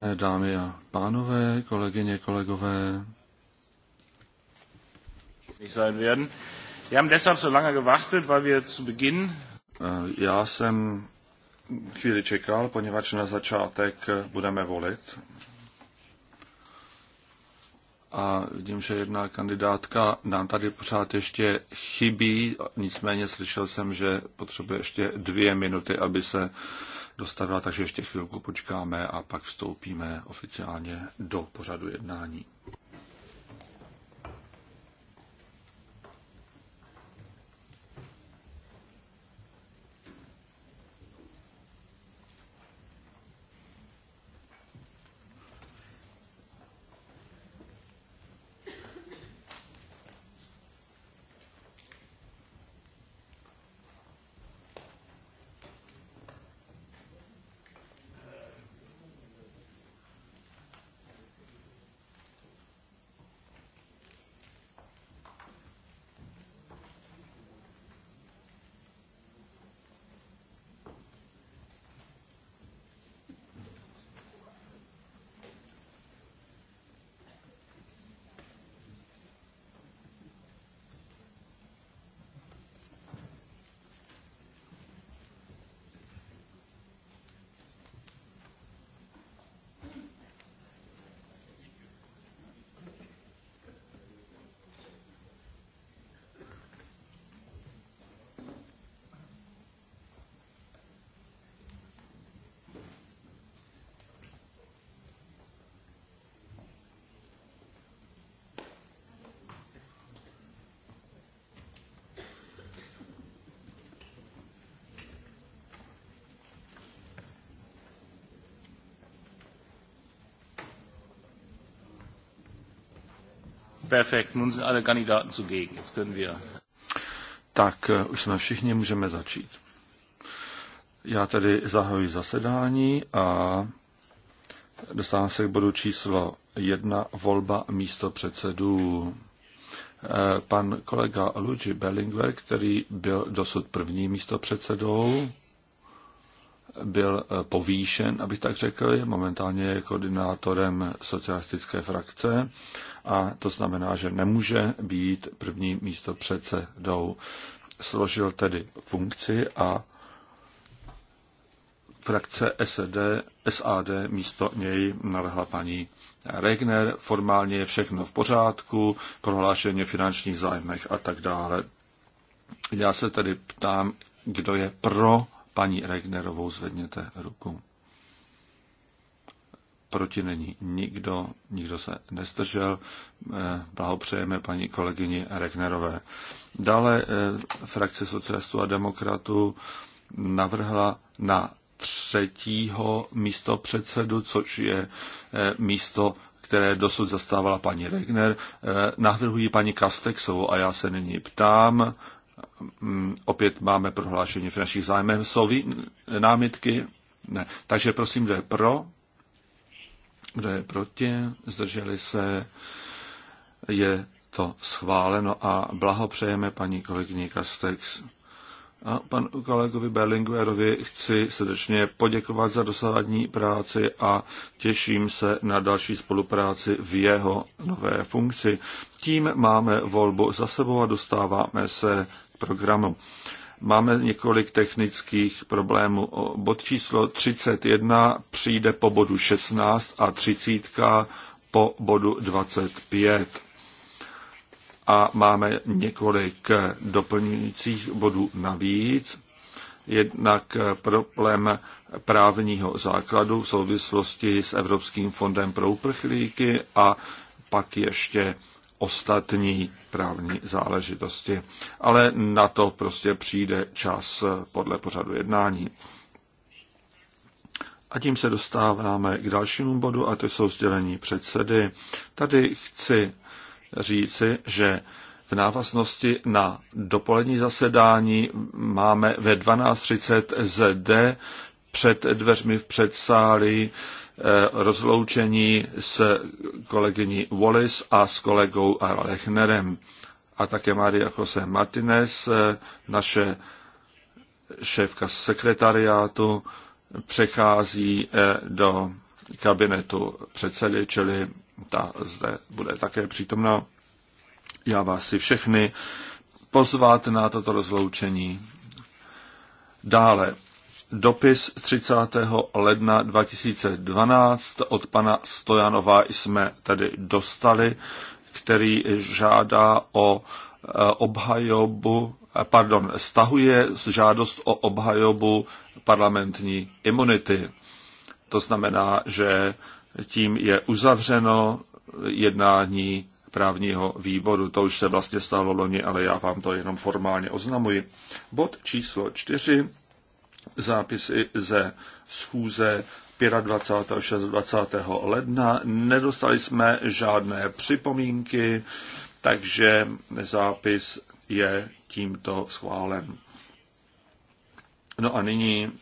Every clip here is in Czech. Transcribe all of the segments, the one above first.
Eh, dámy a pánové, kolegyně, kolegové. Já jsem chvíli čekal, poněvadž na začátek eh, budeme volit. A vidím, že jedna kandidátka nám tady pořád ještě chybí, nicméně slyšel jsem, že potřebuje ještě dvě minuty, aby se dostavila, takže ještě chvilku počkáme a pak vstoupíme oficiálně do pořadu jednání. Perfekt, nun sind alle Kandidaten zugegen. Jetzt können wir. Tak, eh, už jsme všichni, můžeme začít. Já tedy zahajuji zasedání a dostávám se k bodu číslo jedna, volba místo předsedů. Eh, pan kolega Luigi Bellinger, který byl dosud první místo předsedou, byl eh, povýšen, abych tak řekl, momentálně je koordinátorem socialistické frakce a to znamená, že nemůže být první místo předsedou. Složil tedy funkci a frakce SED, SAD místo něj navrhla paní Regner. Formálně je všechno v pořádku, prohlášení finančních zájmech a tak dále. Já se tedy ptám, kdo je pro paní Regnerovou zvedněte ruku. Proti není nikdo, nikdo se nestržel. Eh, blahopřejeme paní kolegyni Regnerové. Dále eh, frakce socialistů a demokratů navrhla na třetího místo předsedu, což je eh, místo, které dosud zastávala paní Regner. Navrhují paní Kastexovou a já se nyní ptám, Mm, opět máme prohlášení v našich zájmech. Jsou námitky? Ne. Takže prosím, kdo je pro? Kdo je proti? Zdrželi se? Je to schváleno a blahopřejeme paní kolegyni Kastex. A panu kolegovi Berlinguerovi chci srdečně poděkovat za dosávadní práci a těším se na další spolupráci v jeho nové funkci. Tím máme volbu za sebou a dostáváme se programu. Máme několik technických problémů. Bod číslo 31 přijde po bodu 16 a 30 po bodu 25. A máme několik doplňujících bodů navíc. Jednak problém právního základu v souvislosti s Evropským fondem pro uprchlíky a pak ještě ostatní právní záležitosti. Ale na to prostě přijde čas podle pořadu jednání. A tím se dostáváme k dalšímu bodu, a to jsou sdělení předsedy. Tady chci říci, že v návaznosti na dopolední zasedání máme ve 12.30 zde před dveřmi v předsálí Eh, rozloučení s kolegyní Wallis a s kolegou Lechnerem a také Maria Jose Martinez, eh, naše šéfka sekretariátu, přechází eh, do kabinetu předsedy, čili ta zde bude také přítomna. Já vás si všechny pozvat na toto rozloučení. Dále Dopis 30. ledna 2012 od pana Stojanova jsme tedy dostali, který žádá o eh, obhajobu, eh, pardon, stahuje z žádost o obhajobu parlamentní imunity. To znamená, že tím je uzavřeno jednání právního výboru. To už se vlastně stalo loni, ale já vám to jenom formálně oznamuji. Bod číslo čtyři zápisy ze schůze 25. a 26. ledna. Nedostali jsme žádné připomínky, takže zápis je tímto schválen. No a nyní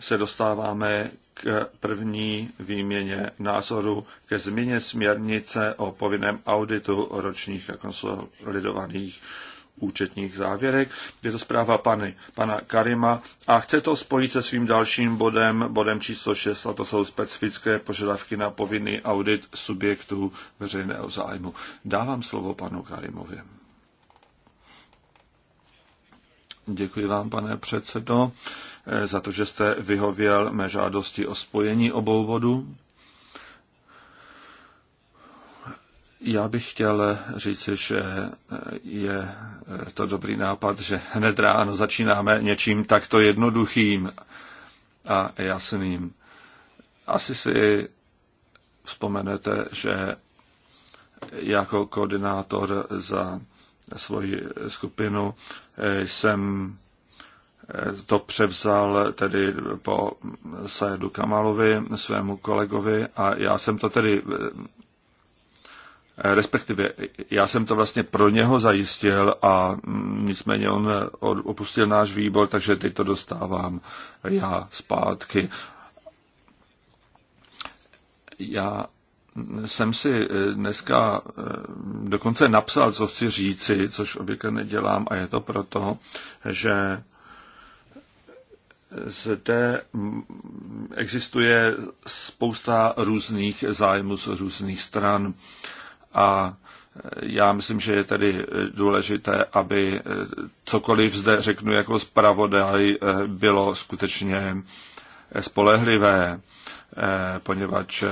se dostáváme k první výměně názoru ke změně směrnice o povinném auditu ročních a konsolidovaných účetních závěrek. Je to zpráva pany, pana Karima a chce to spojit se svým dalším bodem, bodem číslo 6, a to jsou specifické požadavky na povinný audit subjektů veřejného zájmu. Dávám slovo panu Karimovi. Děkuji vám, pane předsedo, eh, za to, že jste vyhověl mé žádosti o spojení obou bodů. Já bych chtěl říct, že je to dobrý nápad, že hned ráno začínáme něčím takto jednoduchým a jasným. Asi si vzpomenete, že jako koordinátor za svoji skupinu jsem to převzal tedy po Sajedu Kamalovi, svému kolegovi, a já jsem to tedy Eh, respektive já jsem to vlastně pro něho zajistil a mm, nicméně on eh, opustil náš výbor, takže teď to dostávám já zpátky. Já mm, jsem si eh, dneska dokonce napsal, co chci říci, což obvykle nedělám a je to proto, že zde mm, existuje spousta různých zájmů z různých stran a já myslím, že je tedy důležité, aby cokoliv zde řeknu jako zpravodaj eh, bylo skutečně eh, spolehlivé, eh, poněvadž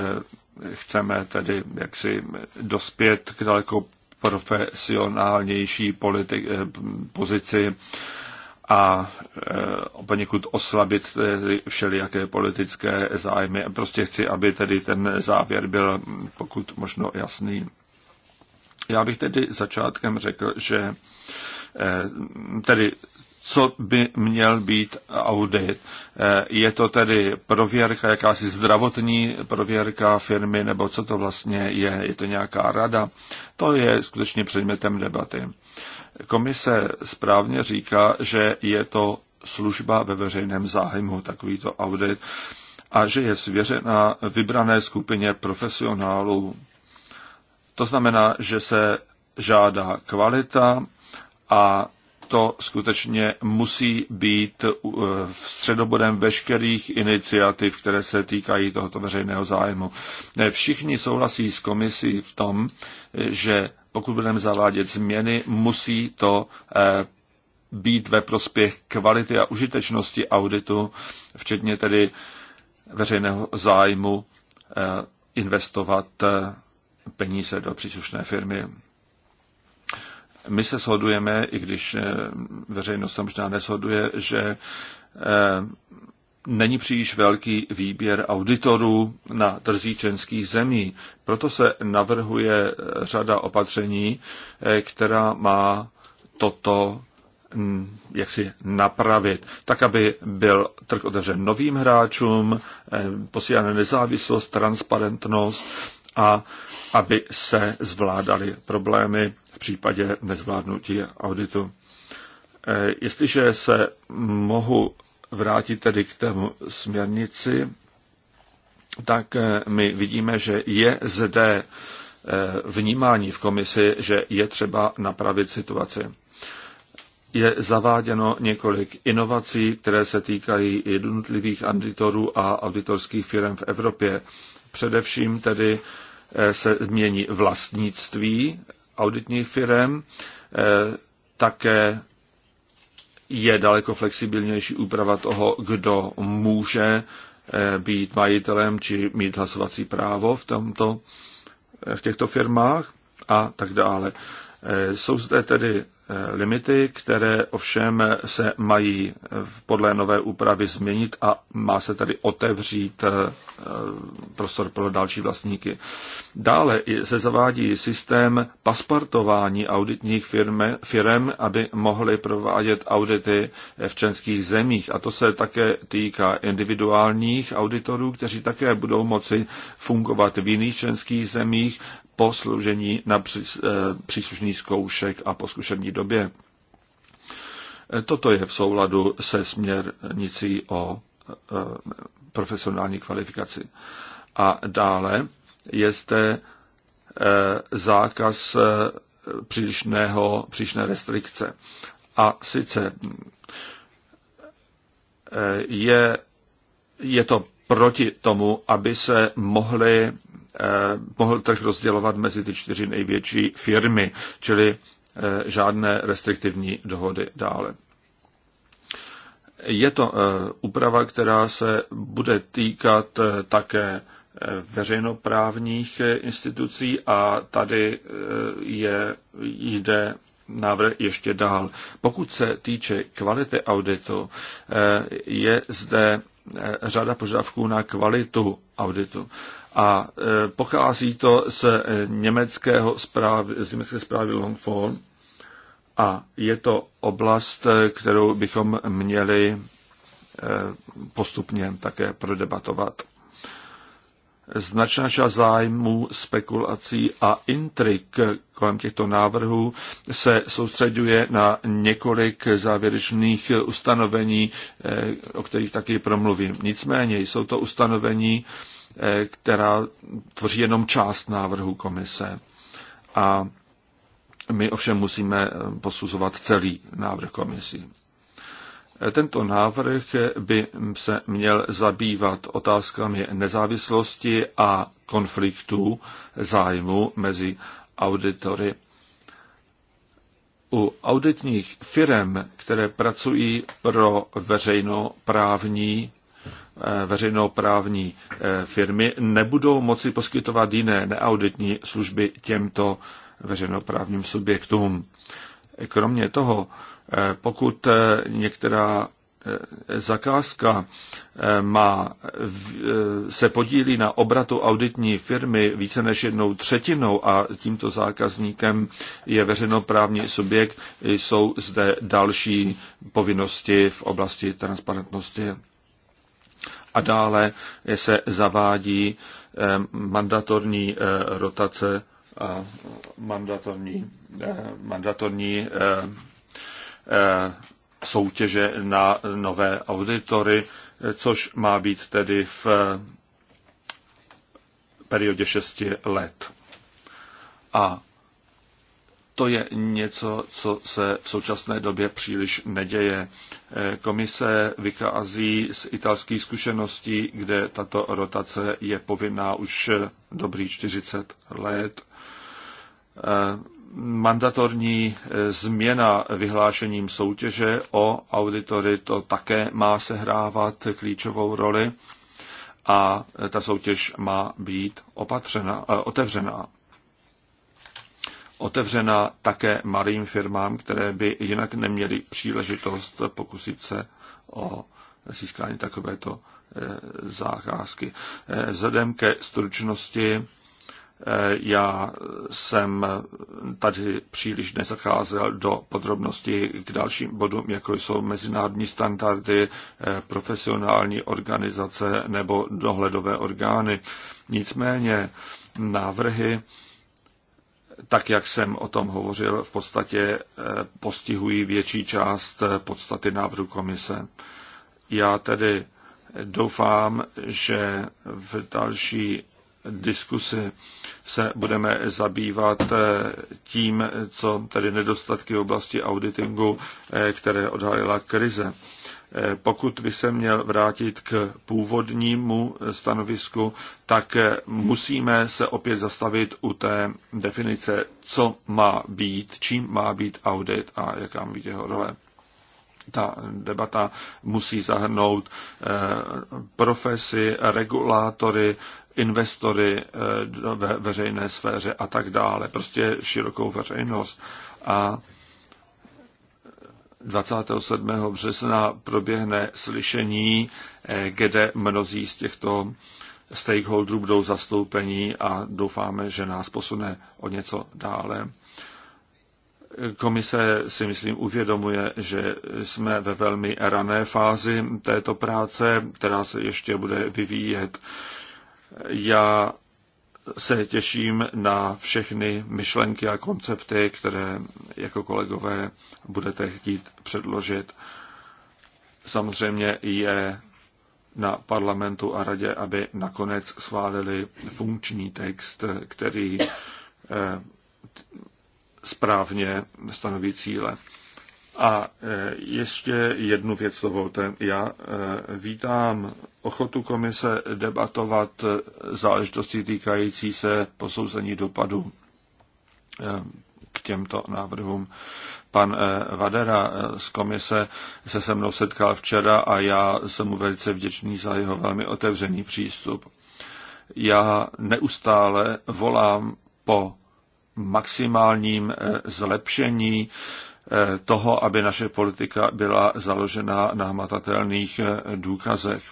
chceme tedy jaksi dospět k daleko profesionálnější politi- pozici a poněkud oslabit všelijaké politické zájmy. Prostě chci, aby tedy ten závěr byl pokud možno jasný. Já bych tedy začátkem řekl, že eh, tedy co by měl být audit. Eh, je to tedy prověrka, jakási zdravotní prověrka firmy, nebo co to vlastně je, je to nějaká rada. To je skutečně předmětem debaty. Komise správně říká, že je to služba ve veřejném zájmu, takovýto audit, a že je svěřena vybrané skupině profesionálů. To znamená, že se žádá kvalita a to skutečně musí být eh, v středobodem veškerých iniciativ, které se týkají tohoto veřejného zájmu. Eh, všichni souhlasí s komisí v tom, eh, že pokud budeme zavádět změny, musí to být ve prospěch kvality a užitečnosti auditu, včetně tedy veřejného zájmu investovat peníze do příslušné firmy. My se shodujeme, i když eh, veřejnost se možná neshoduje, že eh, není příliš velký výběr auditorů na trzích členských zemí. Proto se navrhuje eh, řada opatření, která má toto jak si napravit, tak, aby byl trh otevřen novým hráčům, posílána nezávislost, transparentnost a aby se zvládaly problémy v případě nezvládnutí auditu. E, jestliže se mohu vrátit tedy k tému směrnici, tak e, my vidíme, že je zde e, vnímání v komisi, že je třeba napravit situaci. Je zaváděno několik inovací, které se týkají jednotlivých auditorů a auditorských firm v Evropě. Především tedy Eh, se změní vlastnictví auditních firm, eh, také je daleko flexibilnější úprava toho, kdo může eh, být majitelem či mít hlasovací právo v, tomto, v těchto firmách a tak dále. Jsou zde tedy limity, které ovšem se mají podle nové úpravy změnit a má se tedy otevřít eh, prostor pro další vlastníky. Dále se zavádí systém pasportování auditních firm, firm aby mohly provádět audity v členských zemích. A to se také týká individuálních auditorů, kteří také budou moci fungovat v jiných členských zemích, po služení na eh, příslušných zkoušek a po zkušební době. Eh, toto je v souladu se směrnicí o eh, profesionální kvalifikaci. A dále je zde zákaz přílišného, přílišné restrikce. A sice je, je to proti tomu, aby se mohly Eh, mohl trh rozdělovat mezi ty čtyři největší firmy, čili eh, žádné restriktivní dohody dále. Je to eh, úprava, která se bude týkat také veřejnoprávních institucí a tady je, jde návrh ještě dál. Pokud se týče kvality auditu, je zde řada požadavků na kvalitu auditu a e, pochází to z, e, německého zprávy, z německé zprávy Longform a je to oblast, e, kterou bychom měli postupně také prodebatovat. Značná část zájmu, spekulací a intrik kolem těchto návrhů se soustředuje na několik závěrečných ustanovení, o kterých taky promluvím. Nicméně jsou to ustanovení, Eh, která tvoří jenom část návrhu komise. A my ovšem musíme eh, posuzovat celý návrh komisí. Eh, tento návrh by se měl zabývat otázkami nezávislosti a konfliktu zájmu mezi auditory. U auditních firm, které pracují pro veřejnoprávní Eh, veřejnoprávní eh, firmy nebudou moci poskytovat jiné neauditní služby těmto veřejnoprávním subjektům. Kromě toho, eh, pokud některá zakázka má, se podílí na obratu auditní firmy více než jednou třetinou a tímto zákazníkem je veřejnoprávní subjekt, jsou zde další povinnosti v oblasti transparentnosti. A dále se zavádí eh, mandatorní eh, rotace a mandatorní, eh, mandatorní soutěže na nové auditory, což má být tedy v periodě 6 let. A to je něco, co se v současné době příliš neděje. Eh, komise vykází z italských zkušeností, kde tato rotace je povinná už eh, dobrý 40 let. Eh, mandatorní změna vyhlášením soutěže o auditory to také má sehrávat klíčovou roli a ta soutěž má být opatřena, otevřená otevřena také malým firmám, které by jinak neměly příležitost pokusit se o získání takovéto eh, zakázky. Eh, vzhledem ke stručnosti eh, já jsem tady příliš nezacházel do podrobností k dalším bodům, jako jsou mezinárodní standardy, profesionální organizace nebo dohledové orgány. Nicméně návrhy tak jak jsem o tom hovořil, v podstatě eh, postihují větší část eh, podstaty návrhu komise. Já tedy doufám, že v další diskusi se budeme zabývat eh, tím, co tedy nedostatky v oblasti auditingu, které odhalila krize. Eh, pokud by se měl vrátit k původnímu stanovisku, tak eh, musíme se opět zastavit u té definice, co má být, čím má být audit a jaká má být jeho role. Ta debata musí zahrnout eh, profesi, regulátory, investory ve veřejné sféře a tak dále, prostě širokou veřejnost. A 27. března proběhne slyšení, eh, kde mnozí z těchto stakeholderů budou zastoupení a doufáme, že nás posune o něco dále. Komise si myslím uvědomuje, že jsme ve velmi rané fázi této práce, která se ještě bude vyvíjet. Já se těším na všechny myšlenky a koncepty, které jako kolegové budete chtít předložit. Samozřejmě je na parlamentu a radě, aby nakonec schválili funkční text, který eh, správně stanoví cíle. A eh, ještě jednu věc dovolte. Já eh, vítám ochotu komise debatovat záležitosti týkající se posouzení dopadu eh, k těmto návrhům. Pan eh, Vadera eh, z komise se se mnou setkal včera a já jsem mu velice vděčný za jeho velmi otevřený přístup. Já neustále volám po maximálním zlepšení toho, aby naše politika byla založena na hmatatelných důkazech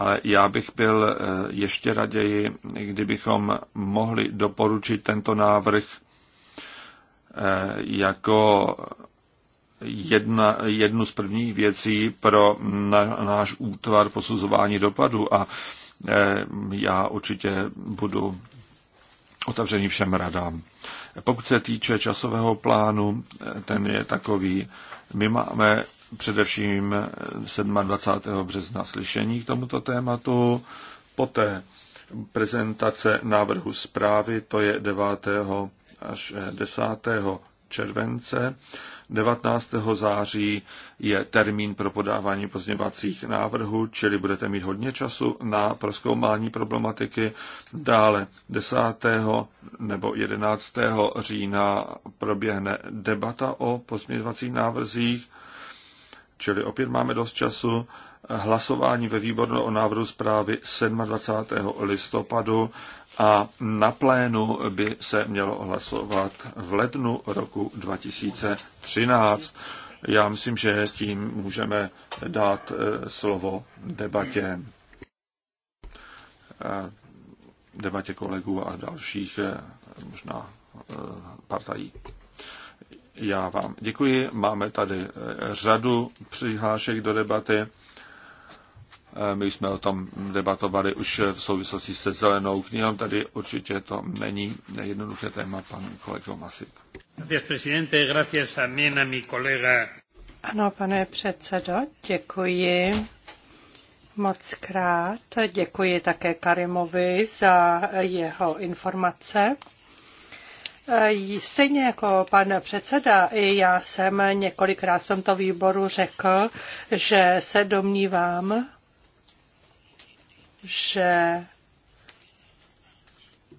ale já bych byl eh, ještě raději, kdybychom mohli doporučit tento návrh eh, jako jedna, jednu z prvních věcí pro na, náš útvar posuzování dopadu a eh, já určitě budu otevřený všem radám. Pokud se týče časového plánu, ten je takový. My máme především 27. března slyšení k tomuto tématu, poté prezentace návrhu zprávy, to je 9. až 10. července. 19. září je termín pro podávání pozněvacích návrhů, čili budete mít hodně času na proskoumání problematiky. Dále 10. nebo 11. října proběhne debata o pozměňovacích návrzích Čili opět máme dost času. Hlasování ve výboru o návrhu zprávy 27. listopadu a na plénu by se mělo hlasovat v lednu roku 2013. Já myslím, že tím můžeme dát eh, slovo debatě eh, debatě kolegů a dalších eh, možná partají. Já vám děkuji. Máme tady eh, řadu přihlášek do debaty. Eh, my jsme o tom debatovali už v souvislosti se zelenou knihou, tady určitě to není jednoduché téma, pan kolego Masik. Ano, pane předsedo, děkuji moc krát. Děkuji také Karimovi za jeho informace. Stejně jako pan předseda, i já jsem několikrát v tomto výboru řekl, že se domnívám, že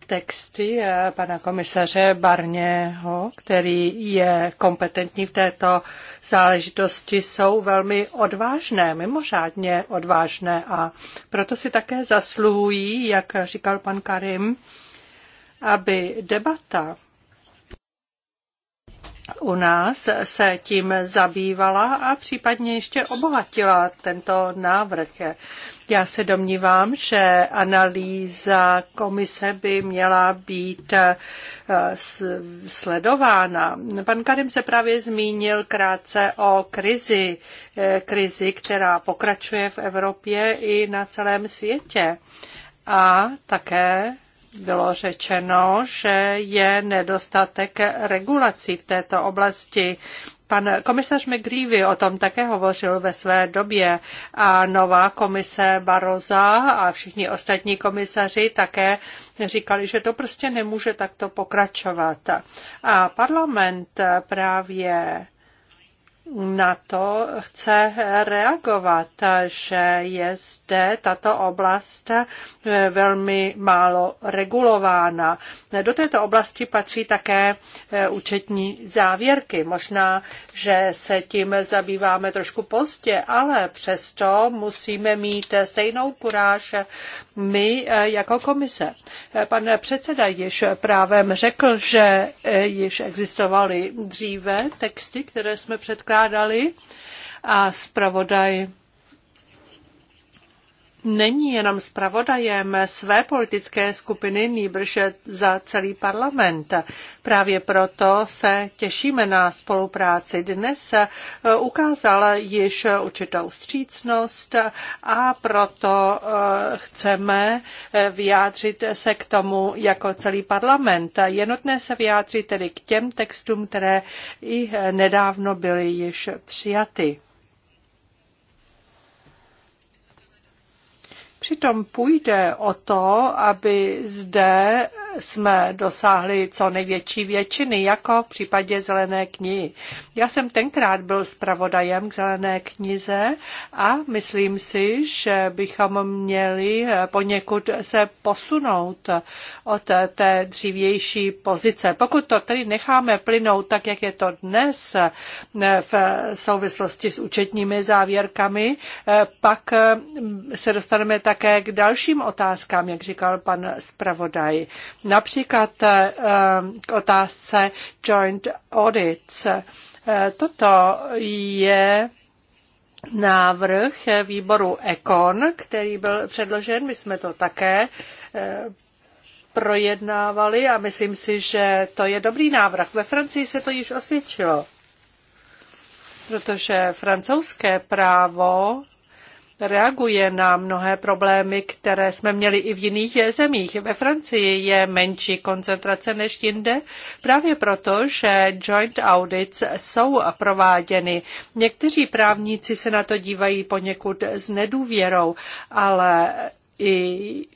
texty eh, pana komisaře Barněho, který je kompetentní v této záležitosti, jsou velmi odvážné, mimořádně odvážné a proto si také zasluhují, jak říkal pan Karim, aby debata u nás se tím zabývala a případně ještě obohatila tento návrh. Já se domnívám, že analýza komise by měla být eh, sledována. Pan Karim se právě zmínil krátce o krizi, eh, krizi, která pokračuje v Evropě i na celém světě. A také bylo řečeno, že je nedostatek regulací v této oblasti. Pan komisař McGreevy o tom také hovořil ve své době a nová komise Baroza a všichni ostatní komisaři také říkali, že to prostě nemůže takto pokračovat. A parlament právě na to chce reagovat, že je zde tato oblast velmi málo regulována. Do této oblasti patří také e, účetní závěrky. Možná, že se tím zabýváme trošku pozdě, ale přesto musíme mít stejnou kuráž my eh, jako komise. Eh, pan předseda již právem řekl, že eh, již existovaly dříve texty, které jsme předkládali a zpravodaj není jenom zpravodajem své politické skupiny, nýbrž za celý parlament. Právě proto se těšíme na spolupráci. Dnes eh, ukázala již určitou střícnost a proto eh, chceme eh, vyjádřit se k tomu jako celý parlament. Je nutné se vyjádřit tedy k těm textům, které i nedávno byly již přijaty. Přitom půjde o to, aby zde jsme dosáhli co největší většiny, jako v případě zelené knihy. Já jsem tenkrát byl zpravodajem k zelené knize a myslím si, že bychom měli poněkud se posunout od té dřívější pozice. Pokud to tedy necháme plynout tak, jak je to dnes v souvislosti s účetními závěrkami, pak se dostaneme tak, také k dalším otázkám, jak říkal pan zpravodaj. Například eh, k otázce joint audits. Eh, toto je návrh výboru ECON, který byl předložen. My jsme to také eh, projednávali a myslím si, že to je dobrý návrh. Ve Francii se to již osvědčilo, protože francouzské právo reaguje na mnohé problémy, které jsme měli i v jiných zemích. Ve Francii je menší koncentrace než jinde, právě proto, že joint audits jsou prováděny. Někteří právníci se na to dívají poněkud s nedůvěrou, ale i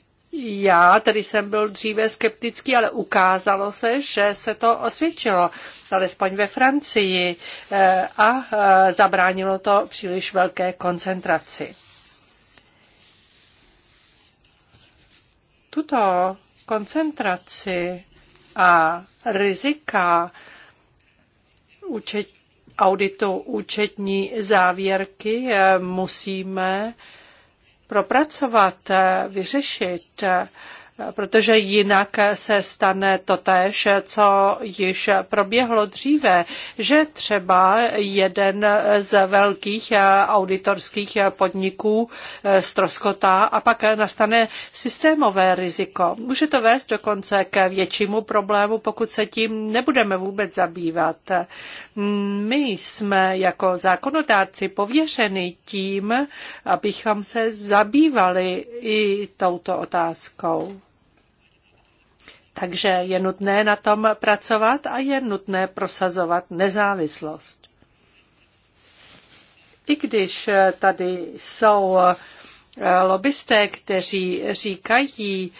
já tedy jsem byl dříve skeptický, ale ukázalo se, že se to osvědčilo, alespoň ve Francii, eh, a eh, zabránilo to příliš velké koncentraci. tuto koncentraci a rizika účet, auditu účetní závěrky eh, musíme propracovat, eh, vyřešit protože jinak se stane totéž, co již proběhlo dříve, že třeba jeden z velkých auditorských podniků stroskotá a pak nastane systémové riziko. Může to vést dokonce k většímu problému, pokud se tím nebudeme vůbec zabývat. My jsme jako zákonodárci pověřeni tím, abychom se zabývali i touto otázkou. Takže je nutné na tom pracovat a je nutné prosazovat nezávislost. I když tady jsou lobbysté, kteří říkají,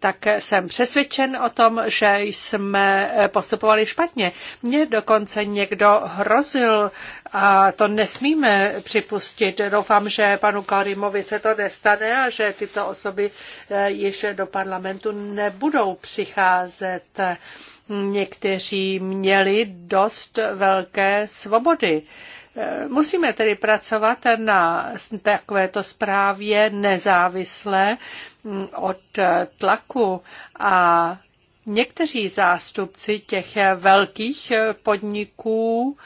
tak jsem přesvědčen o tom, že jsme postupovali špatně. Mně dokonce někdo hrozil a to nesmíme připustit. Doufám, že panu Karimovi se to nestane a že tyto osoby eh, již do parlamentu nebudou přicházet. Někteří měli dost velké svobody. Musíme tedy pracovat na takovéto zprávě nezávisle mm, od tlaku a někteří zástupci těch velkých podniků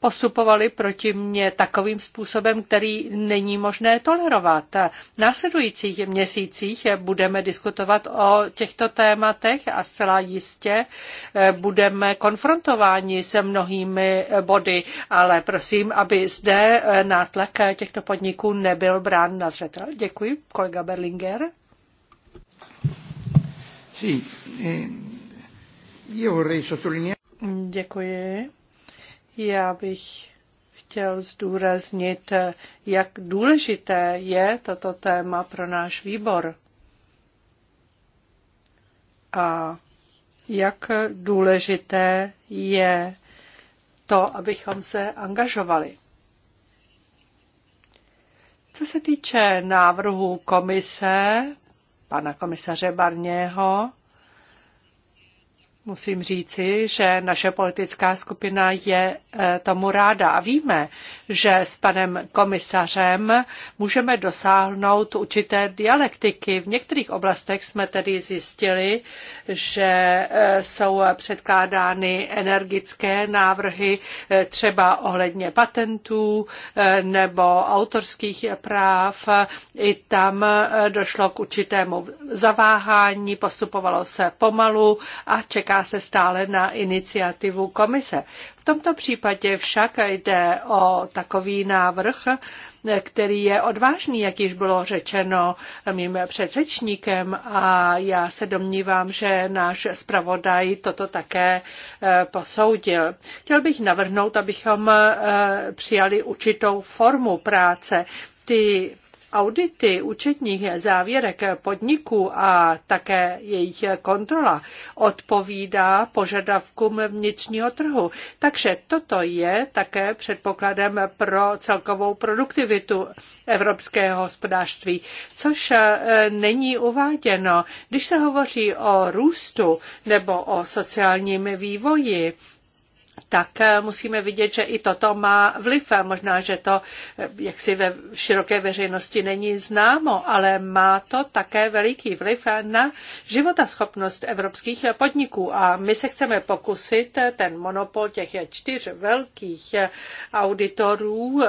postupovali proti mně takovým způsobem, který není možné tolerovat. V následujících měsících budeme diskutovat o těchto tématech a zcela jistě eh, budeme konfrontováni se mnohými body, ale prosím, aby zde eh, nátlak těchto podniků nebyl brán na zřetel. Děkuji, kolega Berlinger. Eh, Děkuji. Já bych chtěl zdůraznit, jak důležité je toto téma pro náš výbor a jak důležité je to, abychom se angažovali. Co se týče návrhu komise, pana komisaře Barněho, Musím říci, že naše politická skupina je e, tomu ráda a víme, že s panem komisařem můžeme dosáhnout určité dialektiky. V některých oblastech jsme tedy zjistili, že e, jsou předkládány energické návrhy e, třeba ohledně patentů nebo autorských práv. I tam došlo k určitému zaváhání, postupovalo se pomalu a čeká čeká se stále na iniciativu komise. V tomto případě však jde o takový návrh, který je odvážný, jak již bylo řečeno mým předřečníkem a já se domnívám, že náš zpravodaj toto také e, posoudil. Chtěl bych navrhnout, abychom e, přijali určitou formu práce. Ty audity účetních závěrek podniků a také jejich kontrola odpovídá požadavkům vnitřního trhu. Takže toto je také předpokladem pro celkovou produktivitu evropského hospodářství, což e, není uváděno. Když se hovoří o růstu nebo o sociálním vývoji, tak eh, musíme vidět, že i toto má vliv. A možná, že to eh, jaksi ve široké veřejnosti není známo, ale má to také veliký vliv na životaschopnost evropských podniků. A my se chceme pokusit eh, ten monopol těch čtyř velkých auditorů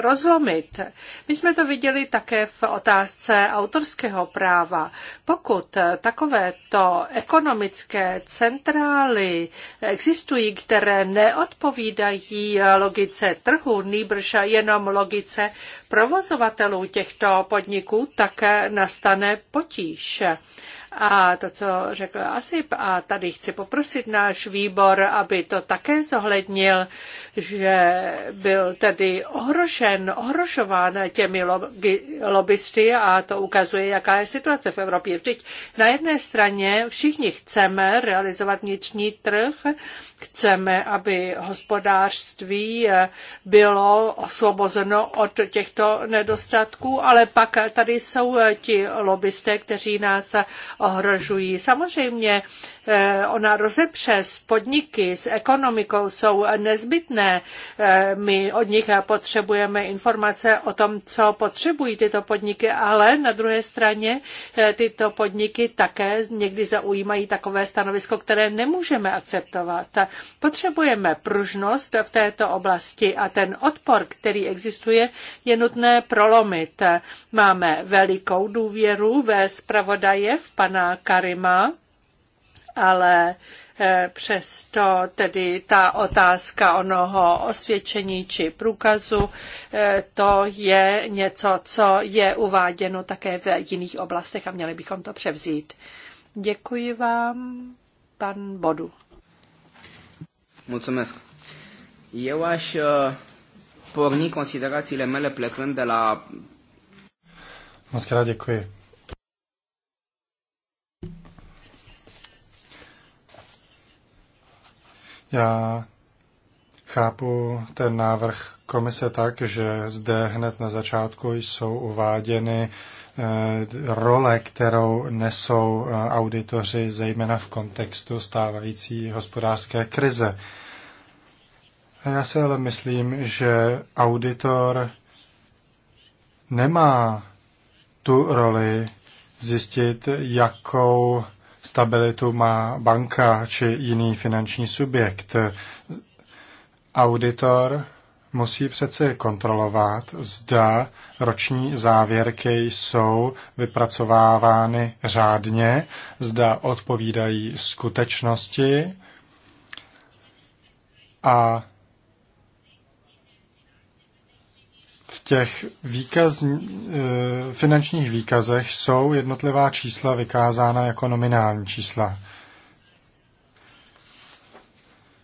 rozlomit. My jsme to viděli také v otázce autorského práva. Pokud takovéto ekonomické centrály existují, které které neodpovídají logice trhu, nýbrž jenom logice provozovatelů těchto podniků, tak nastane potíž. A to, co řekl Asip, a tady chci poprosit náš výbor, aby to také zohlednil, že byl tedy ohrošen, ohrošován těmi lobbysty a to ukazuje, jaká je situace v Evropě. Vždyť na jedné straně všichni chceme realizovat vnitřní trh, chceme, aby hospodářství bylo osvobozeno od těchto nedostatků, ale pak tady jsou ti lobbysté, kteří nás ohrožují. Samozřejmě Eh, ona rozepře s podniky, s ekonomikou jsou nezbytné. Eh, my od nich potřebujeme informace o tom, co potřebují tyto podniky, ale na druhé straně eh, tyto podniky také někdy zaujímají takové stanovisko, které nemůžeme akceptovat. Potřebujeme pružnost v této oblasti a ten odpor, který existuje, je nutné prolomit. Máme velikou důvěru ve zpravodaje v pana Karima ale eh, přesto tedy ta otázka onoho osvědčení či průkazu, eh, to je něco, co je uváděno také v jiných oblastech a měli bychom to převzít. Děkuji vám, pan Bodu. Mulțumesc. Eu aș eh, porni considerațiile mele plecând de la... Moc děkuji. Já chápu ten návrh komise tak, že zde hned na začátku jsou uváděny eh, role, kterou nesou eh, auditoři, zejména v kontextu stávající hospodářské krize. Já si ale myslím, že auditor nemá tu roli zjistit, jakou stabilitu má banka či jiný finanční subjekt. Auditor musí přece kontrolovat, zda roční závěrky jsou vypracovávány řádně, zda odpovídají skutečnosti a v těch výkaz, eh, finančních výkazech jsou jednotlivá čísla vykázána jako nominální čísla.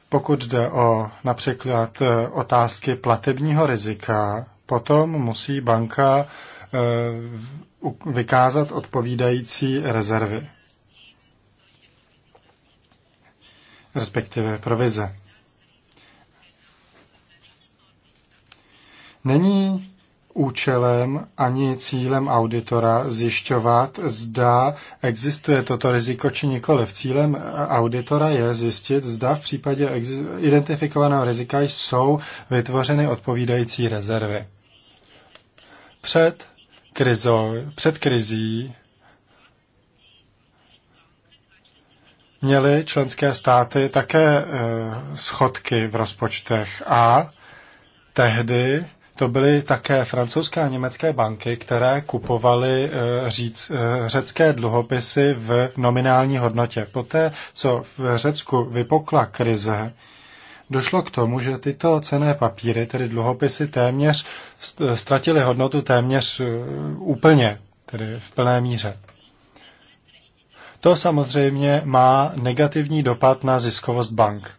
Pokud jde o například eh, otázky platebního rizika, potom musí banka eh, vykázat odpovídající rezervy, respektive provize. Není účelem ani cílem auditora zjišťovat, zda existuje toto riziko či nikoliv. Cílem auditora je zjistit, zda v případě identifikovaného rizika jsou vytvořeny odpovídající rezervy. Před, krizou, před krizí měly členské státy také eh, schodky v rozpočtech a tehdy to byly také francouzské a německé banky, které kupovaly eh, říc, eh, řecké dluhopisy v nominální hodnotě. Poté, co v Řecku vypokla krize, došlo k tomu, že tyto cené papíry, tedy dluhopisy, téměř eh, ztratily hodnotu téměř úplně, tedy v plné míře. To samozřejmě má negativní dopad na ziskovost bank.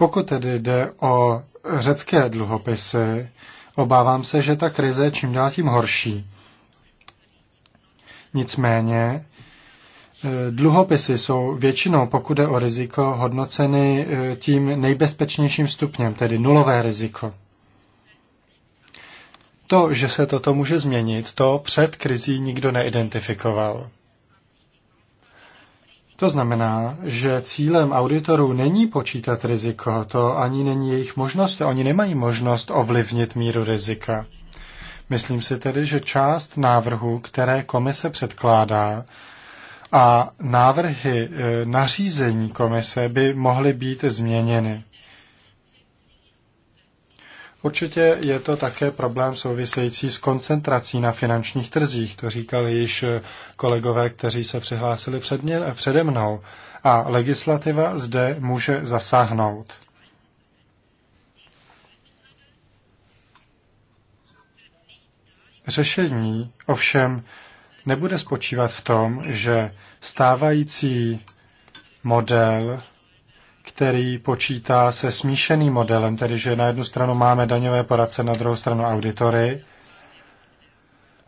Pokud tedy jde o řecké dluhopisy, obávám se, že ta krize je čím dál tím horší. Nicméně, e, dluhopisy jsou většinou, pokud jde o riziko, hodnoceny e, tím nejbezpečnějším stupněm, tedy nulové riziko. To, že se toto může změnit, to před krizí nikdo neidentifikoval. To znamená, že cílem auditorů není počítat riziko, to ani není jejich možnost, oni nemají možnost ovlivnit míru rizika. Myslím si tedy, že část návrhu, které komise předkládá, a návrhy e, nařízení komise by mohly být změněny. Určitě je to také problém související s koncentrací na finančních trzích, to říkali již kolegové, kteří se přihlásili před mě, přede mnou. A legislativa zde může zasáhnout. Řešení ovšem nebude spočívat v tom, že stávající model který počítá se smíšeným modelem, tedy že na jednu stranu máme daňové poradce, na druhou stranu auditory,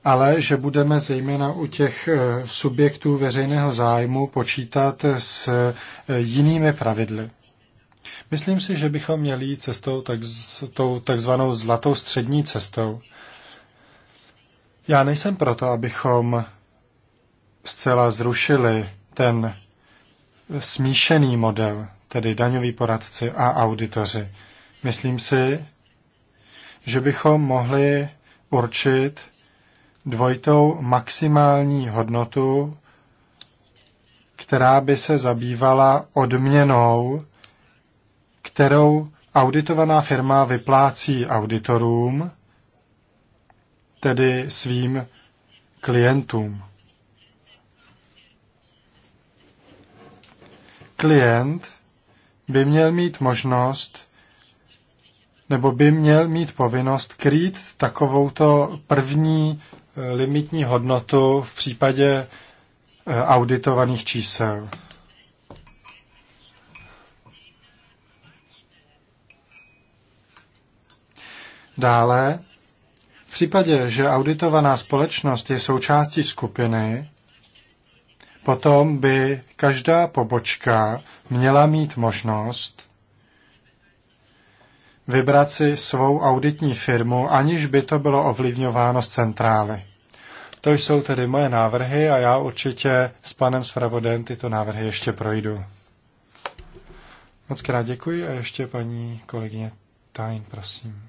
ale že budeme zejména u těch e, subjektů veřejného zájmu počítat s e, jinými pravidly. Myslím si, že bychom měli jít cestou tak, tou takzvanou zlatou střední cestou. Já nejsem proto, abychom zcela zrušili ten smíšený model, tedy daňoví poradci a auditoři. Myslím si, že bychom mohli určit dvojitou maximální hodnotu, která by se zabývala odměnou, kterou auditovaná firma vyplácí auditorům, tedy svým klientům. Klient by měl mít možnost nebo by měl mít povinnost krýt takovouto první eh, limitní hodnotu v případě eh, auditovaných čísel. Dále, v případě, že auditovaná společnost je součástí skupiny, Potom by každá pobočka měla mít možnost vybrat si svou auditní firmu, aniž by to bylo ovlivňováno z centrály. To jsou tedy moje návrhy a já určitě s panem Spravodem tyto návrhy ještě projdu. Moc krát děkuji a ještě paní kolegyně Tain, prosím.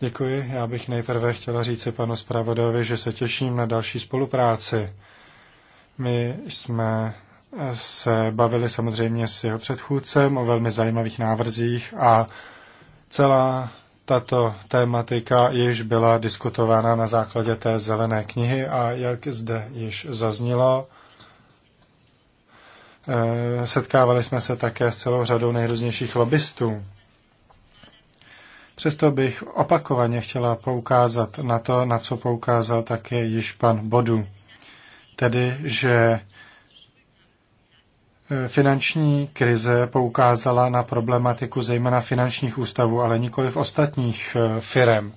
Děkuji. Já bych nejprve chtěla říci panu zpravodajovi, že se těším na další spolupráci. My jsme se bavili samozřejmě s jeho předchůdcem o velmi zajímavých návrzích a celá tato tématika již byla diskutována na základě té zelené knihy a jak zde již zaznělo, eh, setkávali jsme se také s celou řadou nejrůznějších lobbystů. Přesto bych opakovaně chtěla poukázat na to, na co poukázal také již pan Bodu. Tedy, že e, finanční krize poukázala na problematiku zejména finančních ústavů, ale nikoli v ostatních e, firem.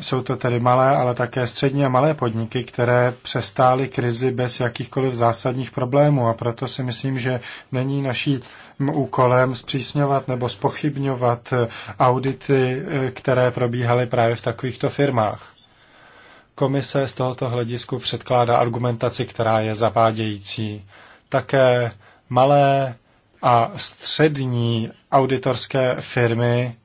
Jsou to tedy malé, ale také střední a malé podniky, které přestály krizi bez jakýchkoliv zásadních problémů a proto si myslím, že není naší úkolem zpřísňovat nebo spochybňovat audity, které probíhaly právě v takovýchto firmách. Komise z tohoto hledisku předkládá argumentaci, která je zavádějící. Také malé a střední auditorské firmy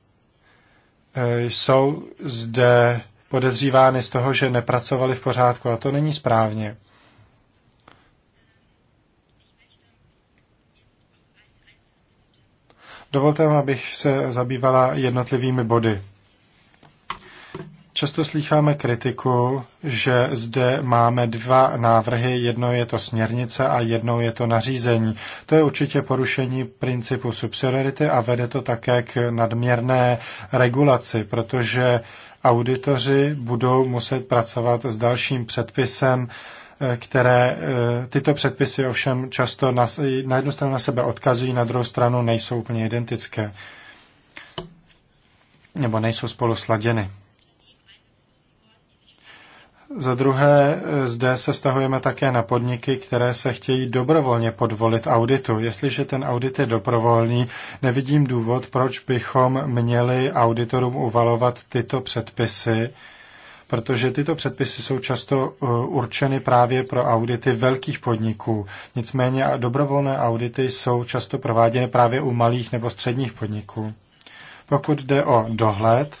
E, jsou zde podezřívány z toho, že nepracovali v pořádku a to není správně. Dovolte, abych se zabývala jednotlivými body. Často slycháme kritiku, že zde máme dva návrhy, jedno je to směrnice a jednou je to nařízení. To je určitě porušení principu subsidiarity a vede to také k nadměrné regulaci, protože auditoři budou muset pracovat s dalším předpisem, eh, které eh, tyto předpisy ovšem často na, na jednu stranu na sebe odkazují, na druhou stranu nejsou úplně identické nebo nejsou spolu sladěny. Za druhé, e, zde se vztahujeme také na podniky, které se chtějí dobrovolně podvolit auditu. Jestliže ten audit je dobrovolný, nevidím důvod, proč bychom měli auditorům uvalovat tyto předpisy, protože tyto předpisy jsou často e, určeny právě pro audity velkých podniků. Nicméně dobrovolné audity jsou často prováděny právě u malých nebo středních podniků. Pokud jde o dohled,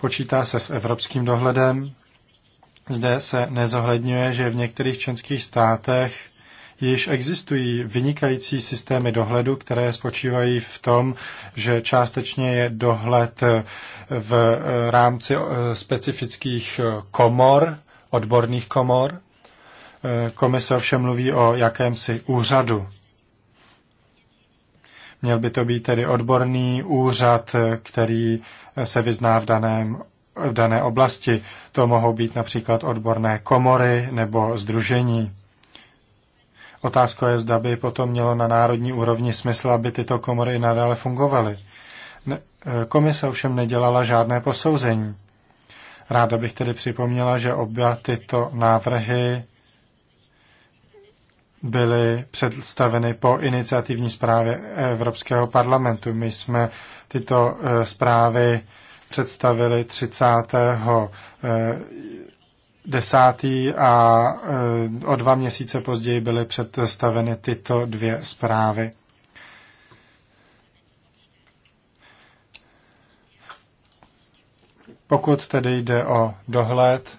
Počítá se s evropským dohledem. Zde se nezohledňuje, že v některých členských státech již existují vynikající systémy dohledu, které spočívají v tom, že částečně je dohled v rámci specifických komor, odborných komor. Komise ovšem mluví o jakémsi úřadu. Měl by to být tedy odborný úřad, který se vyzná v, daném, v dané oblasti. To mohou být například odborné komory nebo združení. Otázka je, zda by potom mělo na národní úrovni smysl, aby tyto komory i nadále fungovaly. Komise ovšem nedělala žádné posouzení. Ráda bych tedy připomněla, že oba tyto návrhy byly představeny po iniciativní zprávě Evropského parlamentu. My jsme tyto eh, zprávy představili 30. 10. Eh, a eh, o dva měsíce později byly představeny tyto dvě zprávy. Pokud tedy jde o dohled,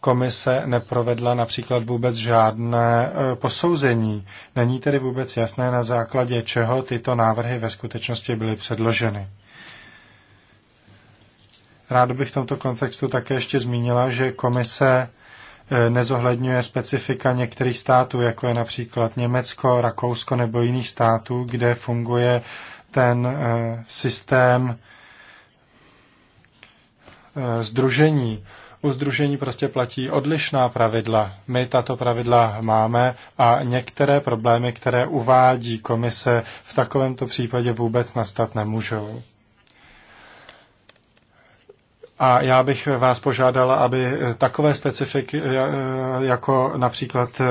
komise neprovedla například vůbec žádné e, posouzení. Není tedy vůbec jasné, na základě čeho tyto návrhy ve skutečnosti byly předloženy. Rád bych v tomto kontextu také ještě zmínila, že komise e, nezohledňuje specifika některých států, jako je například Německo, Rakousko nebo jiných států, kde funguje ten e, systém združení u združení prostě platí odlišná pravidla. My tato pravidla máme a některé problémy, které uvádí komise, v takovémto případě vůbec nastat nemůžou. A já bych vás požádala, aby takové specifiky, eh, jako například, eh,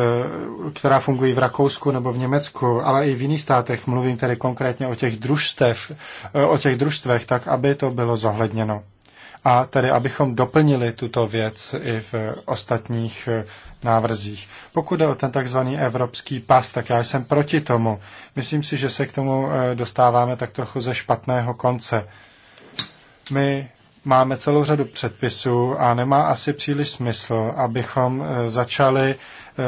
která fungují v Rakousku nebo v Německu, ale i v jiných státech, mluvím tedy konkrétně o těch družstev, eh, o těch družstvech, tak aby to bylo zohledněno a tedy abychom doplnili tuto věc i v ostatních eh, návrzích. Pokud jde o ten takzvaný evropský pas, tak já jsem proti tomu. Myslím si, že se k tomu eh, dostáváme tak trochu ze špatného konce. My máme celou řadu předpisů a nemá asi příliš smysl, abychom eh, začali eh,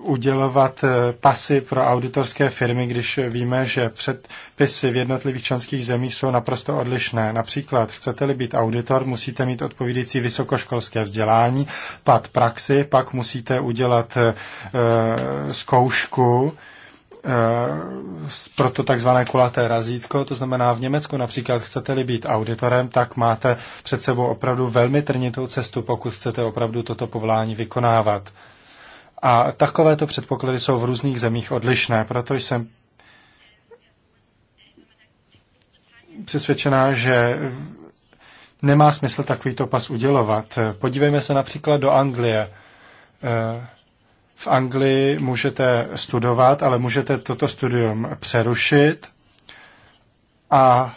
udělovat eh, pasy pro auditorské firmy, když víme, že předpisy v jednotlivých členských zemích jsou naprosto odlišné. Například, chcete-li být auditor, musíte mít odpovídající vysokoškolské vzdělání, pat praxi, pak musíte udělat zkoušku, Eh, pro to takzvané kulaté razítko, to znamená v Německu například chcete-li být auditorem, tak máte před sebou opravdu velmi trnitou cestu, pokud chcete opravdu toto povolání vykonávat. A takovéto předpoklady jsou v různých zemích odlišné, proto jsem přesvědčená, že nemá smysl takovýto pas udělovat. Podívejme se například do Anglie eh, v Anglii můžete studovat, ale můžete toto studium přerušit a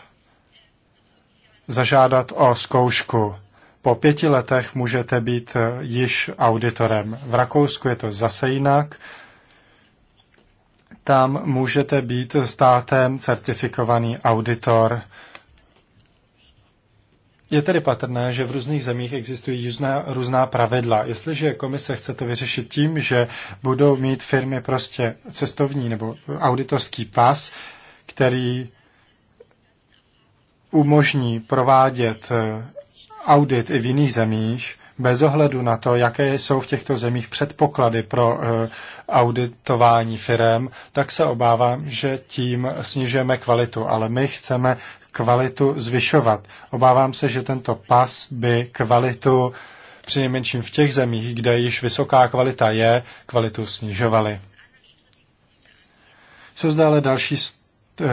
zažádat o zkoušku. Po pěti letech můžete být eh, již auditorem. V Rakousku je to zase jinak. Tam můžete být státem certifikovaný auditor je tedy patrné, že v různých zemích existují různá, různá pravidla. Jestliže komise chce to vyřešit tím, že budou mít firmy prostě cestovní nebo auditorský pas, který umožní provádět eh, audit i v jiných zemích, bez ohledu na to, jaké jsou v těchto zemích předpoklady pro eh, auditování firm, tak se obávám, že tím snižujeme kvalitu. Ale my chceme kvalitu zvyšovat. Obávám se, že tento pas by kvalitu přinejmenším v těch zemích, kde již vysoká kvalita je, kvalitu snižovaly. Jsou zde ale další eh,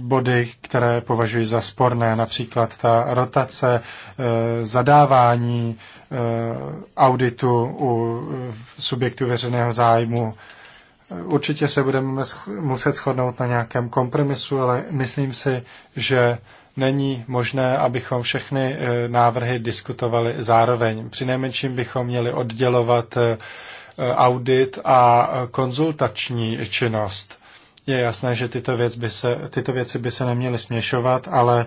body, které považuji za sporné, například ta rotace, eh, zadávání eh, auditu u subjektu veřejného zájmu, Určitě se budeme muset shodnout na nějakém kompromisu, ale myslím si, že není možné, abychom všechny e, návrhy diskutovali zároveň. Přinejmenším bychom měli oddělovat e, audit a e, konzultační činnost. Je jasné, že tyto, věc by se, tyto věci by se neměly směšovat, ale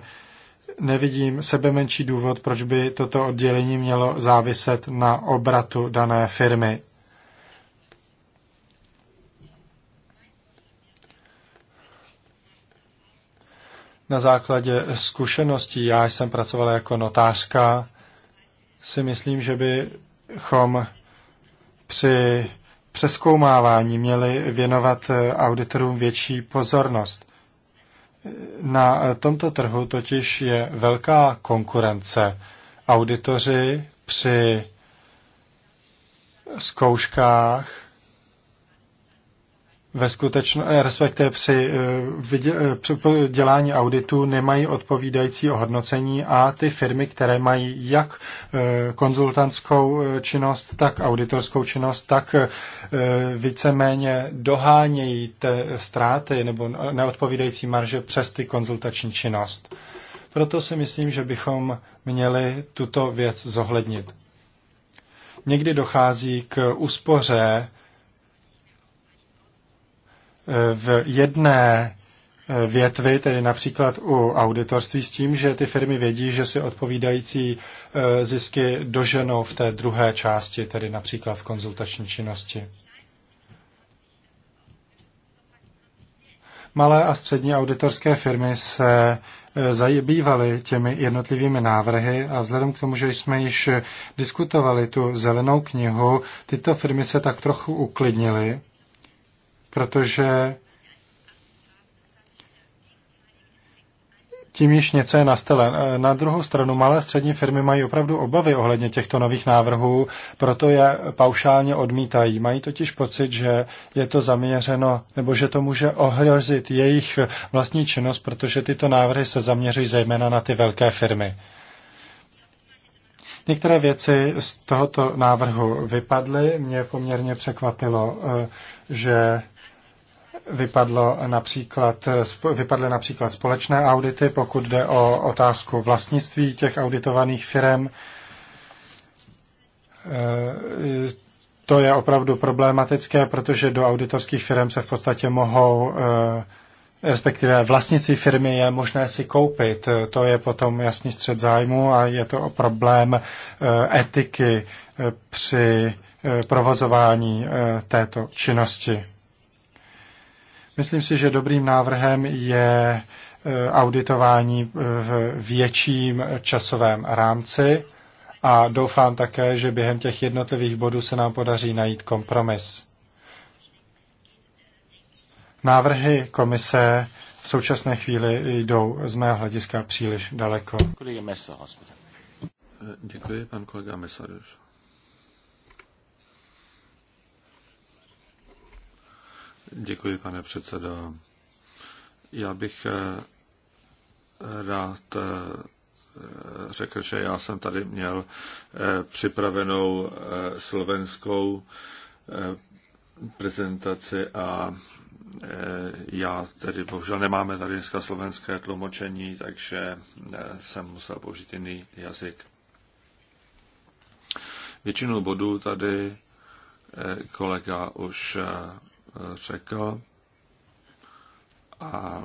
nevidím sebe menší důvod, proč by toto oddělení mělo záviset na obratu dané firmy. na základě zkušeností, já jsem pracovala jako notářka, si myslím, že bychom při přeskoumávání měli věnovat eh, auditorům větší pozornost. Na eh, tomto trhu totiž je velká konkurence. Auditoři při zkouškách ve skutečno, eh, respektive eh, eh, při, dělání auditu nemají odpovídající ohodnocení a ty firmy, které mají jak konzultantskou činnost, tak auditorskou činnost, tak víceméně dohánějí té ztráty nebo neodpovídající marže přes ty konzultační činnost. Proto si myslím, že bychom měli tuto věc zohlednit. Někdy dochází k úspoře v jedné eh, větvi, tedy například u auditorství, s tím, že ty firmy vědí, že si odpovídající eh, zisky doženou v té druhé části, tedy například v konzultační činnosti. Malé a střední auditorské firmy se eh, zabývaly těmi jednotlivými návrhy a vzhledem k tomu, že jsme již diskutovali tu zelenou knihu, tyto firmy se tak trochu uklidnily protože tím již něco je na Na druhou stranu malé střední firmy mají opravdu obavy ohledně těchto nových návrhů, proto je paušálně odmítají. Mají totiž pocit, že je to zaměřeno, nebo že to může ohrozit jejich vlastní činnost, protože tyto návrhy se zaměřují zejména na ty velké firmy. Některé věci z tohoto návrhu vypadly. Mě poměrně překvapilo, eh, že Vypadlo například, vypadly například společné audity, pokud jde o otázku vlastnictví těch auditovaných firm. E, to je opravdu problematické, protože do auditorských firm se v podstatě mohou, e, respektive vlastnici firmy je možné si koupit. To je potom jasný střed zájmu a je to problém e, etiky při provozování této činnosti. Myslím si, že dobrým návrhem je e, auditování v větším časovém rámci a doufám také, že během těch jednotlivých bodů se nám podaří najít kompromis. Návrhy komise v současné chvíli jdou z mého hlediska příliš daleko. E, děkuji, pan kolega Mesaroš. Děkuji, pane předsedo. Já bych eh, rád eh, řekl, že já jsem tady měl eh, připravenou slovenskou prezentaci a já tedy bohužel nemáme tady dneska slovenské tlumočení, takže jsem musel použít jiný jazyk. Většinu bodů tady kolega už řekl a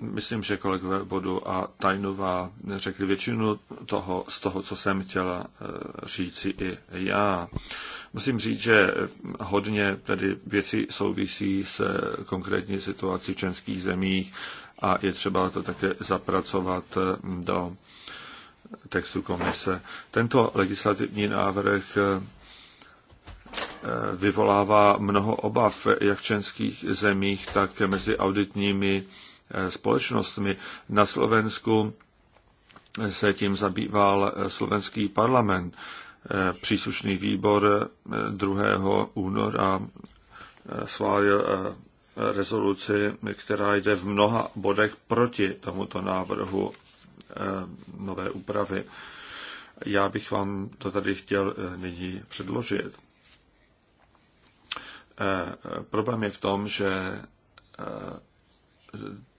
myslím, že kolegové Bodu a Tajnová řekli většinu toho, z toho, co jsem chtěla eh, říci i já. Musím říct, že hodně tedy věcí souvisí s eh, konkrétní situací v českých zemích a je třeba to také zapracovat eh, do textu komise. Tento legislativní návrh Eh, vyvolává mnoho obav jak v členských zemích, tak mezi auditními eh, společnostmi. Na Slovensku se tím zabýval eh, slovenský parlament, příslušný výbor 2. února schválil rezoluci, která jde v mnoha bodech proti tomuto návrhu nové úpravy. Já bych vám to tady chtěl nyní předložit. Eh, problém je v tom, že eh,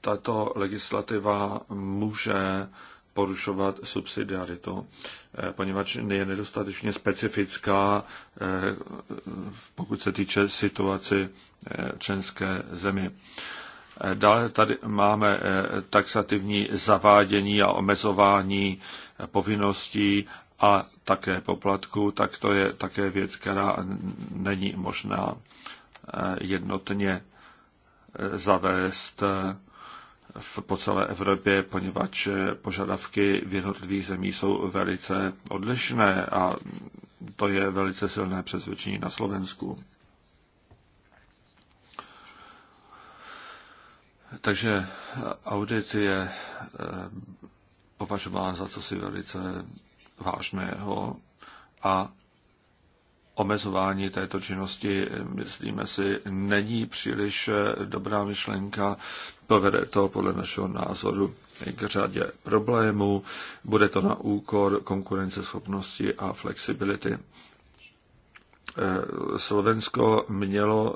tato legislativa může porušovat subsidiaritu, eh, poněvadž je nedostatečně specifická, pokud se týče situaci členské zemi. Dále tady máme taxativní zavádění a omezování povinností a také poplatku, tak to je také věc, která není možná eh, jednotně eh, zavést eh, v, po celé Evropě, poněvadž požadavky v jednotlivých zemích jsou velice odlišné a to je velice silné přesvědčení na Slovensku. Takže audit je považován za co si velice vážného a omezování této činnosti, myslíme si, není příliš dobrá myšlenka. Povede to podle našeho názoru k řadě problémů. Bude to na úkor konkurenceschopnosti a flexibility. Slovensko mělo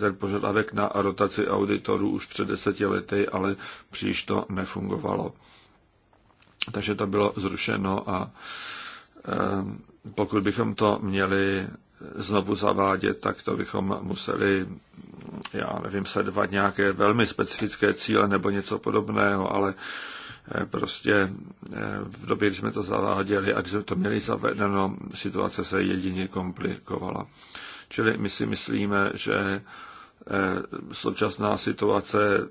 ten požadavek na rotaci auditorů už před deseti lety, ale příliš to nefungovalo. Takže to bylo zrušeno a pokud bychom to měli znovu zavádět, tak to bychom museli, já nevím, sledovat nějaké velmi specifické cíle nebo něco podobného, ale eh, prostě eh, v době, kdy jsme to zaváděli a když jsme to měli zavedeno, situace se jedině komplikovala. Čili my si myslíme, že eh, současná situace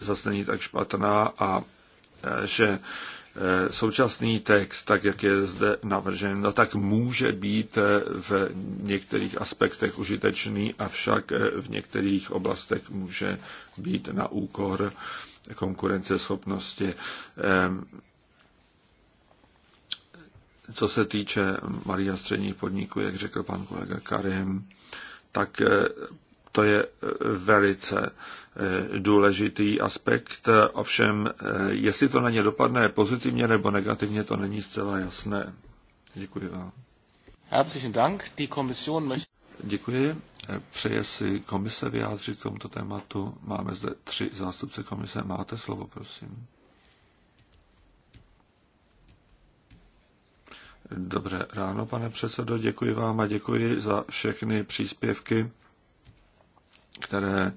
zase není tak špatná a že Eh, současný text, tak jak je zde navržen, no tak může být eh, v některých aspektech užitečný, avšak eh, v některých oblastech může být na úkor konkurenceschopnosti. Ehm, co se týče malých a středních podniků, jak řekl pan kolega Karim, tak to je velice Eh, důležitý aspekt, ovšem eh, jestli to na ně dopadne pozitivně nebo negativně, to není zcela jasné. Děkuji vám. Herzlichen Dank. Die Kommission möchte... Děkuji. Eh, přeje si komise vyjádřit k tomuto tématu. Máme zde tři zástupce komise. Máte slovo, prosím. Dobré ráno, pane předsedo, děkuji vám a děkuji za všechny příspěvky, které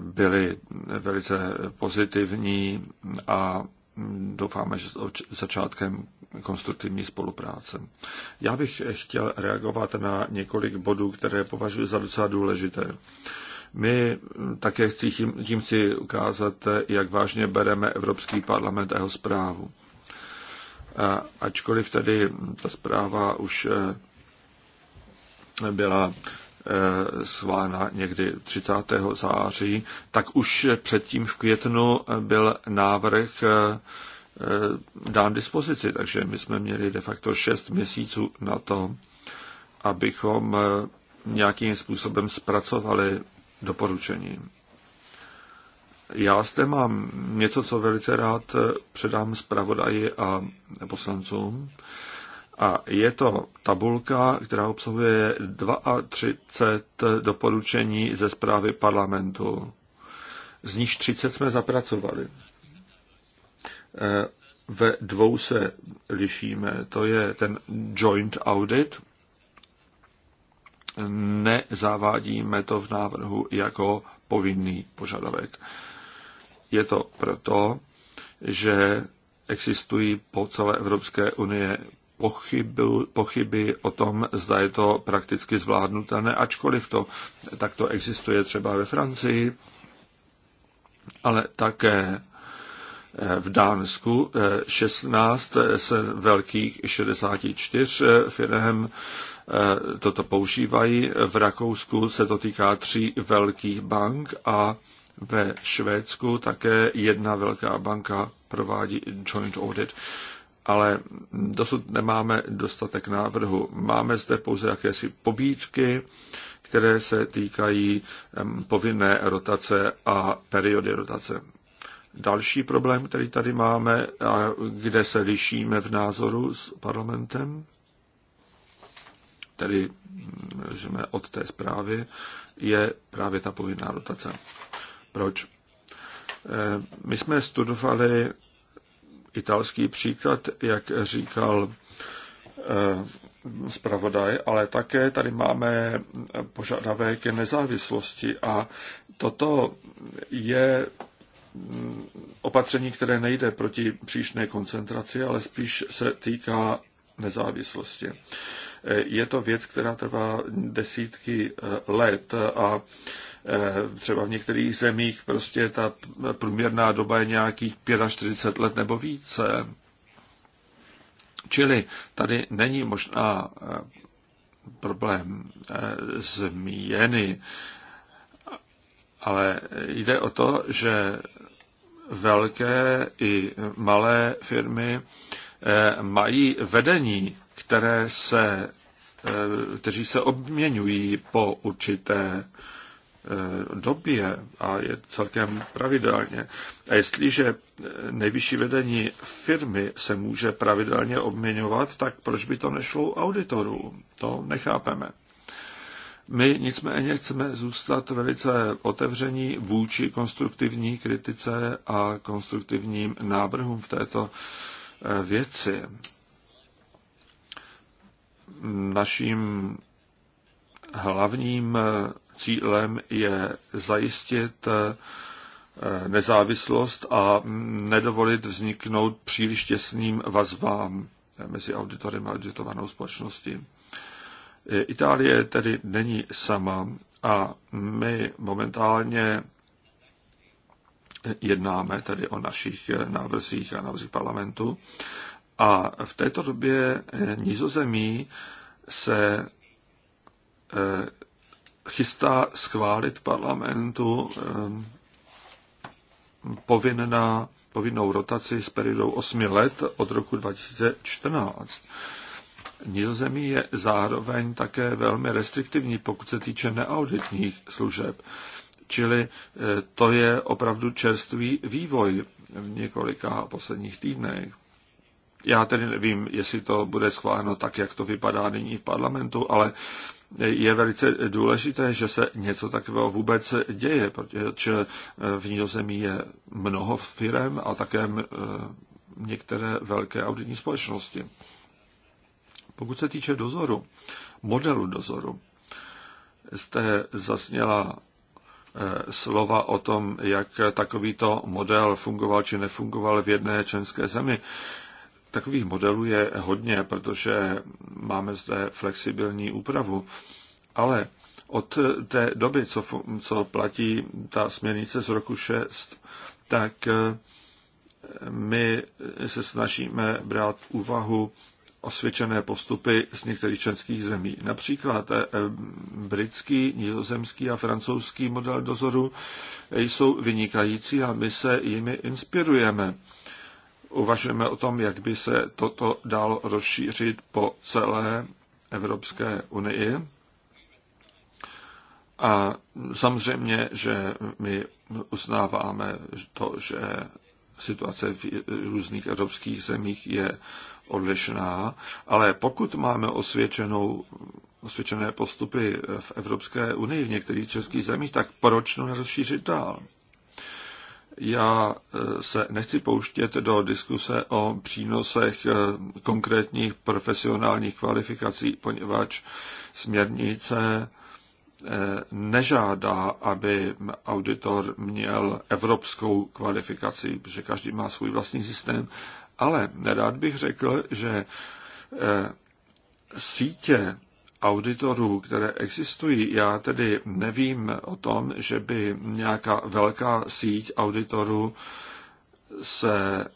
byly velice pozitivní a doufáme, že začátkem konstruktivní spolupráce. Já bych chtěl reagovat na několik bodů, které považuji za docela důležité. My také chci, tím chci ukázat, jak vážně bereme Evropský parlament a jeho zprávu. Ačkoliv tedy ta zpráva už eh, byla Eh, svána někdy 30. září, tak už předtím v květnu byl návrh eh, eh, dán dispozici, takže my jsme měli de facto 6 měsíců na to, abychom nějakým způsobem zpracovali doporučení. Já zde mám něco, co velice rád předám zpravodaji a poslancům. A je to tabulka, která obsahuje 32 doporučení ze zprávy parlamentu. Z nich 30 jsme zapracovali. Eh, ve dvou se lišíme. To je ten joint audit. Nezavádíme to v návrhu jako povinný požadavek. Je to proto, že existují po celé Evropské unie pochybu, pochyby o tom, zda je to prakticky zvládnutelné, ačkoliv to takto existuje třeba ve Francii, ale také eh, v Dánsku 16 eh, z velkých 64 eh, firm toto používají. V Rakousku se to týká tří velkých bank a ve Švédsku také jedna velká banka provádí joint audit ale dosud nemáme dostatek návrhu. Máme zde pouze jakési pobíčky, které se týkají povinné rotace a periody rotace. Další problém, který tady máme a kde se lišíme v názoru s parlamentem, tedy že od té zprávy, je právě ta povinná rotace. Proč? Eh, my jsme studovali italský příklad, jak říkal eh, zpravodaj, ale také tady máme požadavek nezávislosti a toto je mm, opatření, které nejde proti příšné koncentraci, ale spíš se týká nezávislosti. Eh, je to věc, která trvá desítky eh, let a Eh, třeba v některých zemích prostě ta průměrná doba je nějakých 45 let nebo více. Čili tady není možná eh, problém eh, změny, ale jde o to, že velké i malé firmy mají vedení, které se, kteří se obměňují po určité Eh, době a je celkem pravidelně. A jestliže eh, nejvyšší vedení firmy se může pravidelně obměňovat, tak proč by to nešlo auditorů? To nechápeme. My nicméně chceme zůstat velice otevření vůči konstruktivní kritice a konstruktivním návrhům v této eh, věci. Naším hlavním cílem je zajistit eh, nezávislost a nedovolit vzniknout příliš těsným vazbám mezi auditorem a auditovanou společností. Itálie tedy není sama a my momentálně jednáme tedy o našich eh, návrzích a návrzích parlamentu. A v této době eh, nizozemí se chystá schválit parlamentu ehm, povinná, povinnou rotaci s periodou 8 let od roku 2014. Nizozemí je zároveň také velmi restriktivní, pokud se týče neauditních služeb. Čili eh, to je opravdu čerstvý vývoj v několika posledních týdnech. Já tedy nevím, jestli to bude schváleno tak, jak to vypadá nyní v parlamentu, ale je velice důležité, že se něco takového vůbec děje, protože v Nizozemí je mnoho firm a také e, některé velké auditní společnosti. Pokud se týče dozoru, modelu dozoru, jste zasněla e, slova o tom, jak takovýto model fungoval či nefungoval v jedné členské zemi. Takových modelů je hodně, protože máme zde flexibilní úpravu, ale od té doby, co, co platí ta směrnice z roku 6, tak eh, my se snažíme brát úvahu osvědčené postupy z některých členských zemí. Například eh, britský, nizozemský a francouzský model dozoru eh, jsou vynikající a my se jimi inspirujeme uvažujeme o tom, jak by se toto dalo rozšířit po celé Evropské unii. A samozřejmě, že my uznáváme to, že situace v různých evropských zemích je odlišná, ale pokud máme osvědčenou, osvědčené postupy v Evropské unii, v některých českých zemích, tak proč to nerozšířit dál? Já e, se nechci pouštět do diskuse o přínosech e, konkrétních profesionálních kvalifikací, poněvadž směrnice e, nežádá, aby auditor měl evropskou kvalifikaci, protože každý má svůj vlastní systém, ale nerád bych řekl, že sítě auditorů, které existují. Já tedy nevím o tom, že by nějaká velká síť auditorů se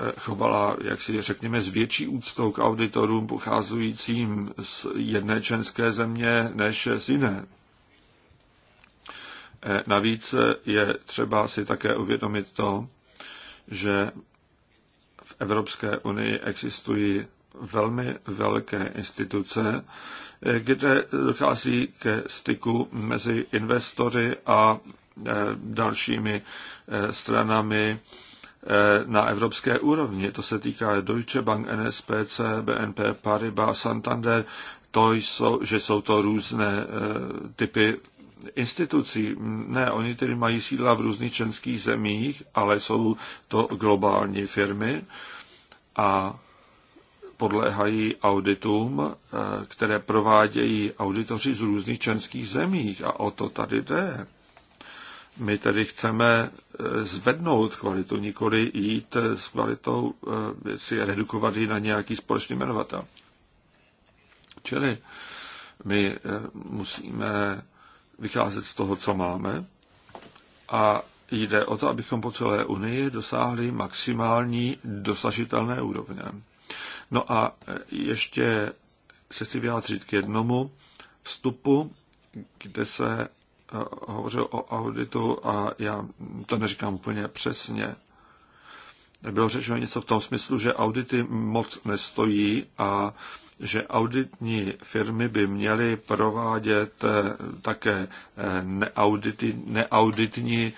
eh, chovala, jak si řekněme, s větší úctou k auditorům pocházujícím z jedné členské země než z jiné. Eh, navíc je třeba si také uvědomit to, že v Evropské unii existují velmi velké instituce, kde dochází ke styku mezi investory a eh, dalšími eh, stranami eh, na evropské úrovni. To se týká Deutsche Bank, NSPC, BNP Paribas, Santander. To jsou, že jsou to různé typy institucí. Ne, oni tedy mají sídla v různých členských zemích, ale jsou to globální firmy a podléhají auditům, eh, které provádějí auditoři z různých členských zemí a o to tady jde. My tedy chceme eh, zvednout kvalitu, nikoli jít eh, s kvalitou, si redukovat ji na nějaký společný jmenovatel. Čili my musíme vycházet z toho, co máme a jde o to, abychom po celé Unii dosáhli maximální dosažitelné úrovně. No a e, ještě se chci vyjádřit k jednomu vstupu, kde se e, hovořil o auditu a já to neříkám úplně přesně. Bylo řečeno něco v tom smyslu, že audity moc nestojí a že auditní firmy by měly provádět e, také neaudity, neauditní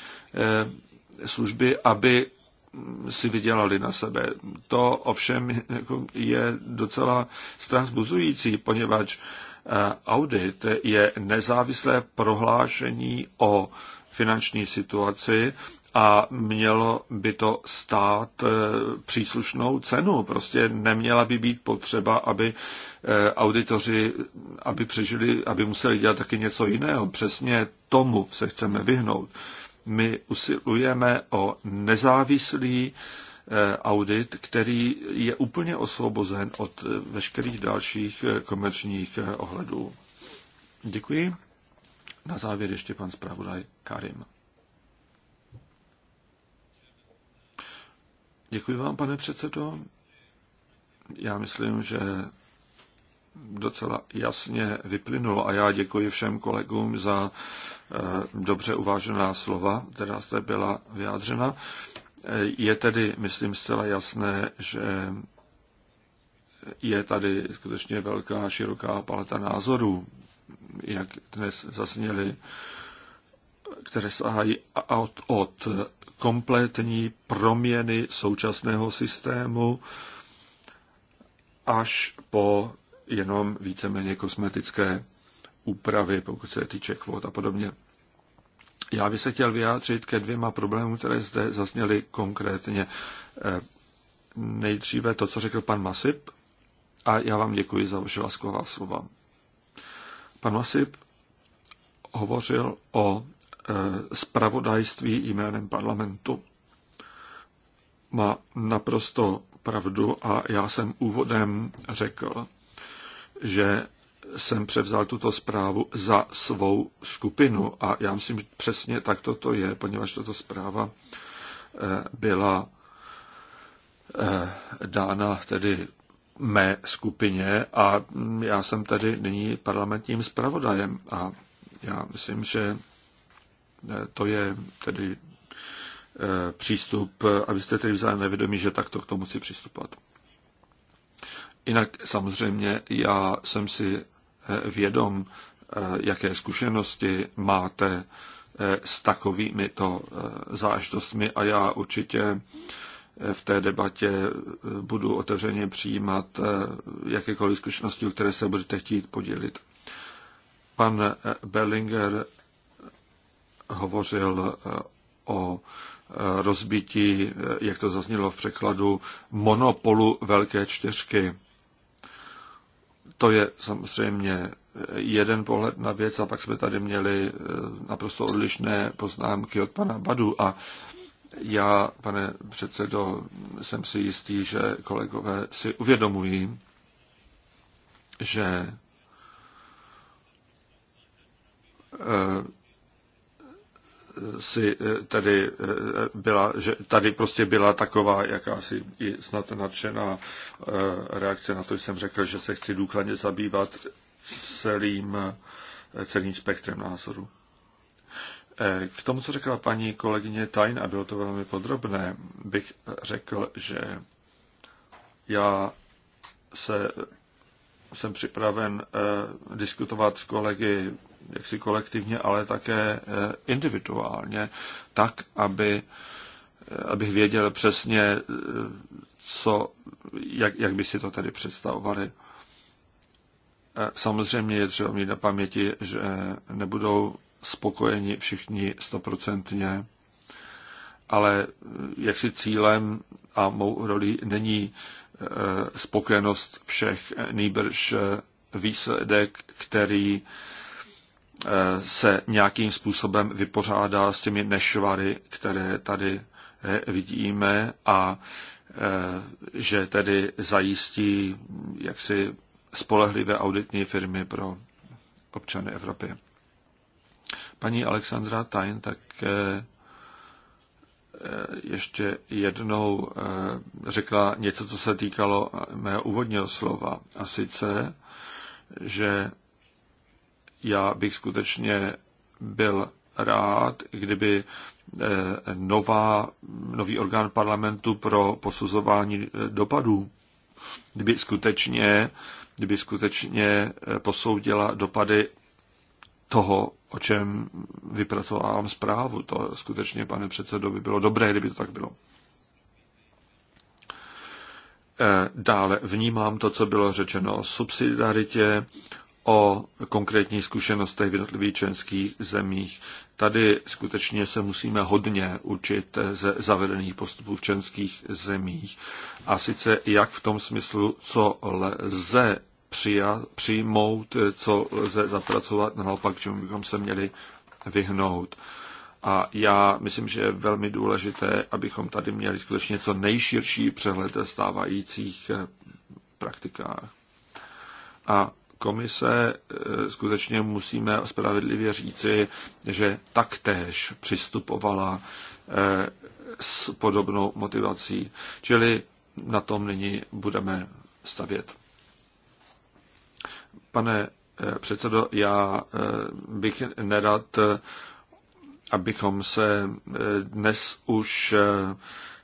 služby, aby si vydělali na sebe. To ovšem jako je docela transbuzující, poněvadž eh, audit je nezávislé prohlášení o finanční situaci a mělo by to stát eh, příslušnou cenu. Prostě neměla by být potřeba, aby eh, auditoři, aby přežili, aby museli dělat taky něco jiného. Přesně tomu se chceme vyhnout. My usilujeme o nezávislý eh, audit, který je úplně osvobozen od eh, veškerých dalších eh, komerčních ohledů. Děkuji. Na závěr ještě pan zpravodaj Karim. Děkuji vám, pane předsedo. Já myslím, že docela jasně vyplynulo a já děkuji všem kolegům za eh, dobře uvážená slova, která zde byla vyjádřena. Eh, je tedy, myslím, zcela jasné, že je tady skutečně velká, široká paleta názorů, jak dnes zasněly, které sahají od, od kompletní proměny současného systému až po jenom víceméně kosmetické úpravy, pokud se týče kvót a podobně. Já bych se chtěl vyjádřit ke dvěma problémům, které zde zazněly konkrétně. Eh, nejdříve to, co řekl pan Masip, a já vám děkuji za vaše lasková slova. Pan Masip hovořil o spravodajství eh, jménem parlamentu. Má naprosto pravdu a já jsem úvodem řekl, že jsem převzal tuto zprávu za svou skupinu a já myslím, že přesně tak toto je, poněvadž tato zpráva eh, byla eh, dána tedy mé skupině a mm, já jsem tady nyní parlamentním zpravodajem a já myslím, že eh, to je tedy přístup, abyste tedy vzali nevědomí, že takto k tomu musí přistupovat. Jinak samozřejmě já jsem si eh, vědom, eh, jaké zkušenosti máte eh, s takovými to záležitostmi a já určitě v té debatě budu otevřeně přijímat jakékoliv zkušenosti, o které se budete chtít podělit. Pan Bellinger hovořil o rozbití, jak to zaznělo v překladu, monopolu Velké čtyřky. To je samozřejmě eh, jeden pohled na věc a pak jsme tady měli eh, naprosto odlišné poznámky od pana Badu a já, pane předsedo, jsem si jistý, že kolegové si uvědomují, že eh, si eh, tady eh, byla, že tady prostě byla taková jakási i snad nadšená eh, reakce na to, že jsem řekl, že se chci důkladně zabývat celým, celým spektrem názoru. K tomu, co řekla paní kolegyně Tajn, a bylo to velmi podrobné, bych řekl, že já se jsem připraven diskutovat s kolegy jaksi kolektivně, ale také eh, individuálně, tak, aby, eh, abych věděl přesně, eh, co, jak, jak by si to tady představovali. Samozřejmě je třeba mít na paměti, že nebudou spokojeni všichni stoprocentně, ale jaksi cílem a mou roli není spokojenost všech, nýbrž výsledek, který Eh, se nějakým způsobem vypořádá s těmi nešvary, které tady eh, vidíme a eh, že tedy zajistí jaksi spolehlivé auditní firmy pro občany Evropy. Paní Alexandra Tain tak ještě jednou řekla něco, co se týkalo mého úvodního slova. A sice, že já bych skutečně byl rád, kdyby eh, nová, nový orgán parlamentu pro posuzování eh, dopadů, kdyby skutečně, kdyby skutečně eh, posoudila dopady toho, o čem vypracovávám zprávu. To skutečně, pane předsedo, by bylo dobré, kdyby to tak bylo. Dále vnímám to, co bylo řečeno o subsidiaritě, o konkrétních zkušenostech v jednotlivých členských zemích. Tady skutečně se musíme hodně učit ze zavedených postupů v členských zemích. A sice jak v tom smyslu, co lze přijmout, co lze zapracovat, naopak čemu bychom se měli vyhnout. A já myslím, že je velmi důležité, abychom tady měli skutečně co nejširší přehled stávajících praktikách. A komise eh, skutečně musíme spravedlivě říci, že taktéž přistupovala eh, s podobnou motivací. Čili na tom nyní budeme stavět. Pane eh, předsedo, já bych nerad, abychom se dnes už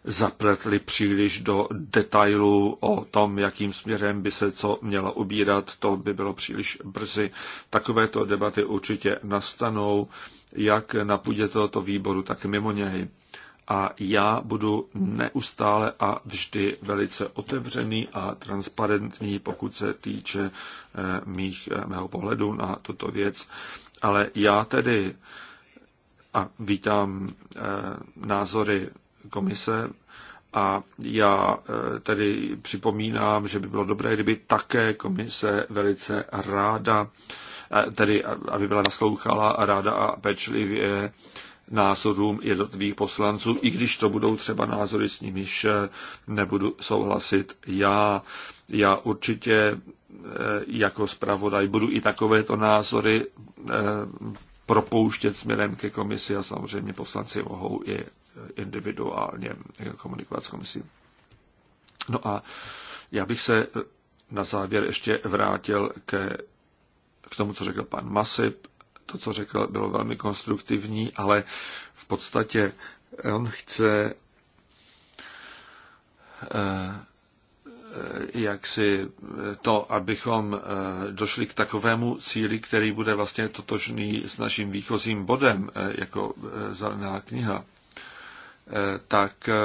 zapletli příliš do detailů o tom, jakým směrem by se co mělo ubírat, to by bylo příliš brzy. Takovéto debaty určitě nastanou, jak na půdě tohoto výboru, tak mimo něj. A já budu neustále a vždy velice otevřený a transparentní, pokud se týče eh, mých, eh, mého pohledu na tuto věc. Ale já tedy a vítám eh, názory komise a já eh, tedy připomínám, že by bylo dobré, kdyby také komise velice ráda, eh, tedy aby byla naslouchala a ráda a pečlivě názorům jednotlivých poslanců, i když to budou třeba názory, s nimiž eh, nebudu souhlasit já. Já určitě jako zpravodaj budu i takovéto názory propouštět směrem ke komisi a samozřejmě poslanci mohou i individuálně komunikovat s komisí. No a já bych se na závěr ještě vrátil ke, k tomu, co řekl pan Masip. To, co řekl, bylo velmi konstruktivní, ale v podstatě on chce eh, eh, jak si to, abychom eh, došli k takovému cíli, který bude vlastně totožný s naším výchozím bodem, jako zelená kniha. Eh, tak eh,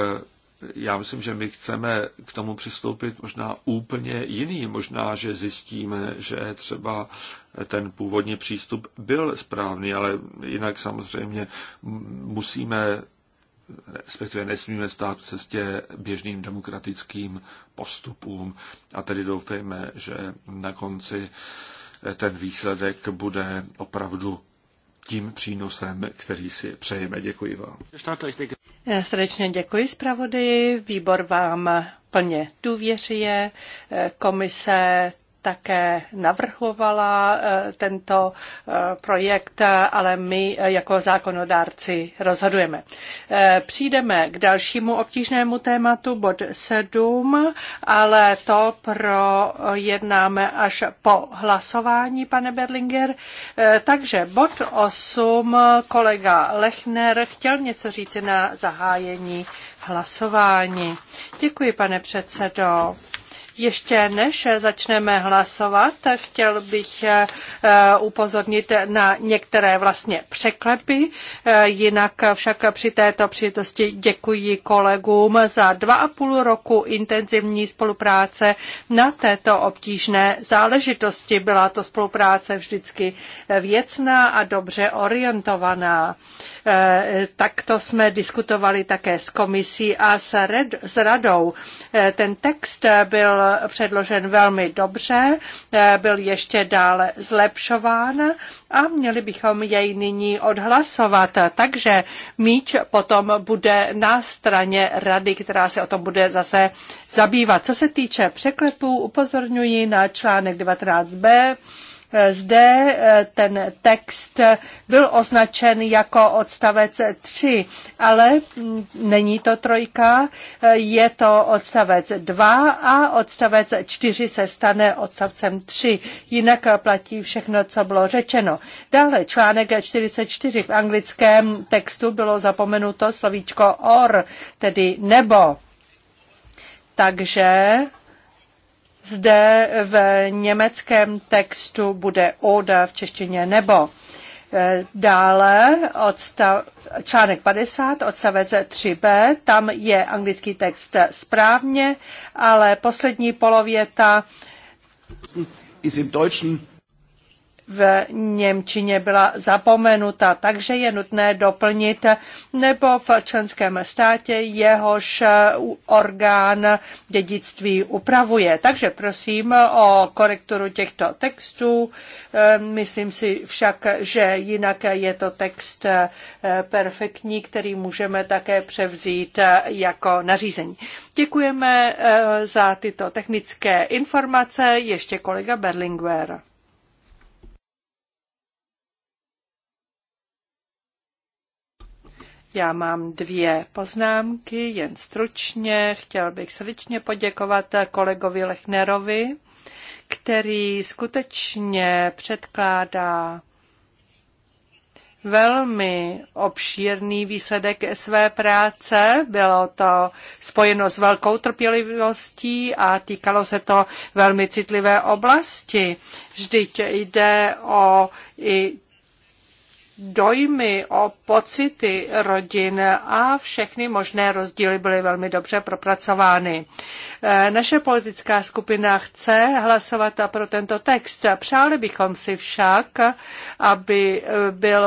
já myslím, že my chceme k tomu přistoupit možná úplně jiný. Možná, že zjistíme, že třeba ten původní přístup byl správný, ale jinak samozřejmě musíme, respektive nesmíme stát v cestě běžným demokratickým postupům. A tedy doufejme, že na konci ten výsledek bude opravdu tím přínosem, který si přejeme. Děkuji vám. Já srdečně děkuji zpravodaji. Výbor vám plně důvěřuje. Komise také navrhovala eh, tento eh, projekt, ale my jako zákonodárci rozhodujeme. Eh, přijdeme k dalšímu obtížnému tématu, bod 7, ale to projednáme až po hlasování, pane Berlinger. Takže bod 8, kolega Lechner chtěl něco říct na zahájení hlasování. Děkuji, pane předsedo. Ještě než začneme hlasovat, chtěl bych eh, upozornit na některé vlastně překlepy. Eh, jinak však při této příležitosti děkuji kolegům za dva a půl roku intenzivní spolupráce na této obtížné záležitosti. Byla to spolupráce vždycky věcná a dobře orientovaná. Eh, takto jsme diskutovali také s komisí a s radou. Ten text byl předložen velmi dobře, eh, byl ještě dále zlepšován a měli bychom jej nyní odhlasovat. Takže míč potom bude na straně rady, která se o tom bude zase zabývat. Co se týče překlepů, upozorňuji na článek 19b zde eh, ten text byl označen jako odstavec 3, ale není to trojka, eh, je to odstavec 2 a odstavec 4 se stane odstavcem 3. Jinak platí všechno, co bylo řečeno. Dále článek 44 v anglickém textu bylo zapomenuto slovíčko or, tedy nebo. Takže zde v německém textu bude oda v češtině nebo. Eh, dále odstav, článek 50, odstavec 3b, tam je anglický text správně, ale poslední polověta is im Deutschen v Němčině byla zapomenuta, takže je nutné doplnit nebo v členském státě jehož orgán dědictví upravuje. Takže prosím o korekturu těchto textů. Ehm, myslím si však, že jinak je to text eh, perfektní, který můžeme také převzít eh, jako nařízení. Děkujeme eh, za tyto technické informace. Ještě kolega Berlinguer. Já mám dvě poznámky, jen stručně. Chtěl bych srdečně poděkovat kolegovi Lechnerovi, který skutečně předkládá velmi obšírný výsledek své práce. Bylo to spojeno s velkou trpělivostí a týkalo se to velmi citlivé oblasti. Vždyť jde o i dojmy, o pocity rodin a všechny možné rozdíly byly velmi dobře propracovány. E, naše politická skupina chce hlasovat pro tento text. Přáli bychom si však, aby byl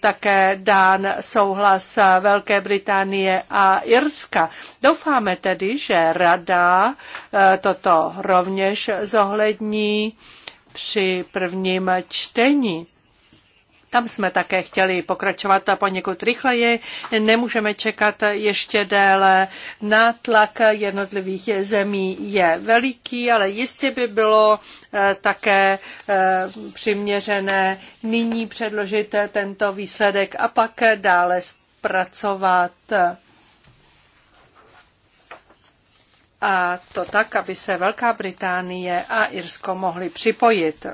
také dán souhlas Velké Británie a Irska. Doufáme tedy, že Rada e, toto rovněž zohlední při prvním čtení. Tam jsme také chtěli pokračovat poněkud rychleji. Nemůžeme čekat ještě déle. Nátlak jednotlivých zemí je veliký, ale jistě by bylo eh, také eh, přiměřené nyní předložit tento výsledek a pak dále zpracovat a to tak, aby se Velká Británie a Irsko mohly připojit.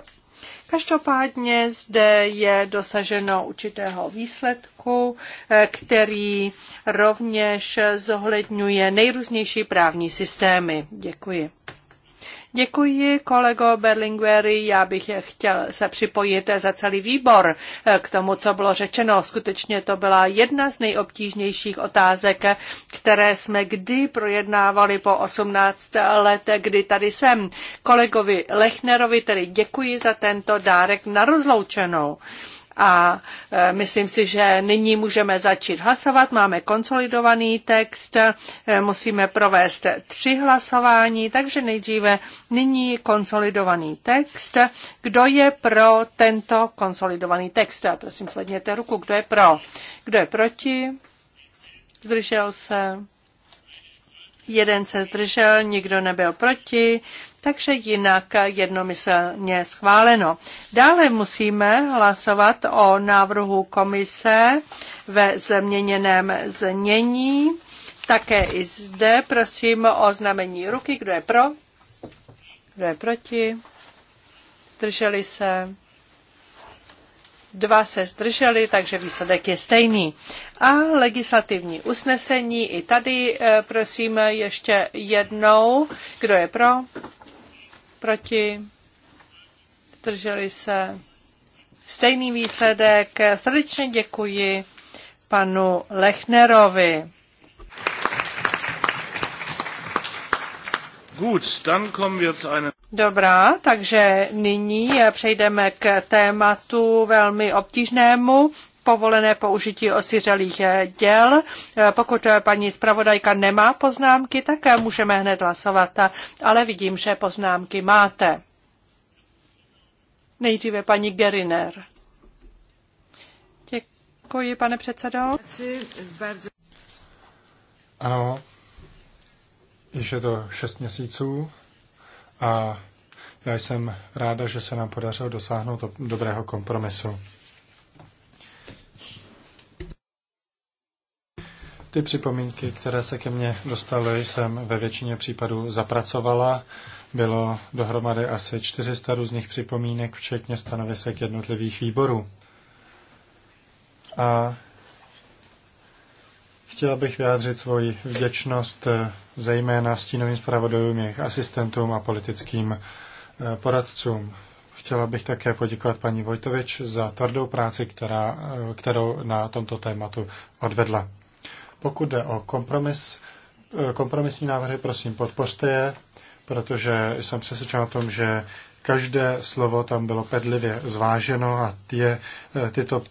Každopádně zde je dosaženo určitého výsledku, eh, který rovněž zohledňuje nejrůznější právní systémy. Děkuji. Děkuji kolego Berlingueri, já bych chtěl se připojit za celý výbor eh, k tomu, co bylo řečeno. Skutečně to byla jedna z nejobtížnějších otázek, které jsme kdy projednávali po 18 let, kdy tady jsem. Kolegovi Lechnerovi tedy děkuji za tento dárek na rozloučenou. A e, myslím si, že nyní můžeme začít hlasovat. Máme konsolidovaný text, e, musíme provést tři hlasování, takže nejdříve nyní konsolidovaný text. Kdo je pro tento konsolidovaný text? Prosím, zvedněte ruku. Kdo je pro? Kdo je proti? Zdržel se? Jeden se zdržel, nikdo nebyl proti, takže jinak jednomyslně schváleno. Dále musíme hlasovat o návrhu komise ve změněném znění. Také i zde prosím o znamení ruky, kdo je pro, kdo je proti, Drželi se, dva se zdrželi, takže výsledek je stejný. A legislativní usnesení i tady eh, prosím ještě jednou, kdo je pro, proti, zdrželi se. Stejný výsledek. Srdečně děkuji panu Lechnerovi. Gut, dann kommen wir zu einem Dobrá, takže nyní přejdeme k tématu velmi obtížnému, povolené použití osiřelých eh, děl. Eh, pokud eh, paní zpravodajka nemá poznámky, tak můžeme hned hlasovat, ale vidím, že poznámky máte. Nejdříve paní Geriner. Děkuji, pane předsedo. Ano, již je to šest měsíců a já jsem ráda, že se nám podařilo dosáhnout dobrého kompromisu. Ty připomínky, které se ke mně dostaly, jsem ve většině případů zapracovala. Bylo dohromady asi 400 různých připomínek, včetně stanovisek jednotlivých výborů. A chtěla bych vyjádřit svoji vděčnost eh, zejména stínovým zpravodajům, jejich asistentům a politickým eh, poradcům. Chtěla bych také poděkovat paní Vojtovič za tvrdou práci, která, eh, kterou na tomto tématu odvedla. Pokud jde o kompromis, eh, kompromisní návrhy, prosím, podpořte je, protože jsem přesvědčen o tom, že každé slovo tam bylo pedlivě zváženo a tě, eh, tyto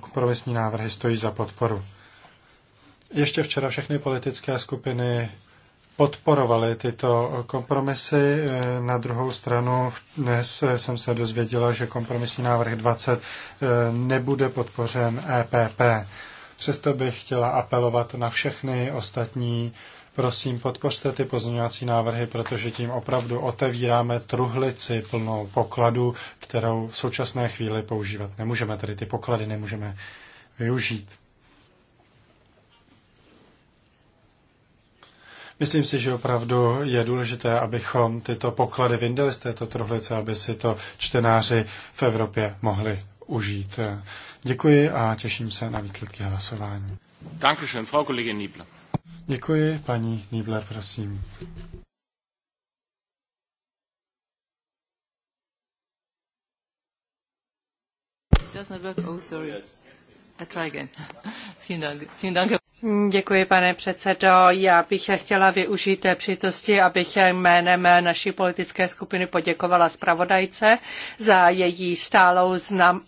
kompromisní návrhy stojí za podporu. Ještě včera všechny politické skupiny podporovaly tyto kompromisy. Eh, na druhou stranu dnes jsem se dozvěděla, že kompromisní návrh 20 nebude podpořen EPP. Přesto bych chtěla apelovat na všechny ostatní. Prosím, podpořte ty pozměňovací návrhy, protože tím opravdu otevíráme truhlici plnou pokladu, kterou v současné chvíli používat nemůžeme, tedy ty poklady nemůžeme využít. Myslím si, že opravdu je důležité, abychom tyto poklady vyndali z této truhlice, aby si to čtenáři v Evropě mohli užít. Děkuji a těším se na výsledky hlasování. Dankeschön, Frau Kollegin Niebler. Děkuji, paní Niebler, prosím. Does not work. Oh, sorry. I try again. Vielen Dank. Vielen Dank. Děkuji, pane předsedo. Já bych chtěla využít té přítosti, abych jménem naší politické skupiny poděkovala zpravodajce za její stálou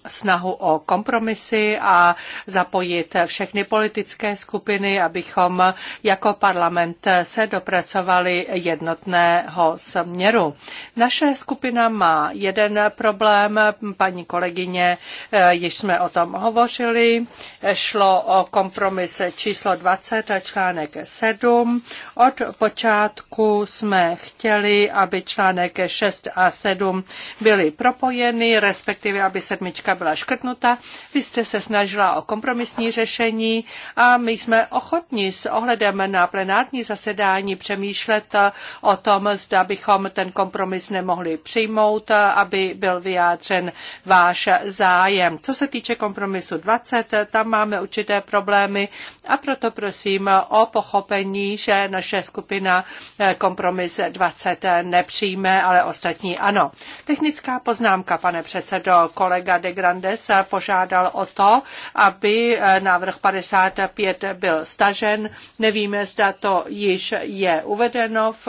snahu o kompromisy a zapojit všechny politické skupiny, abychom jako parlament se dopracovali jednotného směru. Naše skupina má jeden problém, paní kolegyně, eh, již jsme o tom hovořili, šlo o kompromis číslo číslo 20, a článek 7. Od počátku jsme chtěli, aby článek 6 a 7 byly propojeny, respektive aby sedmička byla škrtnuta. Vy jste se snažila o kompromisní řešení a my jsme ochotni s ohledem na plenární zasedání přemýšlet o tom, zda bychom ten kompromis nemohli přijmout, aby byl vyjádřen váš zájem. Co se týče kompromisu 20, tam máme určité problémy a proto prosím o pochopení, že naše skupina eh, kompromis 20 eh, nepřijme, ale ostatní ano. Technická poznámka, pane předsedo, kolega de Grandes požádal o to, aby eh, návrh 55 byl stažen. Nevíme, zda to již je uvedeno v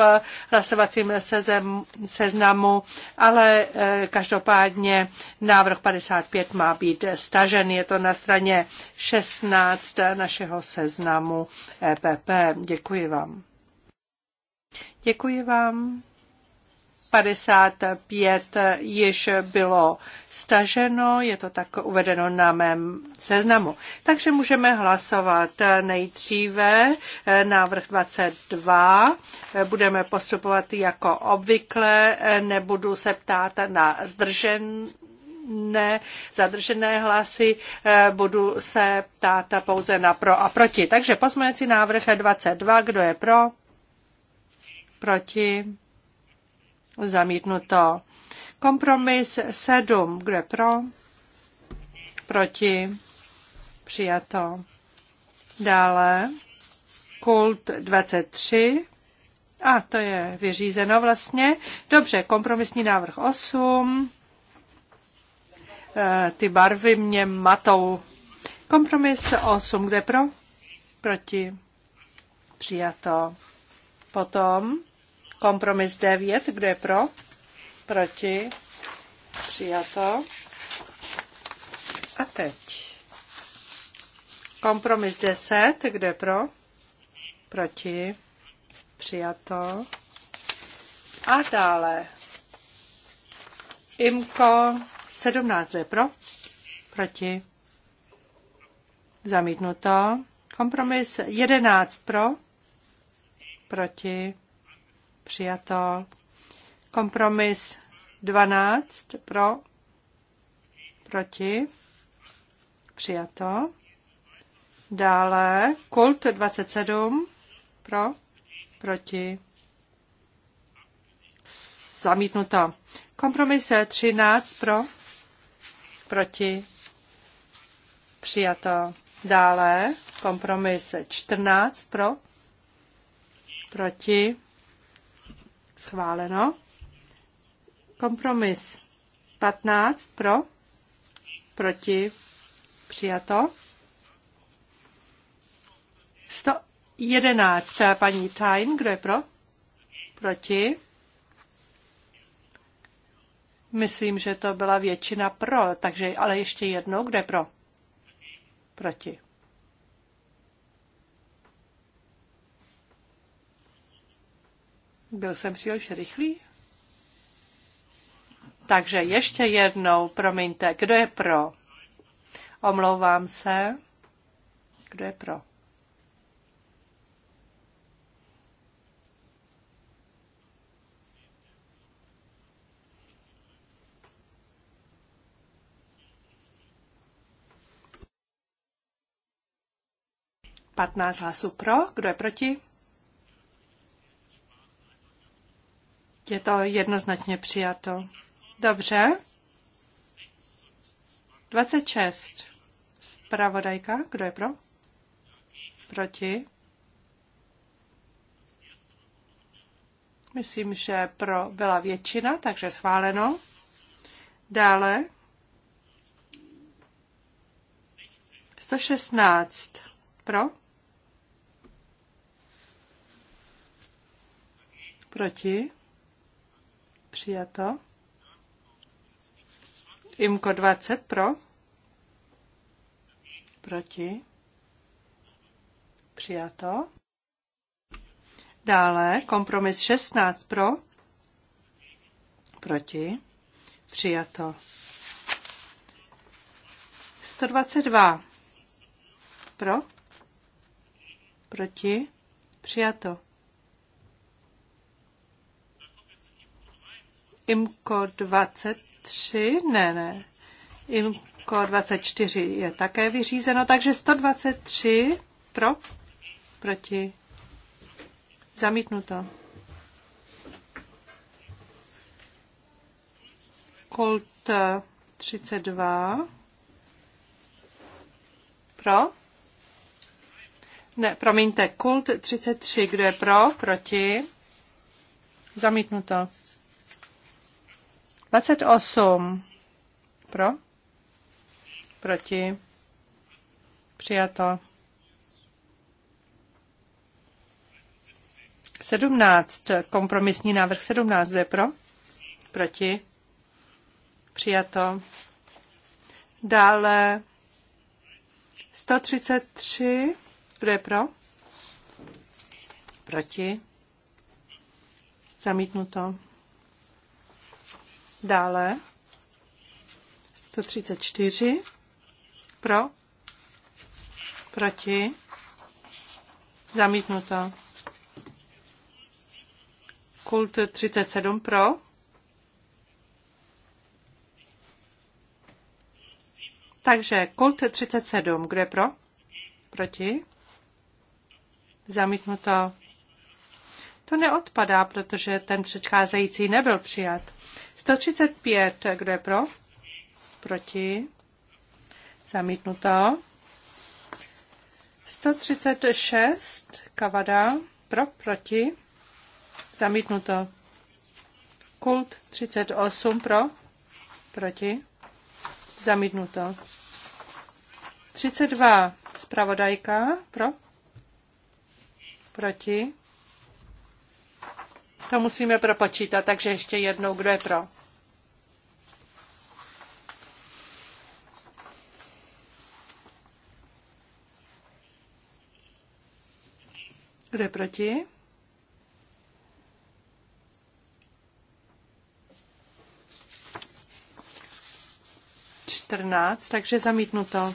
hlasovacím seznamu, ale každopádně návrh 55 má být stažen. Je to na straně 16 našeho seznamu seznamu EPP. Děkuji vám. Děkuji vám. 55 již bylo staženo, je to tak uvedeno na mém seznamu. Takže můžeme hlasovat nejdříve návrh 22. Budeme postupovat jako obvykle, nebudu se ptát na zdržen, žádné zadržené hlasy, eh, budu se ptát pouze na pro a proti. Takže pozměňovací návrh 22, kdo je pro? Proti? Zamítnuto. Kompromis 7, kdo je pro? Proti? Přijato. Dále kult 23. A to je vyřízeno vlastně. Dobře, kompromisní návrh 8. Eh, ty barvy mě matou. Kompromis 8, kde pro? Proti. Přijato. Potom kompromis 9, kde je pro? Proti. Přijato. A teď. Kompromis 10, kde je pro? Proti. Přijato. A dále. Imko 17 je pro, proti, zamítnuto. Kompromis 11 pro, proti, přijato. Kompromis 12 pro, proti, přijato. Dále kult 27 pro, proti, zamítnuto. Kompromis 13 pro, proti, přijato. Dále kompromis 14 pro, proti, schváleno. Kompromis 15 pro, proti, přijato. 111 paní Tain, kdo je pro? Proti. Myslím, že to byla většina pro, takže ale ještě jednou, kde pro? Proti. Byl jsem příliš rychlý? Takže ještě jednou, promiňte, kdo je pro? Omlouvám se. Kdo je pro? 15 hlasů pro, kdo je proti? Je to jednoznačně přijato. Dobře. 26. Spravodajka, kdo je pro? Proti? Myslím, že pro byla většina, takže schváleno. Dále 116 pro, Proti? Přijato. Imko 20 pro? Proti? Přijato. Dále kompromis 16 pro? Proti? Přijato. 122 pro? Proti? Přijato. IMCO 23, ne, ne, IMCO 24 je také vyřízeno, takže 123 pro, proti, zamítnuto. Colt 32 pro, ne, promiňte, kult 33, kdo je pro, proti, zamítnuto. 28. Pro? Proti? Přijato. 17. Kompromisní návrh 17. je pro? Proti? Přijato. Dále 133. Kdo je pro? Proti? Zamítnuto. Dále 134 pro, proti, zamítnuto. Kult 37 pro, Takže kult 37, kdo je pro? Proti? Zamítnuto. To neodpadá, protože ten předcházející nebyl přijat. 135, kdo je pro? Proti? Zamítnuto. 136, Kavada, pro, proti? Zamítnuto. Kult 38, pro, proti? Zamítnuto. 32, zpravodajka, pro, proti? To musíme propočítat, takže ještě jednou, kdo je pro. Kdo je proti? Čtrnáct, takže zamítnuto.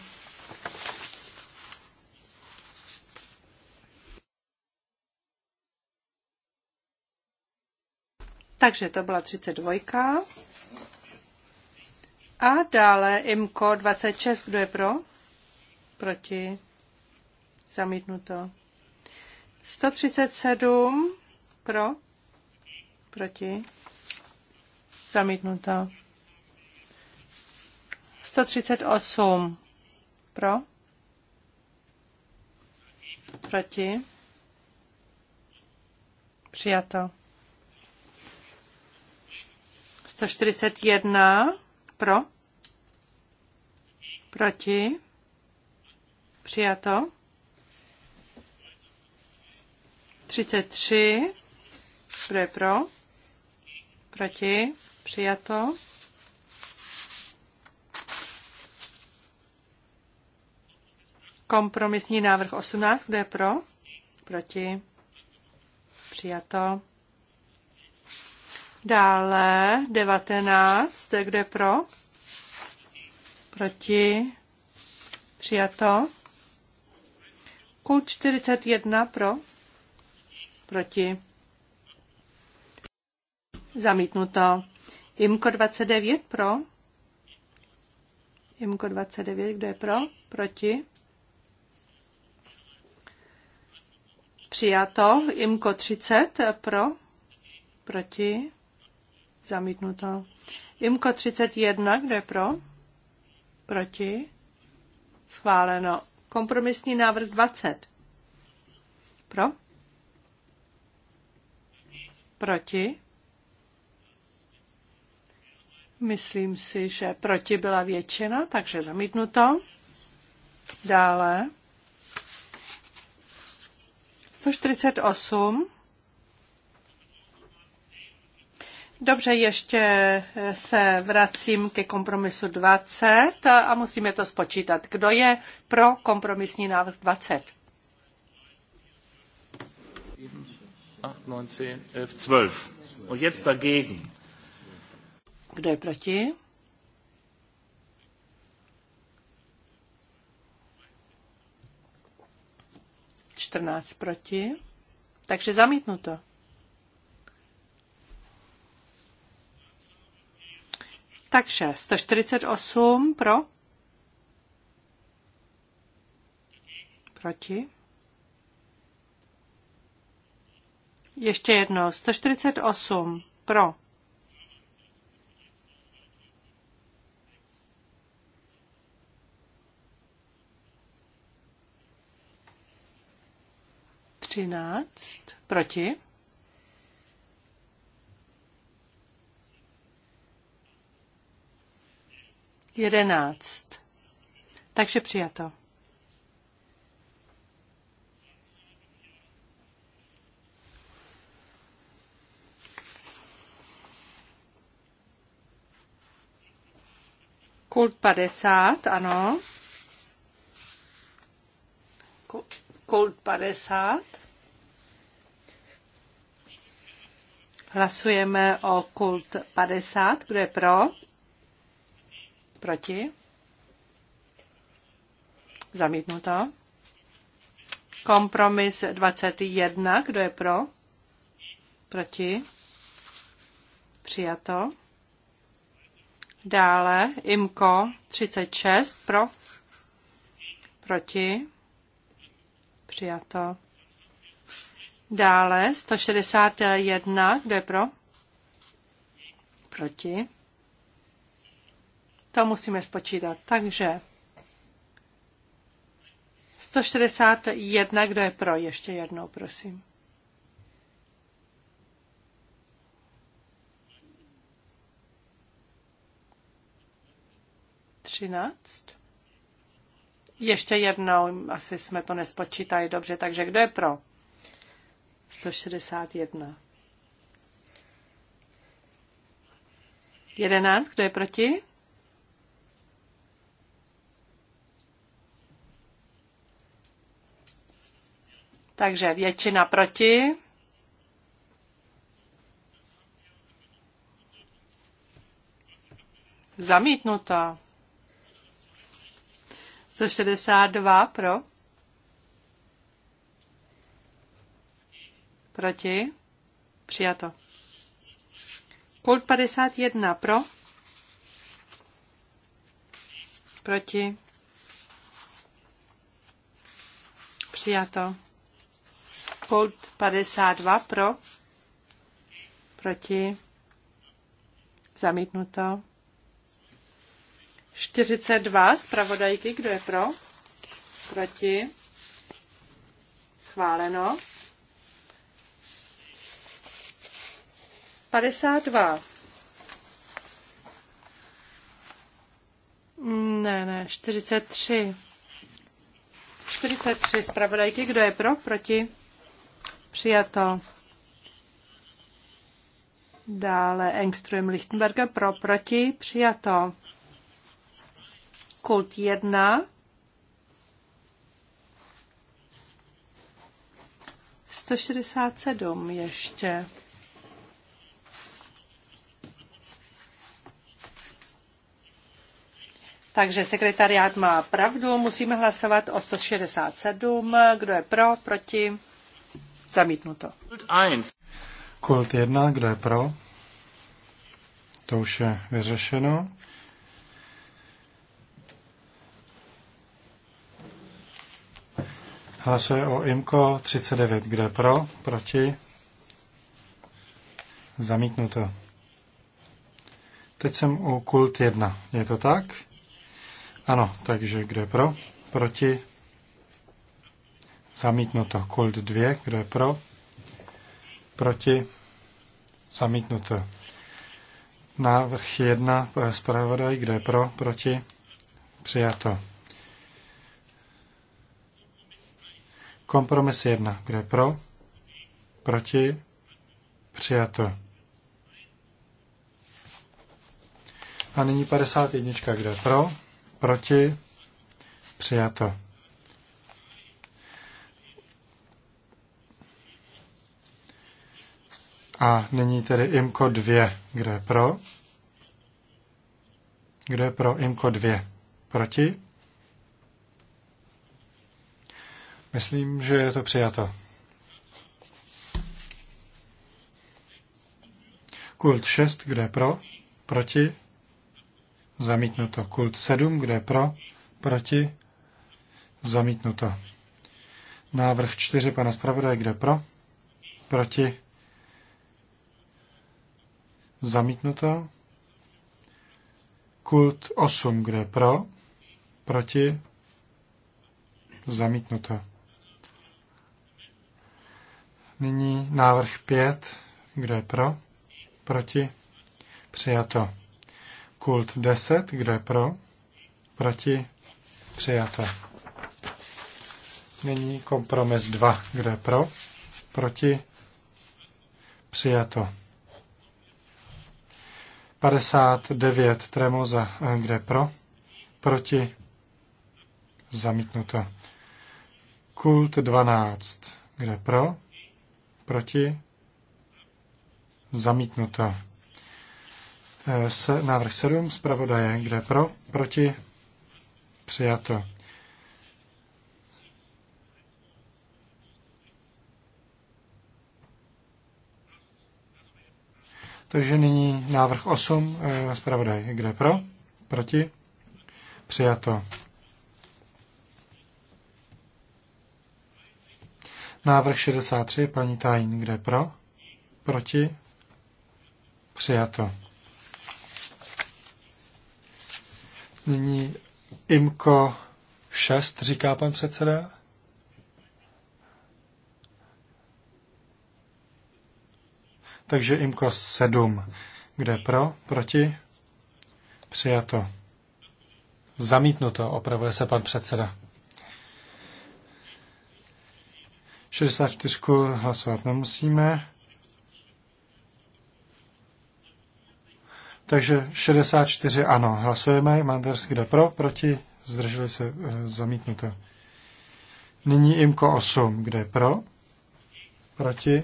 Takže to byla 32. A dále IMKO 26. Kdo je pro? Proti? Zamítnuto. 137. Pro? Proti? Zamítnuto. 138. Pro? Proti? Přijato. 141 pro, proti, přijato. 33, pro. pro, proti, přijato. Kompromisní návrh 18, kde je pro, proti, přijato. Dále 19, kde pro? Proti? Přijato. Kul 41 pro? Proti? Zamítnuto. Imko 29 pro? Imko 29, kdo je pro? Proti? Přijato. Imko 30 pro? Proti? Zamítnuto. Imko 31, kdo je pro? Proti? Schváleno. Kompromisní návrh 20. Pro? Proti? Myslím si, že proti byla většina, takže zamítnuto. Dále. 148. Dobře, ještě eh, se vracím ke kompromisu 20 a musíme to spočítat. Kdo je pro kompromisní návrh 20? 8, 9, 11, 12. A jetzt Kdo je proti? Čtrnáct proti. Takže zamítnuto. to. Takže 148 pro. Proti. Ještě jedno. 148 pro. Třináct proti. 11. Takže přijato. Kult 50, ano. Kult 50. Hlasujeme o kult 50. Kdo je pro? Proti? Zamítnuto. Kompromis 21. Kdo je pro? Proti? Přijato. Dále IMKO 36. Pro? Proti? Přijato. Dále 161. Kdo je pro? Proti? To musíme spočítat. Takže 161, kdo je pro? Ještě jednou, prosím. Třináct. Ještě jednou, asi jsme to nespočítali dobře, takže kdo je pro? 161. 11, kdo je proti? Takže většina proti. Zamítnuto. 162 pro. Proti. Přijato. Kult 51 pro. Proti. Přijato. Kult 52 pro, proti, zamítnuto. 42 zpravodajky, kdo je pro, proti, schváleno. 52. Ne, ne, 43. 43 zpravodajky, kdo je pro, proti, Přijato. Dále Engström Lichtenberger pro, proti, přijato. Kult 1. Sto šedesát sedm ještě. Takže sekretariát má pravdu, musíme hlasovat o 167. Kdo je pro, proti? Zamítnuto. Kult 1, kdo je pro? To už je vyřešeno. Hlasuje o IMKO 39. Kdo je pro? Proti? Zamítnuto. Teď jsem u Kult 1. Je to tak? Ano, takže kdo je pro? Proti? Zamítnuto. Kult 2. Kdo je pro? Proti? Zamítnuto. Návrh 1. Zpravodaj. Kdo je pro? Proti? Přijato. Kompromis 1. Kdo je pro? Proti? Přijato. A nyní 51. Kdo je pro? Proti? Přijato. A nyní tedy imko 2. Kdo je pro? Kdo je pro imko 2? Proti? Myslím, že je to přijato. Kult 6, kde je pro? Proti? Zamítnuto. Kult 7, kde je pro? Proti? Zamítnuto. Návrh 4 pana zpravodaje, kde je pro? Proti? Zamítnuto. Kult 8, kde pro, proti, zamítnuto. Nyní návrh 5, kde pro, proti, přijato. Kult 10, kde pro, proti, přijato. Nyní kompromis 2, kde pro, proti, přijato. 59 Tremoza, eh, kde pro, proti, zamítnuto. Kult 12, kde pro, proti, zamítnuto. Eh, se, návrh 7 zpravodaje, kde pro, proti, přijato. Takže nyní návrh 8, eh, zpravodaj, kde pro, proti, přijato. Návrh 63, paní Tajín, kde pro, proti, přijato. Nyní IMKO 6, říká pan předseda. Takže IMKO 7. Kde pro? Proti? Přijato. Zamítnuto, opravuje se pan předseda. 64 hlasovat nemusíme. Takže 64 ano, hlasujeme. Manderský jde pro, proti, zdrželi se e, zamítnuto. Nyní IMKO 8, kde pro, proti,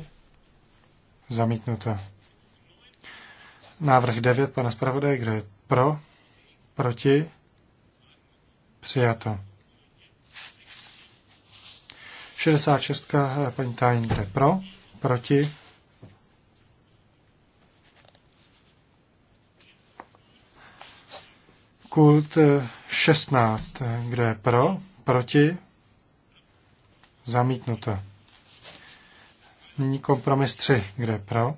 Zamítnuto. Návrh 9 pana zpravodaje, kdo je pro, proti, přijato. 66. Eh, paní Tajn, kdo je pro, proti, Kult 16. Eh, eh, kdo je pro? Proti? Zamítnuto. Nyní kompromis 3. Kde pro?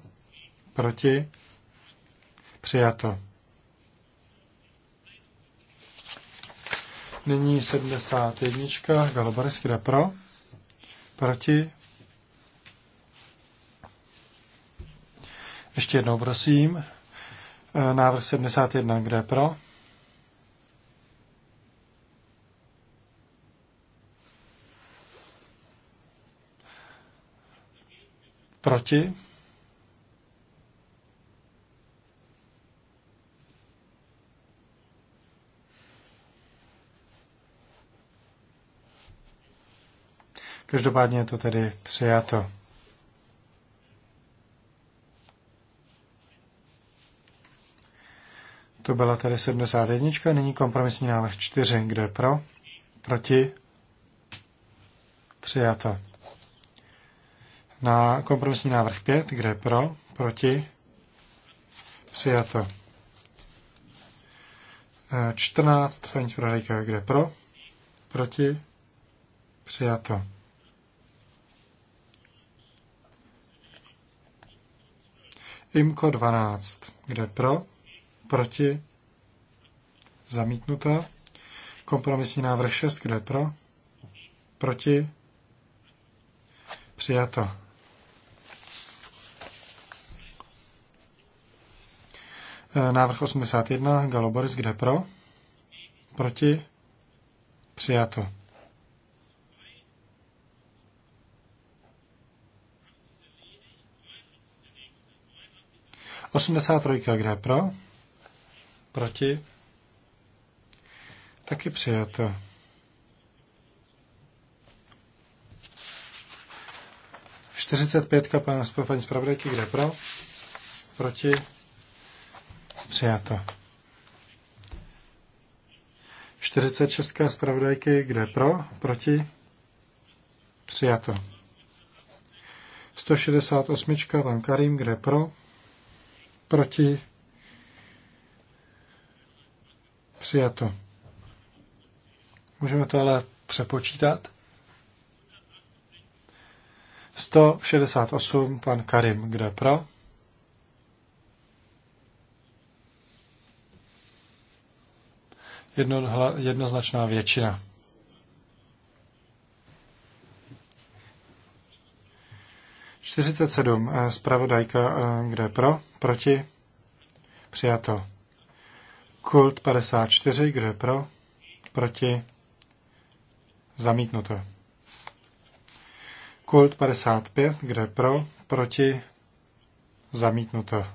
Proti? Přijato. Nyní 71. Galobarisky jde pro. Proti. Ještě jednou prosím. Eh, návrh 71. Kde pro? Proti? Každopádně je to tedy přijato. To byla tedy 71, nyní kompromisní návrh 4, Kdo je pro, proti, přijato na kompromisní návrh 5, kde je pro, proti, přijato. 14, e, paní zpravodajka, kde je pro, proti, přijato. IMKO 12, kde pro, proti, zamítnuto. Kompromisní návrh 6, kde pro, proti, přijato. Eh, návrh 81, Galoboris, kde pro? Proti? Přijato. Osmdesát trojka, kde pro? Proti? Taky přijato. Čtyřicet pětka, paní zpravodajky, kde pro? Proti? Přijato. 46. zpravodajky, kde pro, proti, přijato. 168. pan Karim, kde pro, proti, přijato. Můžeme to ale přepočítat. 168. pan Karim, kde pro, jedno, jednoznačná většina. Čtyřicet sedm. Spravodajka, eh, eh, kde pro, proti, přijato. Kult 54, čtyři. je pro, proti, zamítnuto. Kult 55, pět. je pro, proti, zamítnuto.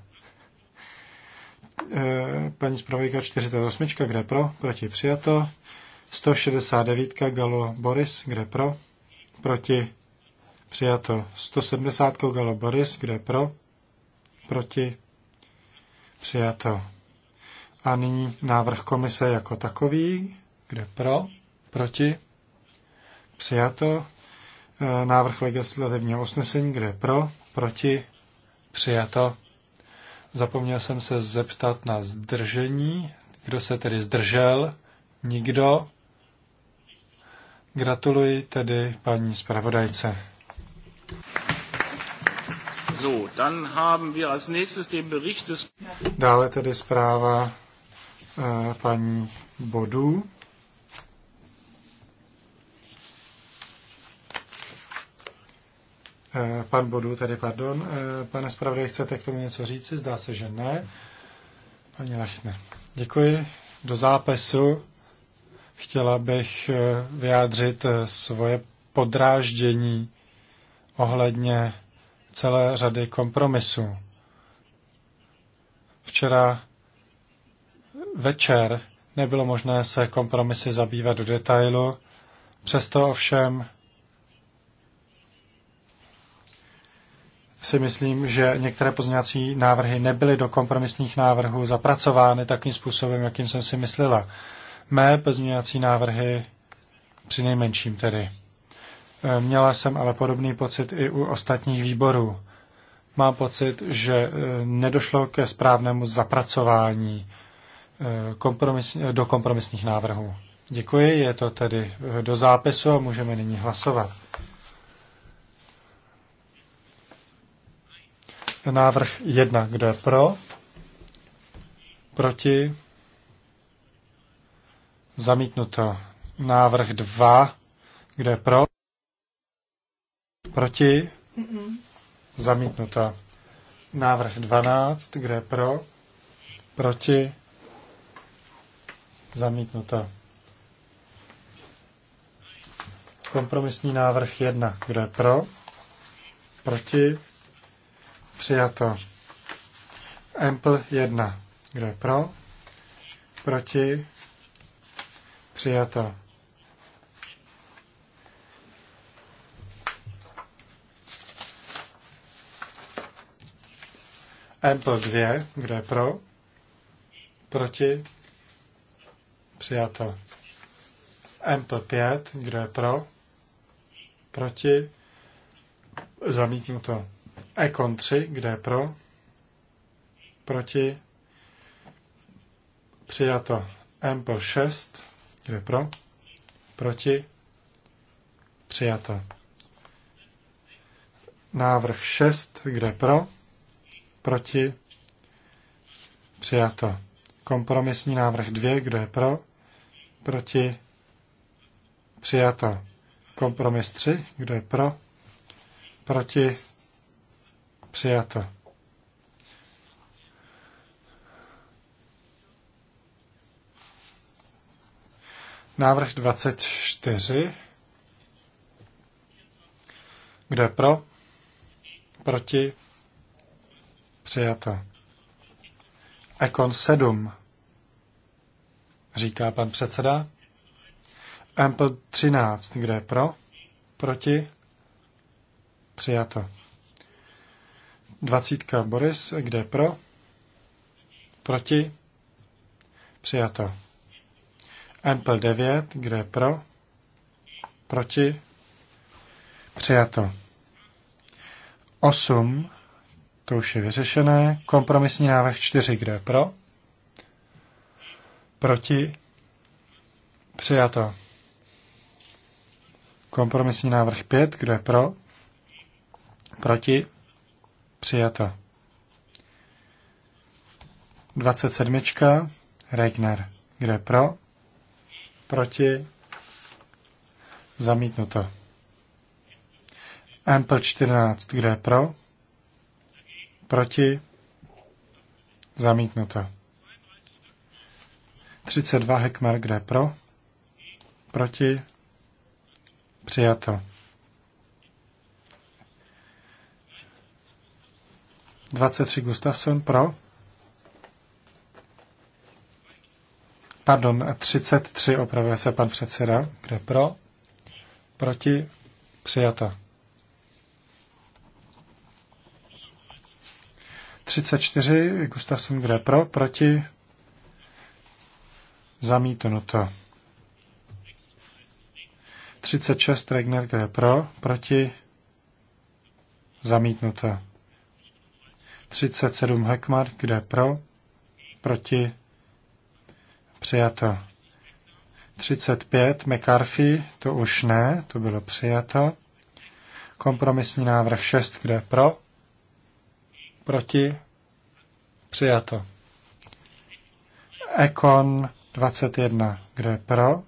Eh, paní zpravodajka 48, kde pro, proti přijato. 169, Galo Boris, kde pro, proti přijato. 170, Galo Boris, kde pro, proti přijato. A nyní návrh komise jako takový, kde pro, proti přijato. Eh, návrh legislativního usnesení, kde pro, proti přijato. Zapomněl jsem se zeptat na zdržení. Kdo se tedy zdržel? Nikdo. Gratuluji tedy paní zpravodajce. So, dann haben wir als nächstes den Bericht des... Dále tedy zpráva uh, paní Bodu Eh, pan Bodu, tedy pardon. Eh, pane zpravodaj, chcete k tomu něco říci? Zdá se, že ne. Paní Lechne. Děkuji. Do zápisu chtěla bych eh, vyjádřit svoje podráždění ohledně celé řady kompromisů. Včera večer nebylo možné se kompromisy zabývat do detailu, přesto ovšem si myslím, že některé pozměňovací návrhy nebyly do kompromisních návrhů zapracovány takým způsobem, jakým jsem si myslela. Mé pozměňovací návrhy při nejmenším tedy. E, měla jsem ale podobný pocit i u ostatních výborů. Mám pocit, že e, nedošlo ke správnému zapracování e, kompromis, do kompromisních návrhů. Děkuji, je to tedy do zápisu a můžeme nyní hlasovat. Návrh 1. Kdo je pro? Proti? Zamítnuto. Návrh 2. Kdo je pro? Proti? Mm-mm. Zamítnuto. Návrh 12. Kdo je pro? Proti? Zamítnuto. Kompromisní návrh 1. Kdo je pro? Proti? Přijato. Ample 1. Kdo je pro? Proti? Přijato. Ample 2. Kdo je pro? Proti? Přijato. Ample 5. Kdo je pro? Proti? Zamítnuto. Ekon 3, kde je pro, proti, přijato Ample 6, kde je pro, proti, přijato. Návrh 6, kde je pro, proti, přijato. Kompromisní návrh 2, kde je pro, proti, přijato. Kompromis 3, kde je pro, proti, Přijato. Návrh 24. Kdo je pro? Proti? Přijato. Ekon 7, říká pan předseda. Ample 13, kde je pro? Proti? Přijato. Dvacítka Boris, kde pro? Proti? Přijato. Ample 9, kde pro? Proti? Přijato. 8, to už je vyřešené. Kompromisní návrh 4, kde pro? Proti? Přijato. Kompromisní návrh 5, kde pro? Proti? Přijato. 27. Regner. Kdo je pro? Proti? Zamítnuto. Ample 14. Kdo je pro? Proti? Zamítnuto. 32 hekmer. kde pro? Proti? Přijato. 23 Gustafsson pro. Pardon, 33 opravuje se pan předseda. Kde pro? Proti? Přijata. 34 Gustafsson kde pro? Proti? Zamítnuto. 36 Regner kde pro? Proti? Zamítnuto. 37 Hekmar, kde pro, proti, přijato. 35 McCarthy, to už ne, to bylo přijato. Kompromisní návrh 6, kde pro, proti, přijato. Ekon 21, kde pro,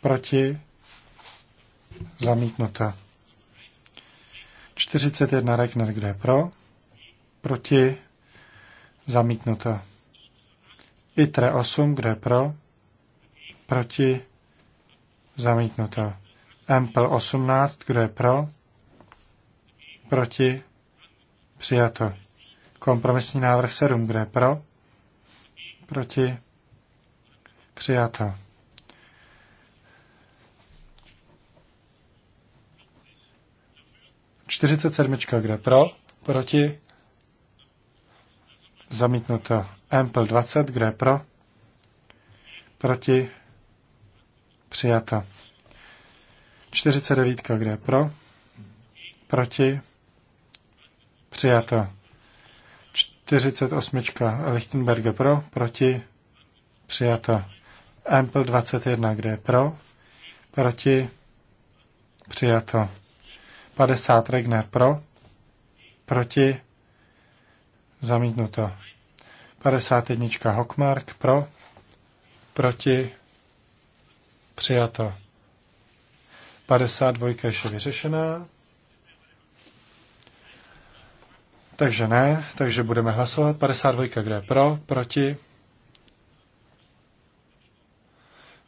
proti, zamítnuto. 41 Rekner, kde pro, proti, zamítnuto. ITRE 8, kdo je pro, proti, zamítnuto. MPL 18, kdo je pro, proti, přijato. Kompromisní návrh 7, kdo je pro, proti, přijato. Čtyřicet sedmička, kde pro, proti, Zamítnuto Ample 20, kde pro? Proti? Přijato. 49, kde pro? Proti? Přijato. 48, Lichtenberge pro? Proti? Přijato. Ample 21, kde pro? Proti? Přijato. 50 Regner pro, proti, zamítnuto. 51. Hockmark pro, proti, přijato. 52 ještě vyřešená. Takže ne, takže budeme hlasovat. 52, kde je pro, proti.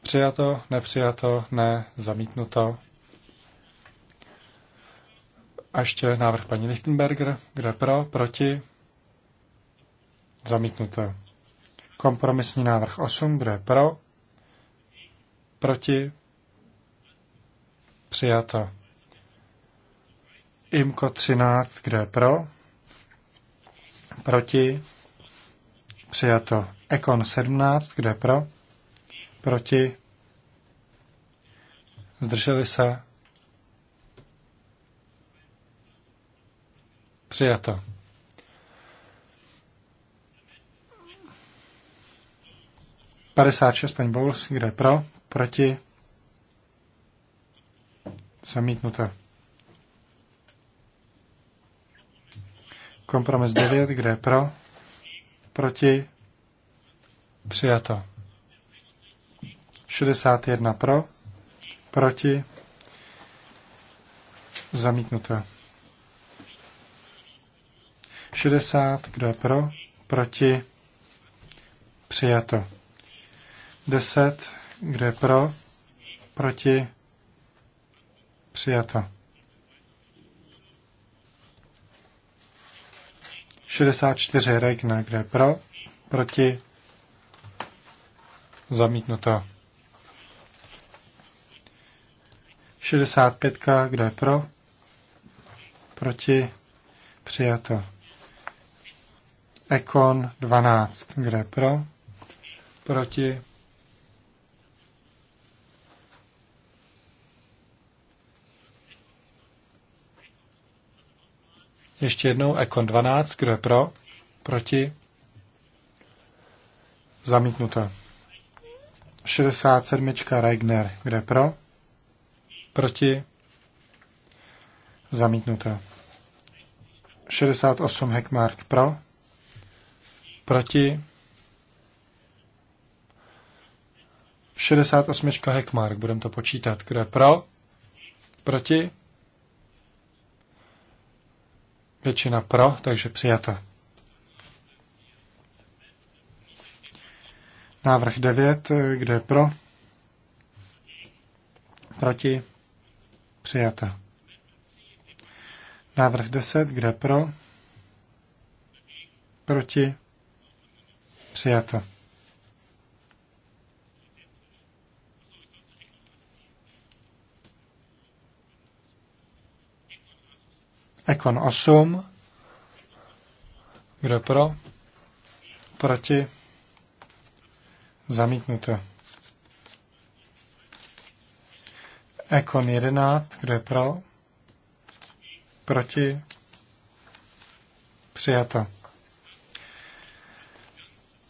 Přijato, nepřijato, ne, zamítnuto. A ještě návrh paní Lichtenberger, kde pro, proti. Zamítnuto. Kompromisní návrh 8, kdo je pro? Proti? Přijato. IMKO 13, kdo je pro? Proti? Přijato. Ekon 17, kdo je pro? Proti? Zdrželi se? Přijato. 56, paní Bowles, kde je pro, proti, zamítnuté. Kompromis 9, kde je pro, proti, přijato. 61 pro, proti, zamítnuté. 60, kdo je pro, proti, přijato. 10, kde je pro, proti, přijato. 64 Regner, kde je pro, proti, zamítnuto. 65, kde je pro, proti, přijato. Ekon 12, kde je pro, proti, Ještě jednou Ekon 12, kdo je pro, proti, zamítnuto. 67. Reigner, kdo je pro, proti, zamítnuto. 68 Heckmark pro, proti 68 Heckmark, budeme to počítat, kdo je pro, proti, Většina pro, takže přijata. Návrh 9, kde je pro? Proti? Přijata. Návrh 10, kde je pro? Proti? Přijata. Ekon 8. Kdo pro? Proti? Zamítnuto. Ekon 11. Kdo je pro? Proti? Přijato.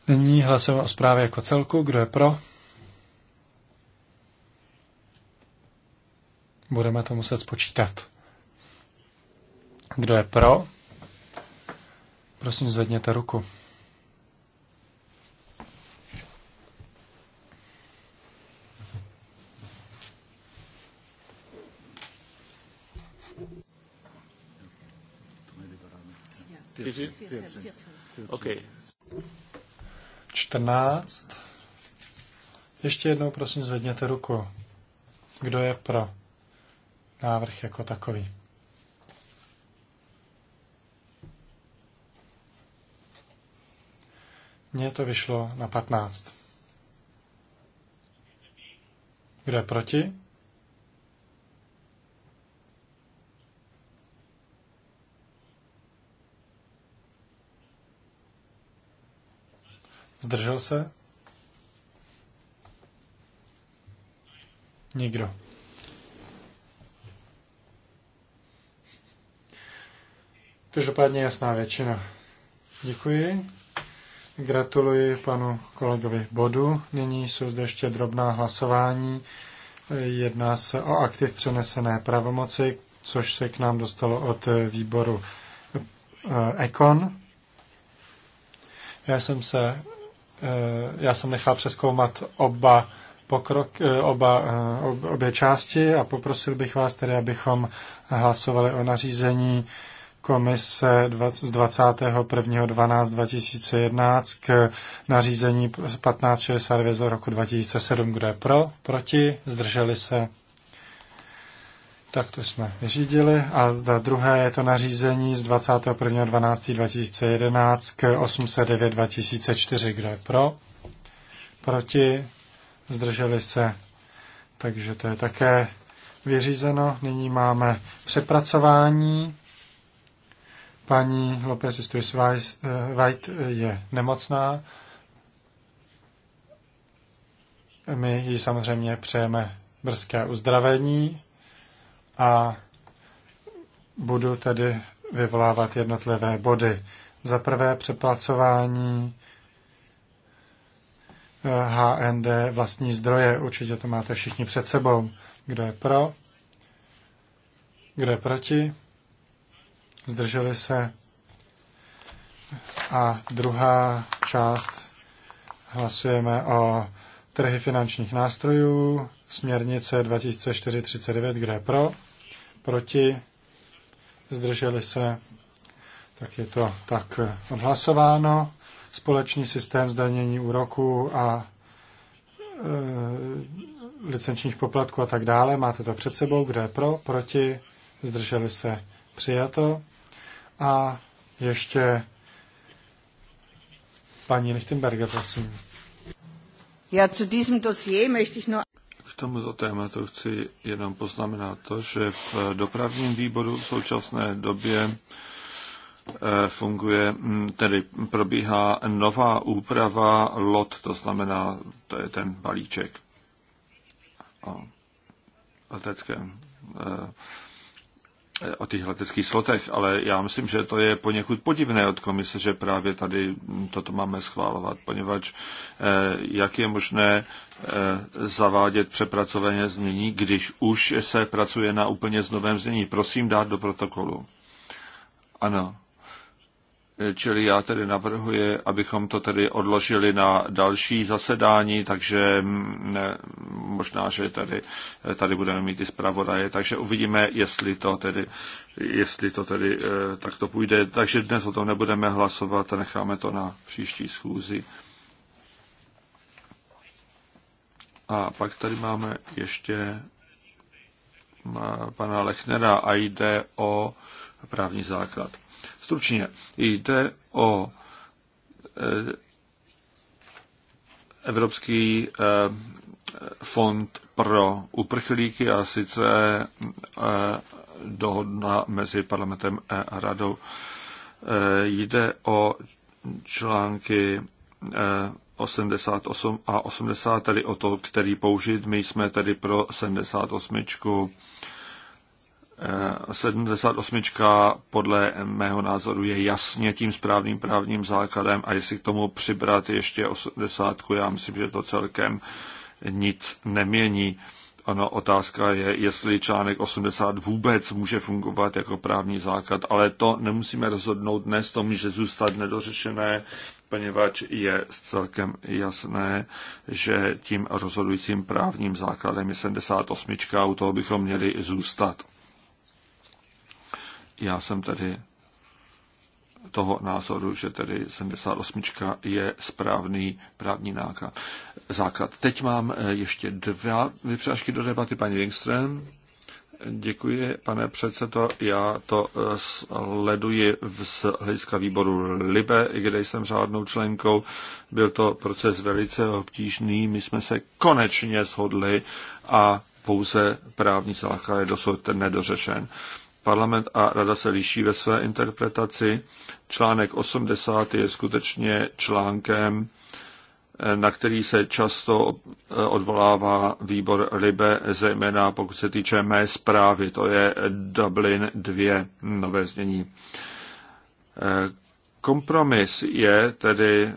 Nyní hlasujeme o zprávě jako celku. Kdo je pro? Budeme to muset spočítat. Kdo je pro? Prosím, zvedněte ruku. Okay. 14. Ještě jednou prosím zvedněte ruku. Kdo je pro návrh jako takový? Mně to vyšlo na 15. Kdo je proti? Zdržel se? Nikdo. Každopádně jasná většina. Děkuji. Gratuluji panu kolegovi Bodu. Nyní jsou zde ještě drobná hlasování. Jedná se o aktiv přenesené pravomoci, což se k nám dostalo od výboru eh, Econ. Já jsem se, eh, já jsem nechal přeskoumat oba pokrok, eh, oba, obě části a poprosil bych vás tedy, abychom hlasovali o nařízení komise z 21.12.2011 k nařízení 1562 z roku 2007. Kdo je pro? Proti? Zdrželi se? Tak to jsme vyřídili. A ta druhé je to nařízení z 21.12.2011 k 809.2004, Kdo je pro? Proti? Zdrželi se? Takže to je také vyřízeno. Nyní máme přepracování. Paní López Istuis White eh, eh, je nemocná. My ji samozřejmě přejeme brzké uzdravení a budu tedy vyvolávat jednotlivé body. Za prvé přeplacování HND eh, vlastní zdroje. Určitě to máte všichni před sebou. Kdo je pro? Kdo je proti? zdrželi se. A druhá část hlasujeme o trhy finančních nástrojů, směrnice 2439, kde je pro, proti, zdrželi se, tak je to tak odhlasováno. Společný systém zdanění úroků a e, licenčních poplatků a tak dále. Máte to před sebou, kde je pro, proti, zdrželi se, přijato. A ještě paní Lichtenberger, prosím. Já zu diesem Dossier möchte ich nur k tomuto tématu chci jenom poznamenat to, že v dopravním výboru v současné době eh, funguje, hm, tedy probíhá nová úprava lot, to znamená, to je ten balíček o leteckém eh, o těch leteckých slotech, ale já myslím, že to je poněkud podivné od komise, že právě tady toto máme schválovat, poněvadž eh, jak je možné eh, zavádět přepracované znění, když už se pracuje na úplně znovém znění. Prosím dát do protokolu. Ano, Čili já tedy navrhuji, abychom to tedy odložili na další zasedání, takže mm, možná, že tady, tady budeme mít i zpravodaje, takže uvidíme, jestli to tedy, jestli to tedy eh, takto půjde. Takže dnes o tom nebudeme hlasovat a necháme to na příští schůzi. A pak tady máme ještě eh, pana Lechnera a jde o právní základ. Stručně jde o eh, Evropský eh, fond pro uprchlíky a sice eh, dohodna mezi parlamentem a radou. Jde o články 88 a 80, tedy o to, který použít. My jsme tedy pro 78 78. podle mého názoru je jasně tím správným právním základem a jestli k tomu přibrat ještě 80, já myslím, že to celkem nic nemění. Ano, otázka je, jestli článek 80 vůbec může fungovat jako právní základ, ale to nemusíme rozhodnout dnes, to může zůstat nedořešené, poněvadž je celkem jasné, že tím rozhodujícím právním základem je 78. a u toho bychom měli zůstat. Já jsem tedy toho názoru, že tedy 78 je správný právní náklad, základ. Teď mám eh, ještě dva vypřážky do debaty, paní Wingström. Děkuji, pane předsedo. Já to eh, sleduji z hlediska výboru Libe, kde jsem řádnou členkou. Byl to proces velice obtížný. My jsme se konečně shodli a pouze právní základ je dosud nedořešen. Parlament a rada se liší ve své interpretaci. Článek 80 je skutečně článkem, eh, na který se často eh, odvolává výbor Libe, zejména pokud se týče mé zprávy, to je Dublin 2, nové znění. Eh, kompromis je tedy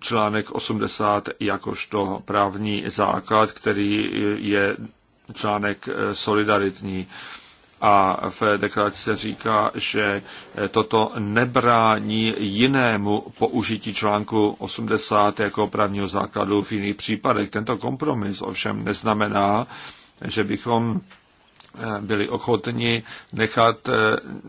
článek 80 jakožto právní základ, který je článek solidaritní a v deklaraci se říká, že toto nebrání jinému použití článku 80 jako právního základu v jiných případech. Tento kompromis ovšem neznamená, že bychom eh, byli ochotni nechat eh,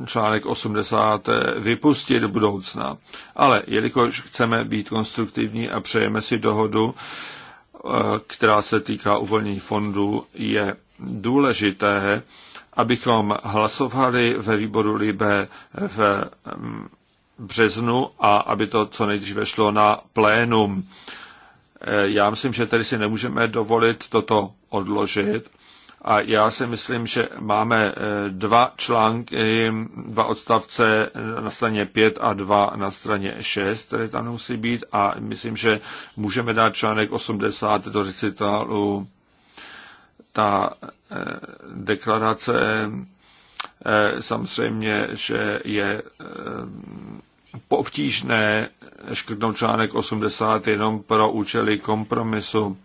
článek 80 eh, vypustit do budoucna. Ale jelikož chceme být konstruktivní a přejeme si dohodu, která se týká uvolnění fondů, je důležité, abychom hlasovali ve výboru Libe v mm, březnu a aby to co nejdříve šlo na plénum. E, já myslím, že tady si nemůžeme dovolit toto odložit. A já si myslím, že máme e, dva články, dva odstavce e, na straně 5 a dva na straně 6, které tam musí být. A myslím, že můžeme dát článek 80 do recitálu ta eh, deklarace eh, samozřejmě, že je eh, poobtížné škrtnout článek 80 jenom pro účely kompromisu.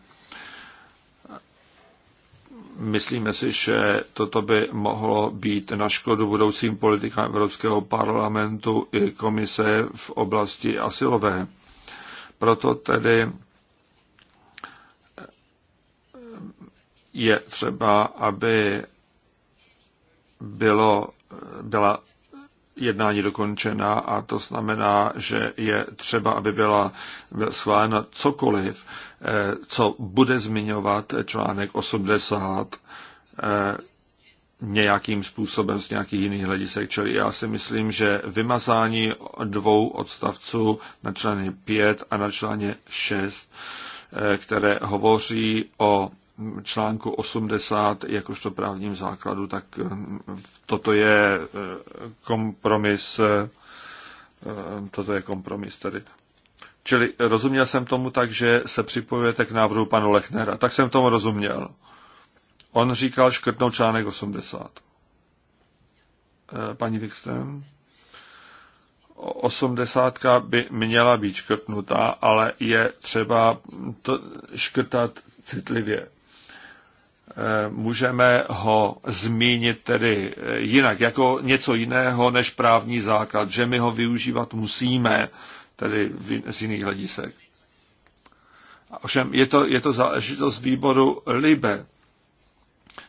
Myslíme si, že toto by mohlo být na škodu budoucím politikám Evropského parlamentu i komise v oblasti asilové. Proto tedy je třeba, aby bylo, byla jednání dokončena a to znamená, že je třeba, aby byla schválena cokoliv, eh, co bude zmiňovat článek 80 eh, nějakým způsobem z nějakých jiných hledisek. Čili já si myslím, že vymazání dvou odstavců na článě 5 a na článě 6, eh, které hovoří o článku 80 jakožto právním základu, tak eh, toto je eh, kompromis, eh, toto je kompromis tedy. Čili rozuměl jsem tomu tak, že se připojujete k návrhu panu Lechnera. Tak jsem tomu rozuměl. On říkal škrtnout článek 80. Paní Wikström? 80 by měla být škrtnutá, ale je třeba to škrtat citlivě. Eh, můžeme ho zmínit tedy eh, jinak, jako něco jiného než právní základ, že my ho využívat musíme, tedy z jiných hledisek. Ovšem je to, je to záležitost výboru Libe.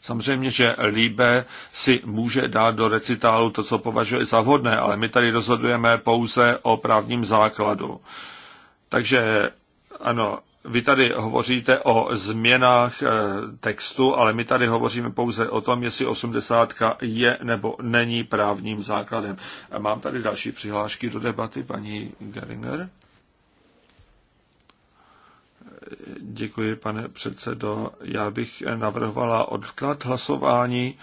Samozřejmě, že Libe si může dát do recitálu to, co považuje za vhodné, ale my tady rozhodujeme pouze o právním základu. Takže ano, vy tady hovoříte o změnách eh, textu, ale my tady hovoříme pouze o tom, jestli 80 je nebo není právním základem. Mám tady další přihlášky do debaty, paní Geringer. Děkuji, pane předsedo. Já bych navrhovala odklad hlasování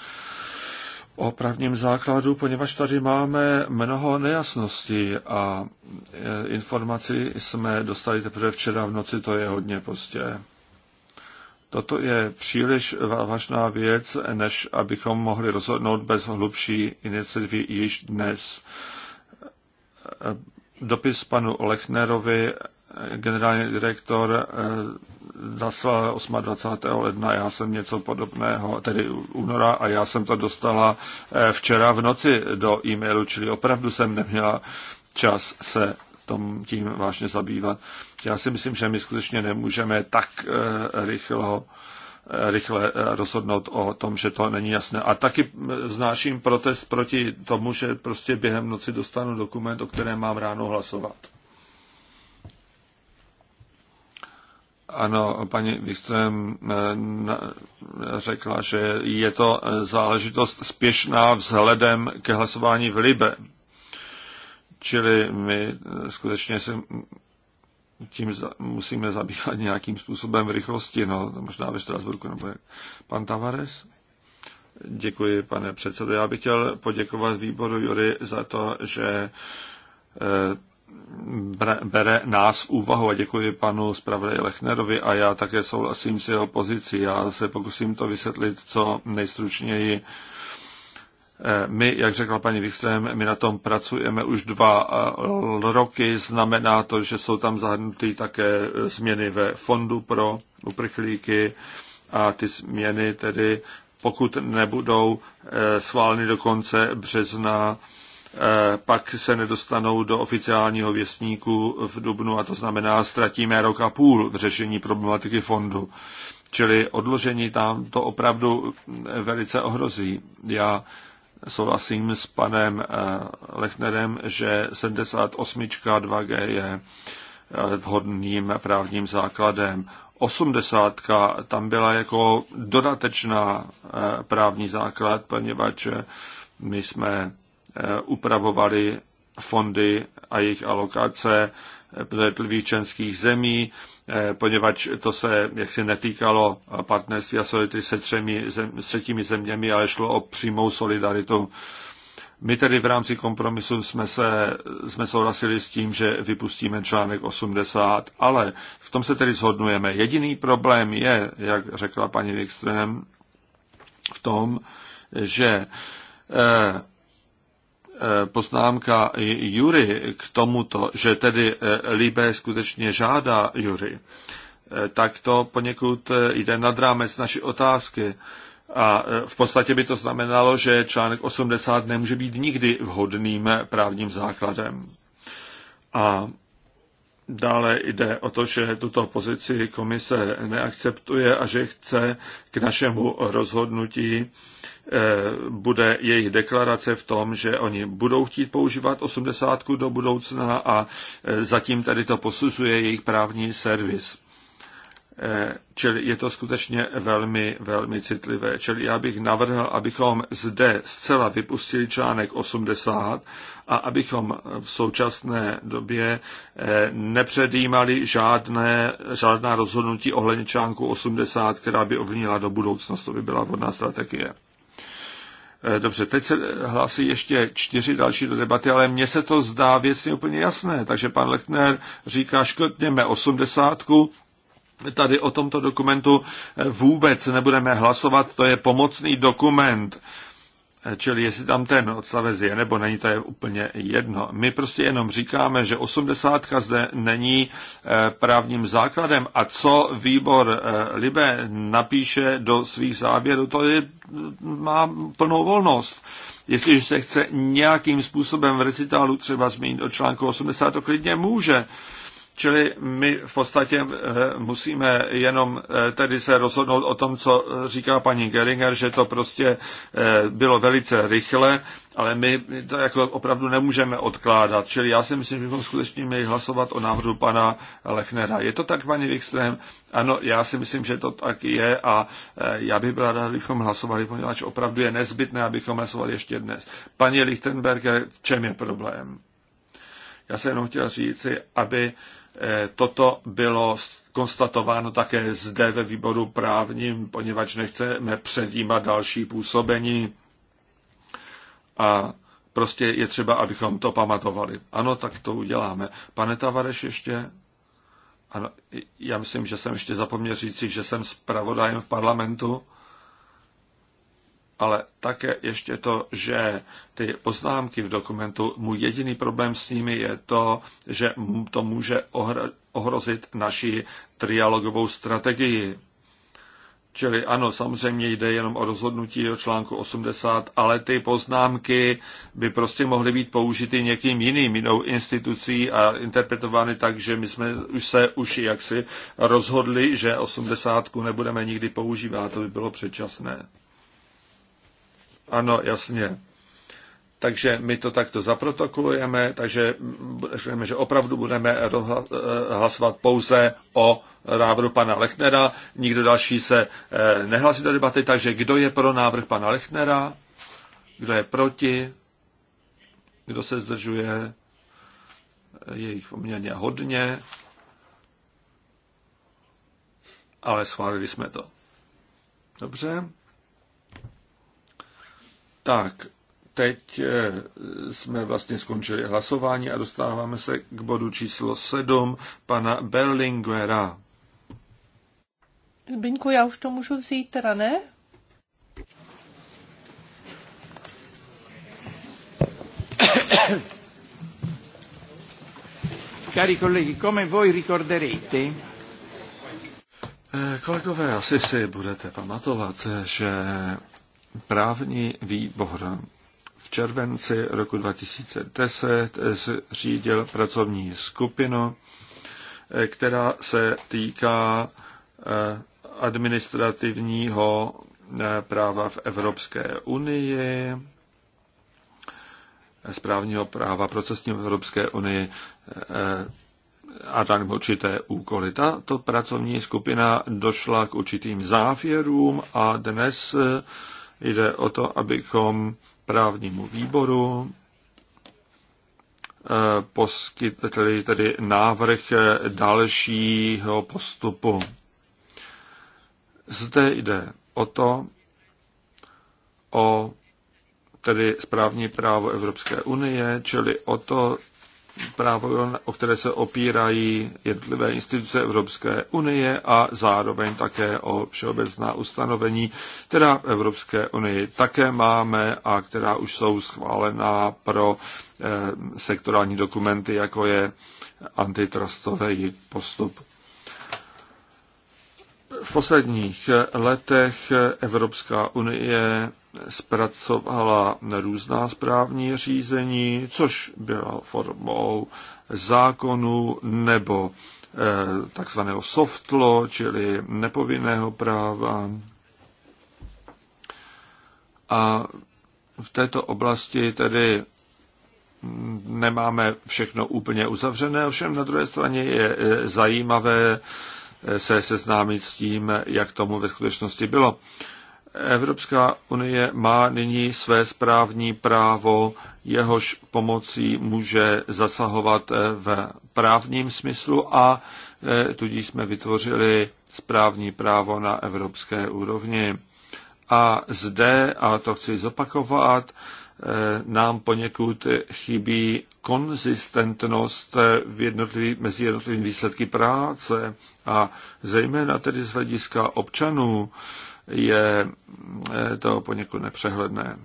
o právním základu, poněvadž tady máme mnoho nejasností a e, informaci jsme dostali teprve včera v noci, to je hodně pozdě. Toto je příliš vážná věc, než abychom mohli rozhodnout bez hlubší iniciativy již dnes. E, dopis panu Lechnerovi generální direktor eh, zaslal 28. ledna, já jsem něco podobného, tedy února, a já jsem to dostala eh, včera v noci do e-mailu, čili opravdu jsem neměla čas se tom, tím vážně zabývat. Já si myslím, že my skutečně nemůžeme tak eh, rychlo rychle rozhodnout o tom, že to není jasné. A taky znáším protest proti tomu, že prostě během noci dostanu dokument, o kterém mám ráno hlasovat. Ano, paní Wikström eh, řekla, že je to eh, záležitost spěšná vzhledem ke hlasování v Libe. Čili my eh, skutečně se tím musíme zabývat nějakým způsobem v rychlosti, no, možná ve Štrasburku nebo jak. Pan Tavares? Děkuji, pane předsedo. Já bych chtěl poděkovat výboru Jury za to, že bere nás v úvahu a děkuji panu zpravodaji Lechnerovi a já také souhlasím s jeho pozicí. Já se pokusím to vysvětlit co nejstručněji. Eh, my, jak řekla paní Wikström, my na tom pracujeme už dva eh, roky. Znamená to, že jsou tam zahrnuty také eh, změny ve fondu pro uprchlíky a ty změny tedy, pokud nebudou schváleny do konce března, Eh, pak se nedostanou do oficiálního věstníku v Dubnu a to znamená, ztratíme rok a půl v řešení problematiky fondu. Čili odložení tam to opravdu eh, velice ohrozí. Já souhlasím s panem eh, Lechnerem, že 78.2G je vhodným právním základem. 80. tam byla jako dodatečná právní základ, poněvadž my jsme Eh, upravovali fondy a jejich alokace jednotlivých členských zemí, eh, poněvadž to se jaksi netýkalo partnerství a solidarity se třemi, zem, s třetími zeměmi, ale šlo o přímou solidaritu. My tedy v rámci kompromisu jsme, se, jsme souhlasili s tím, že vypustíme článek 80, ale v tom se tedy shodnujeme. Jediný problém je, jak řekla paní Wikström, v tom, že eh, Eh, poznámka Jury k tomuto, že tedy eh, Libé skutečně žádá Jury, eh, tak to poněkud jde nad rámec naší otázky. A v podstatě by to znamenalo, že článek 80 nemůže být nikdy vhodným právním základem. A dále jde o to, že tuto pozici komise neakceptuje a že chce k našemu rozhodnutí Eh, bude jejich deklarace v tom, že oni budou chtít používat 80 do budoucna a eh, zatím tady to posuzuje jejich právní servis. Eh, čili je to skutečně velmi, velmi citlivé. Čili já bych navrhl, abychom zde zcela vypustili článek 80 a abychom v současné době nepředjímali žádné, žádná rozhodnutí ohledně článku 80, která by ovlivnila do budoucnosti. To by byla vhodná strategie. Eh, dobře, teď se hlásí ještě čtyři další do debaty, ale mně se to zdá věcně úplně jasné. Takže pan Lechner říká, škrtněme osmdesátku, tady o tomto dokumentu eh, vůbec nebudeme hlasovat, to je pomocný dokument. Eh, čili jestli tam ten odstavec je nebo není, to je úplně jedno. My prostě jenom říkáme, že osmdesátka zde není právním základem a co výbor Libe napíše do svých závěrů, to je má plnou volnost. Jestliže se chce nějakým způsobem v recitálu třeba zmínit o článku 80, to klidně může. Čili my v podstatě eh, musíme jenom eh, tedy se rozhodnout o tom, co říká paní Geringer, že to prostě eh, bylo velice rychle ale my to jako opravdu nemůžeme odkládat. Čili já si myslím, že bychom skutečně měli hlasovat o návrhu pana Lechnera. Je to tak, paní Wikström? Ano, já si myslím, že to tak je a eh, já bych byla ráda, abychom hlasovali, poněvadž opravdu je nezbytné, abychom hlasovali ještě dnes. Paní Lichtenberger, v čem je problém? Já jsem jenom chtěl říci, aby eh, toto bylo konstatováno také zde ve výboru právním, poněvadž nechceme předjímat další působení a prostě je třeba, abychom to pamatovali. Ano, tak to uděláme. Pane Tavareš ještě? Ano, já myslím, že jsem ještě zapomněl říci, že jsem zpravodajem v parlamentu, ale také ještě to, že ty poznámky v dokumentu, můj jediný problém s nimi je to, že to může ohrozit naši trialogovou strategii Čili ano, samozřejmě jde jenom o rozhodnutí o článku 80, ale ty poznámky by prostě mohly být použity někým jiným, jinou institucí a interpretovány tak, že my jsme už se už jaksi rozhodli, že 80 nebudeme nikdy používat. To by bylo předčasné. Ano, jasně takže my to takto zaprotokolujeme, takže řekneme, že opravdu budeme eh, hlasovat pouze o návrhu pana Lechnera, nikdo další se eh, nehlasí do debaty, takže kdo je pro návrh pana Lechnera, kdo je proti, kdo se zdržuje, je jich poměrně hodně, ale schválili jsme to. Dobře. Tak, teď eh, jsme vlastně skončili hlasování a dostáváme se k bodu číslo 7 pana Berlinguera. Zbyňku, já už to můžu vzít teda, ne? Cari colleghi, come voi ricorderete, eh, Kolegové, asi si budete pamatovat, že právní výbor červenci roku 2010 zřídil pracovní skupinu, eh, která se týká eh, administrativního eh, práva v Evropské unii, správního práva procesní v Evropské unii a tam určité úkoly. Tato pracovní skupina došla k určitým závěrům a dnes jde o to, abychom právnímu výboru, eh, poskytli tedy návrh dalšího postupu. Zde jde o to, o tedy správní právo Evropské unie, čili o to, právo, o které se opírají jednotlivé instituce Evropské unie a zároveň také o všeobecná ustanovení, která v Evropské unii také máme a která už jsou schválená pro eh, sektorální dokumenty, jako je antitrustový postup. V posledních letech Evropská unie zpracovala různá správní řízení, což byla formou zákonu nebo eh, takzvaného soft law, čili nepovinného práva. A v této oblasti tedy nemáme všechno úplně uzavřené, ovšem na druhé straně je eh, zajímavé eh, se seznámit s tím, jak tomu ve skutečnosti bylo. Evropská unie má nyní své správní právo, jehož pomocí může zasahovat eh, v právním smyslu a eh, tudíž jsme vytvořili správní právo na evropské úrovni. A zde, a to chci zopakovat, eh, nám poněkud chybí konzistentnost v jednotlivý, mezi jednotlivými výsledky práce a zejména tedy z hlediska občanů je eh, to poněkud nepřehledné.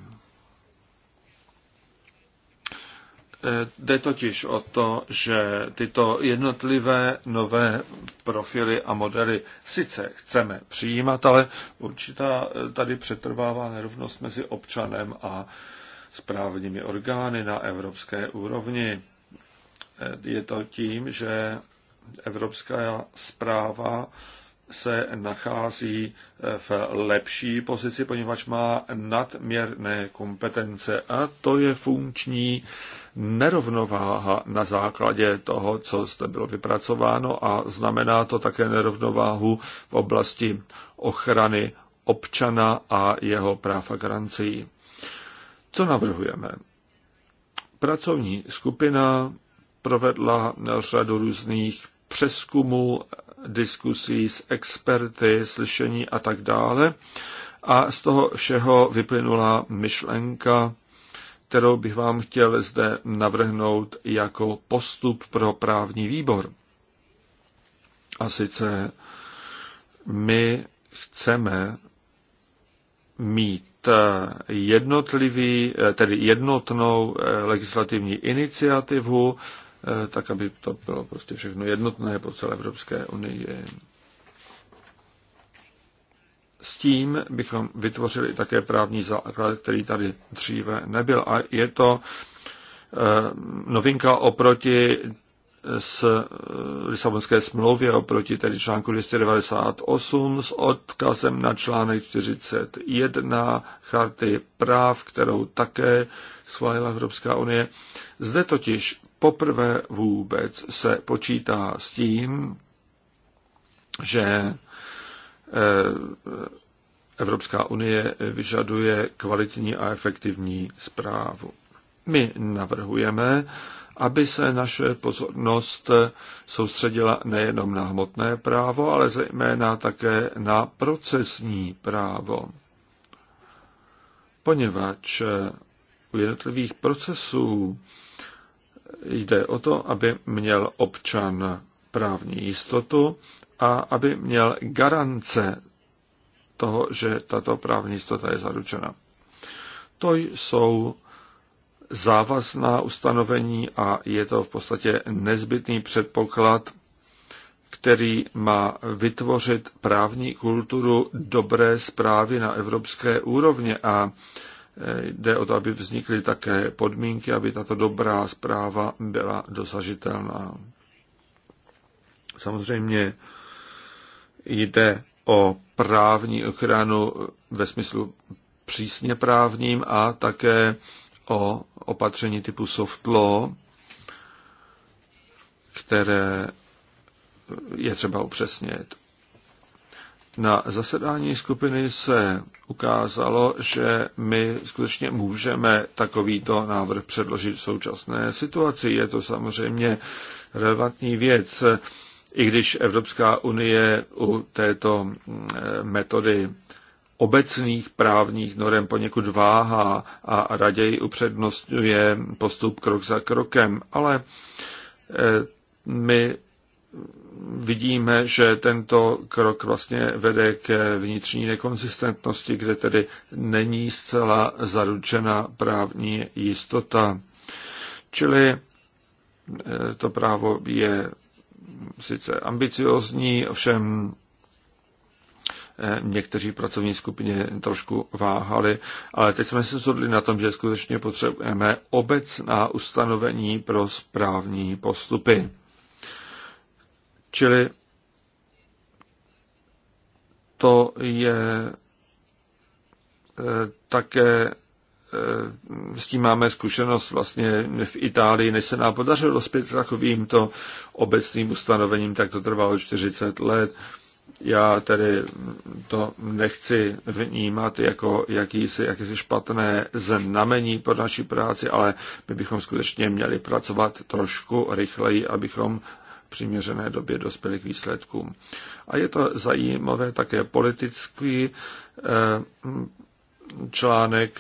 Eh, jde totiž o to, že tyto jednotlivé nové profily a modely sice chceme přijímat, ale určitá eh, tady přetrvává nerovnost mezi občanem a správními orgány na evropské úrovni. Je to tím, že evropská zpráva se nachází eh, v lepší pozici, poněvadž má nadměrné kompetence a to je funkční nerovnováha na základě toho, co zde bylo vypracováno a znamená to také nerovnováhu v oblasti ochrany občana a jeho práv a garancí. Co navrhujeme? Pracovní skupina provedla řadu různých přeskumu diskusí s experty, slyšení a tak dále. A z toho všeho vyplynula myšlenka, kterou bych vám chtěl zde navrhnout jako postup pro právní výbor. A sice my chceme mít jednotlivý, tedy jednotnou legislativní iniciativu, Eh, tak aby to bylo prostě všechno jednotné po celé Evropské unii. S tím bychom vytvořili také právní základ, který tady dříve nebyl. A je to eh, novinka oproti s eh, Lisabonské smlouvě oproti tedy článku 298 s odkazem na článek 41 charty práv, kterou také schválila Evropská unie. Zde totiž poprvé vůbec se počítá s tím, že eh, Evropská unie vyžaduje kvalitní a efektivní zprávu. My navrhujeme, aby se naše pozornost soustředila nejenom na hmotné právo, ale zejména také na procesní právo. Poněvadž u jednotlivých procesů Jde o to, aby měl občan právní jistotu a aby měl garance toho, že tato právní jistota je zaručena. To jsou závazná ustanovení a je to v podstatě nezbytný předpoklad, který má vytvořit právní kulturu dobré zprávy na evropské úrovně a Jde o to, aby vznikly také podmínky, aby tato dobrá zpráva byla dosažitelná. Samozřejmě jde o právní ochranu ve smyslu přísně právním a také o opatření typu soft law, které je třeba upřesnit. Na zasedání skupiny se ukázalo, že my skutečně můžeme takovýto návrh předložit v současné situaci. Je to samozřejmě relevantní věc, i když Evropská unie u této mm, metody obecných právních norem poněkud váhá a raději upřednostňuje postup krok za krokem, ale eh, my vidíme, že tento krok vlastně vede k vnitřní nekonzistentnosti, kde tedy není zcela zaručena právní jistota. Čili e, to právo je sice ambiciozní, ovšem e, někteří pracovní skupině trošku váhali, ale teď jsme se shodli na tom, že skutečně potřebujeme obecná ustanovení pro správní postupy. Čili to je eh, také eh, s tím máme zkušenost vlastně v Itálii, než se nám podařilo dospět takovýmto obecným ustanovením, tak to trvalo 40 let. Já tedy to nechci vnímat jako jakýsi, jakýsi špatné znamení pro naši práci, ale my bychom skutečně měli pracovat trošku rychleji, abychom přiměřené době dospěli k výsledkům. A je to zajímavé také politický eh, článek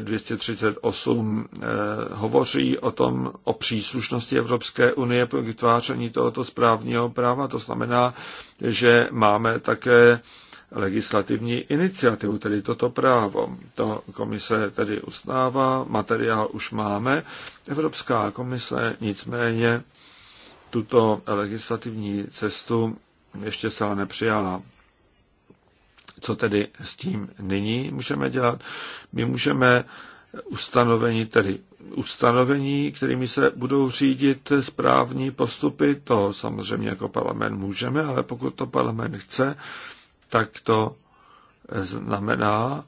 238 eh, eh, hovoří o tom, o příslušnosti Evropské unie k vytváření tohoto správního práva. To znamená, že máme také legislativní iniciativu, tedy toto právo. To komise tedy uznává, materiál už máme. Evropská komise nicméně tuto legislativní cestu ještě celá nepřijala. Co tedy s tím nyní můžeme dělat? My můžeme ustanovení, tedy ustanovení, kterými se budou řídit správní postupy, to samozřejmě jako parlament můžeme, ale pokud to parlament chce, tak to znamená,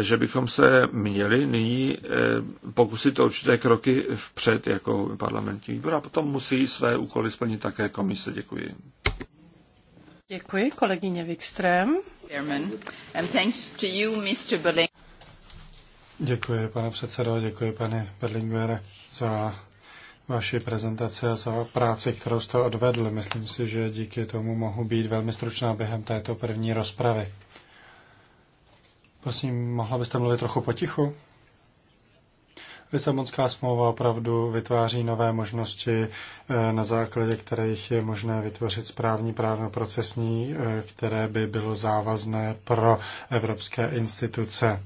že bychom se měli nyní eh, pokusit o určité kroky vpřed jako parlamentní výbor a potom musí své úkoly splnit také komise. Děkuji. Děkuji, kolegyně Wikström. Děkuji, pane předsedo, děkuji, pane Berlinguere za vaši prezentaci a za práci, kterou jste odvedl. Myslím si, že díky tomu mohu být velmi stručná během této první rozpravy. Prosím, mohla byste mluvit trochu potichu? Lisabonská smlouva opravdu vytváří nové možnosti, eh, na základě kterých je možné vytvořit správní právno procesní, eh, které by bylo závazné pro evropské instituce.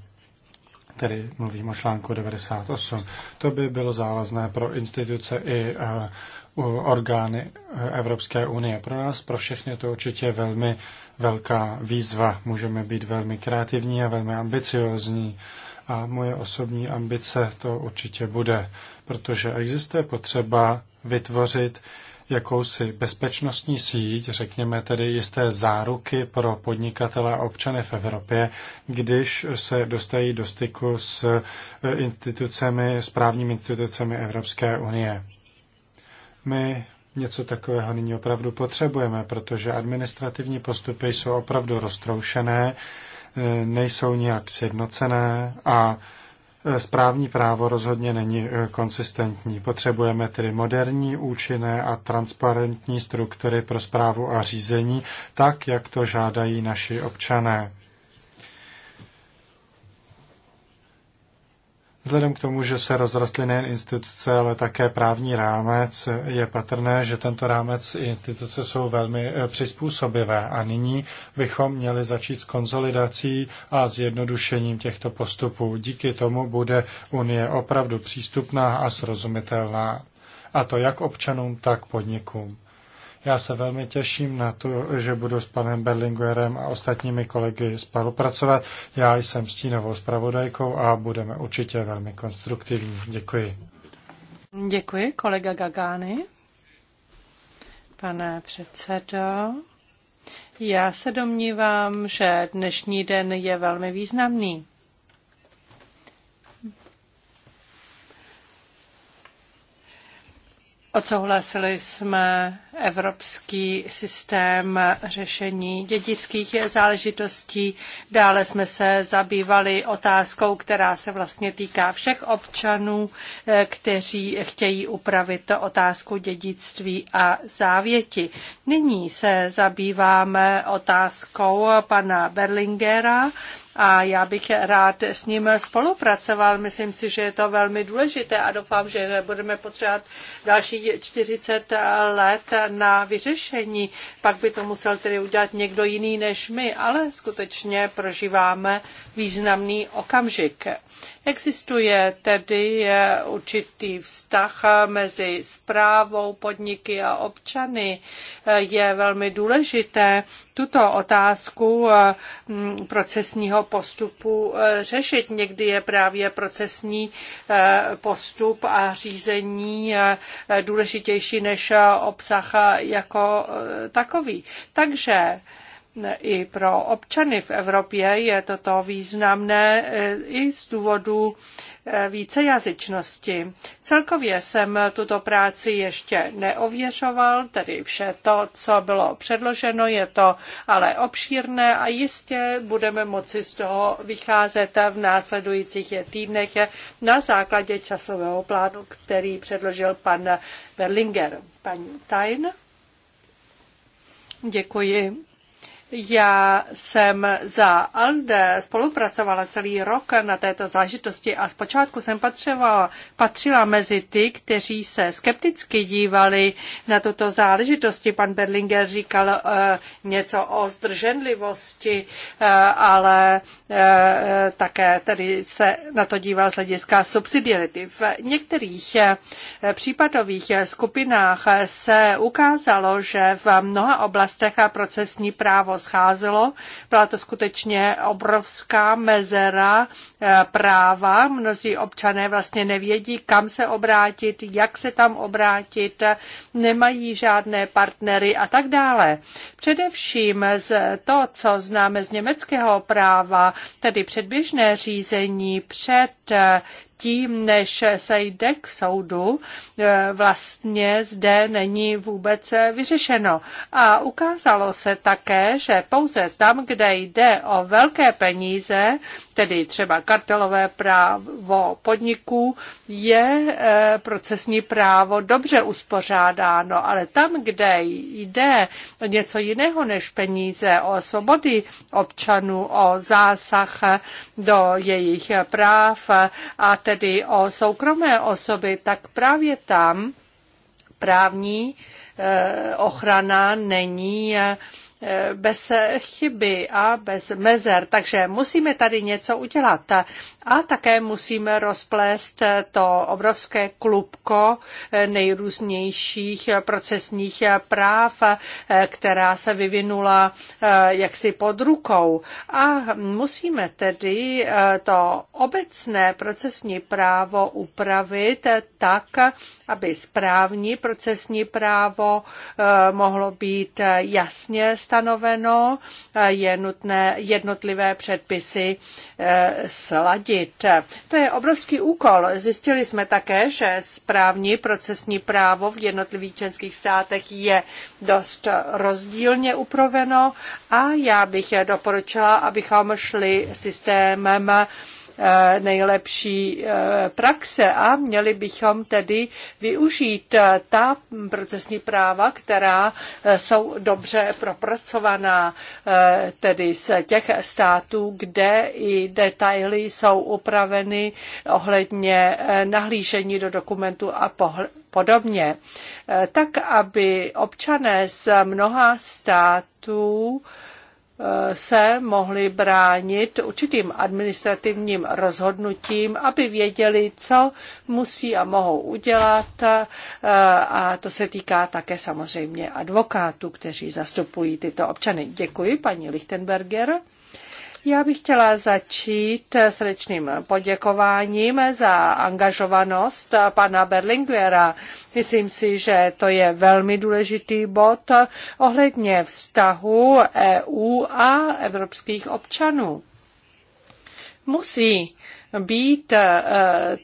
Tedy mluvím o článku 98. To by bylo závazné pro instituce i eh, orgány eh, Evropské unie. Pro nás, pro všechny, to určitě je velmi velká výzva. Můžeme být velmi kreativní a velmi ambiciozní. A moje osobní ambice to určitě bude, protože existuje potřeba vytvořit jakousi bezpečnostní síť, řekněme tedy jisté záruky pro podnikatele a občany v Evropě, když se dostají do styku s eh, institucemi, správními institucemi Evropské unie. My něco takového nyní opravdu potřebujeme, protože administrativní postupy jsou opravdu roztroušené, e, nejsou nijak sjednocené a e, správní právo rozhodně není e, konsistentní. Potřebujeme tedy moderní, účinné a transparentní struktury pro zprávu a řízení, tak jak to žádají naši občané. Vzhledem k tomu, že se rozrostly nejen instituce, ale také právní rámec, je patrné, že tento rámec i instituce jsou velmi eh, přizpůsobivé a nyní bychom měli začít s konzolidací a zjednodušením těchto postupů. Díky tomu bude Unie opravdu přístupná a srozumitelná. A to jak občanům, tak podnikům. Já se velmi těším na to, že budu s panem Berlinguerem a ostatními kolegy spolupracovat. Já jsem stínovou zpravodajkou a budeme určitě velmi konstruktivní. Děkuji. Děkuji, kolega Gagány. Pane předsedo, já se domnívám, že dnešní den je velmi významný. Odsouhlasili jsme evropský systém řešení dědických záležitostí. Dále jsme se zabývali otázkou, která se vlastně týká všech občanů, eh, kteří chtějí upravit otázku dědictví a závěti. Nyní se zabýváme otázkou pana Berlingera a já bych rád s ním spolupracoval. Myslím si, že je to velmi důležité a doufám, že budeme potřebovat další 40 let na vyřešení. Pak by to musel tedy udělat někdo jiný než my, ale skutečně prožíváme významný okamžik. Existuje tedy určitý vztah mezi zprávou, podniky a občany. Je velmi důležité tuto otázku eh, mm, procesního postupu eh, řešit. Někdy je právě procesní eh, postup a řízení důležitější než obsah jako takový. Takže i pro občany v Evropě je toto významné e, i z důvodu e, vícejazyčnosti. Celkově jsem tuto práci ještě neověřoval, tedy vše to, co bylo předloženo, je to ale obšírné a jistě budeme moci z toho vycházet v následujících týdnech na základě časového plánu, který předložil pan Berlinger. Paní Tajn. Děkuji. Já jsem za ALDE spolupracovala celý rok na této zážitosti a zpočátku jsem patřila, patřila mezi ty, kteří se skepticky dívali na tuto záležitosti. Pan Berlinger říkal uh, něco o zdrženlivosti, uh, ale uh, také tady se na to díval z hlediska subsidiarity. V některých uh, případových skupinách se ukázalo, že v mnoha oblastech a procesní právo scházelo. Byla to skutečně obrovská mezera eh, práva. Mnozí občané vlastně nevědí, kam se obrátit, jak se tam obrátit, nemají žádné partnery a tak dále. Především z to, co známe z německého práva, tedy předběžné řízení před tím, než se jde k soudu, eh, vlastně zde není vůbec eh, vyřešeno. A ukázalo se také, že pouze tam, kde jde o velké peníze, tedy třeba kartelové právo podniků, je eh, procesní právo dobře uspořádáno, ale tam, kde jde o něco jiného než peníze, o svobody občanů, o zásah do jejich práv a tedy tedy o soukromé osoby, tak právě tam právní eh, ochrana není eh, bez chyby a bez mezer. Takže musíme tady něco udělat. A také musíme rozplést to obrovské klubko nejrůznějších procesních práv, která se vyvinula eh, jaksi pod rukou. A musíme tedy eh, to obecné procesní právo upravit tak, aby správní procesní právo eh, mohlo být jasně stanoveno, je nutné jednotlivé předpisy sladit zjistit. To je obrovský úkol. Zjistili jsme také, že správní procesní právo v jednotlivých členských státech je dost rozdílně upraveno a já bych doporučila, abychom šli systémem Eh, nejlepší eh, praxe a měli bychom tedy využít eh, ta procesní práva, která jsou dobře propracovaná, tedy z těch států, kde i detaily jsou upraveny ohledně nahlížení do dokumentu a podobně. Tak, aby občané z mnoha států se mohli bránit určitým administrativním rozhodnutím, aby věděli, co musí a mohou udělat. A to se týká také samozřejmě advokátů, kteří zastupují tyto občany. Děkuji, paní Lichtenberger. Já bych chtěla začít srdečným poděkováním za angažovanost pana Berlinguera. Myslím si, že to je velmi důležitý bod ohledně vztahu EU a evropských občanů. Musí být e,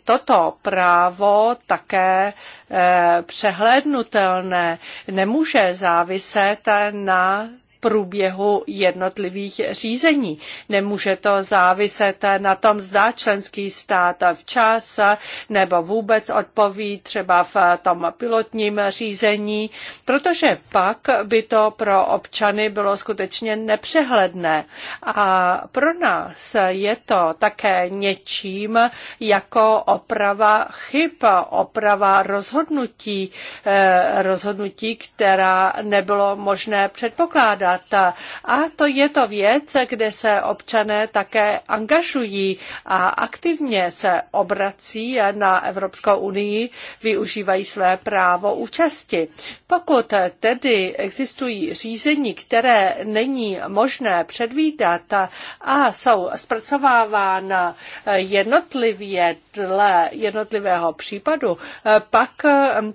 toto právo také e, přehlédnutelné. Nemůže záviset na průběhu jednotlivých řízení. Nemůže to záviset na tom, zda členský stát včas nebo vůbec odpoví třeba v tom pilotním řízení, protože pak by to pro občany bylo skutečně nepřehledné. A pro nás je to také něčím jako oprava chyb, oprava rozhodnutí, eh, rozhodnutí, která nebylo možné předpokládat vypadat. A to je to věc, kde se občané také angažují a aktivně se obrací na Evropskou unii, využívají své právo účasti. Pokud tedy existují řízení, které není možné předvídat a jsou zpracovávána jednotlivě dle jednotlivého případu, pak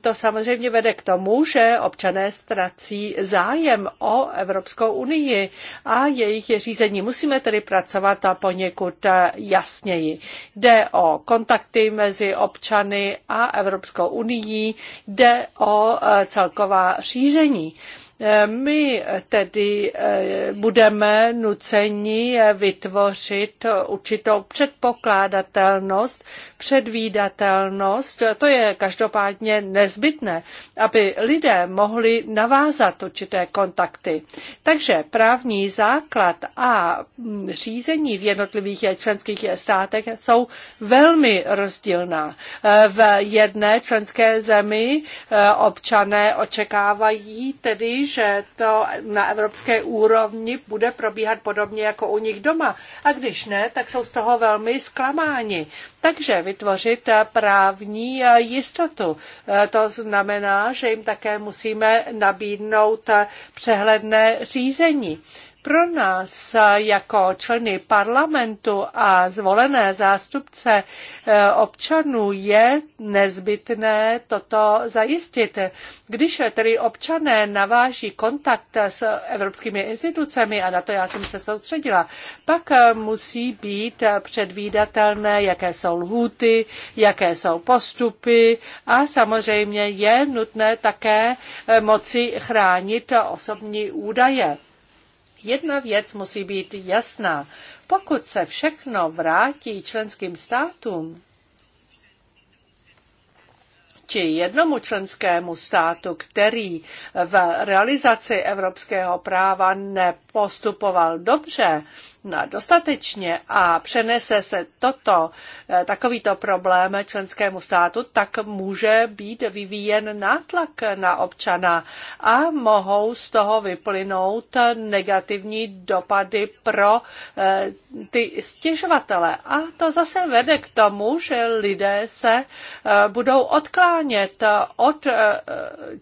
to samozřejmě vede k tomu, že občané ztrací zájem o Evropskou Evropskou unii a jejich řízení. Musíme tedy pracovat a poněkud eh, jasněji. Jde o kontakty mezi občany a Evropskou unii, jde o eh, celková řízení. Eh, my tedy eh, budeme nuceni vytvořit určitou předpokládatelnost, předvídatelnost. To je každopádně nezbytné, aby lidé mohli navázat určité kontakty. Takže právní základ a řízení v jednotlivých členských státech jsou velmi rozdílná. Eh, v jedné členské zemi občané očekávají tedy, že to na evropské úrovni bude probíhat podobně jako u nich doma. A když ne, tak jsou z toho velmi zklamáni. Takže vytvořit právní jistotu. E, to znamená, že jim také musíme nabídnout přehledné řízení. Pro nás jako členy parlamentu a zvolené zástupce eh, občanů je nezbytné toto zajistit. Když tedy občané naváží kontakt s evropskými institucemi, a na to já jsem se soustředila, pak eh, musí být předvídatelné, jaké jsou lhůty, jaké jsou postupy a samozřejmě je nutné také eh, moci chránit osobní údaje. Jedna věc musí být jasná. Pokud se všechno vrátí členským státům, či jednomu členskému státu, který v realizaci evropského práva nepostupoval dobře, na dostatečně a přenese se toto, eh, takovýto problém členskému státu, tak může být vyvíjen nátlak na občana a mohou z toho vyplynout negativní dopady pro eh, ty stěžovatele. A to zase vede k tomu, že lidé se eh, budou odklánět od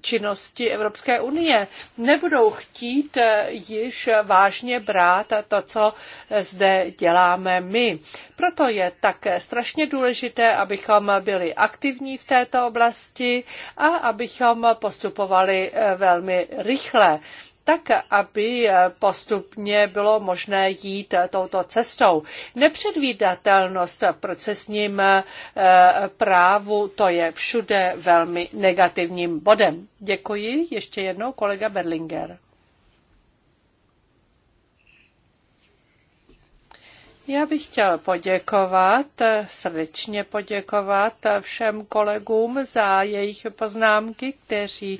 činnosti Evropské unie. Nebudou chtít již vážně brát to, co zde děláme my. Proto je také strašně důležité, abychom byli aktivní v této oblasti a abychom postupovali eh, velmi rychle tak, aby eh, postupně bylo možné jít eh, touto cestou. Nepředvídatelnost v procesním právu, to je všude velmi negativním bodem. Děkuji ještě jednou kolega Berlinger. Já bych chtěl poděkovat, srdečně poděkovat všem kolegům za jejich poznámky, kteří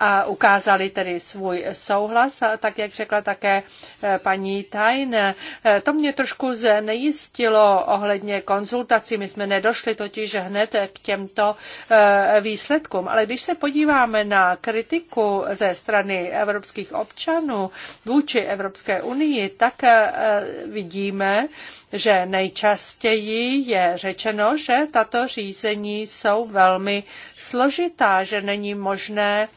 a ukázali tedy svůj souhlas, tak jak řekla také e, paní Tajn. E, to mě trošku znejistilo ohledně konzultací. My jsme nedošli totiž hned k těmto e, výsledkům. Ale když se podíváme na kritiku ze strany evropských občanů vůči Evropské unii, tak vidíme, že nejčastěji je řečeno, že tato řízení jsou velmi složitá, že není možné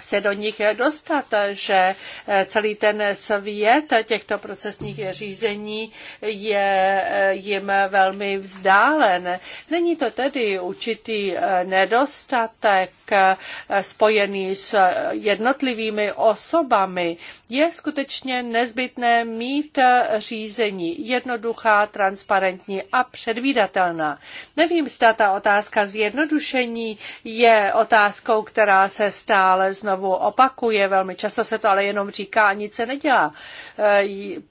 se do nich dostat, že eh, celý ten svět těchto procesních řízení je eh, jim velmi vzdálen. Není to tedy určitý eh, nedostatek spojený s jednotlivými osobami. Je skutečně nezbytné mít řízení jednoduchá, transparentní a předvídatelná. Nevím, zda ta otázka zjednodušení je otázkou, která se stále znovu znovu opakuje, velmi často se to ale jenom říká a nic se nedělá. E,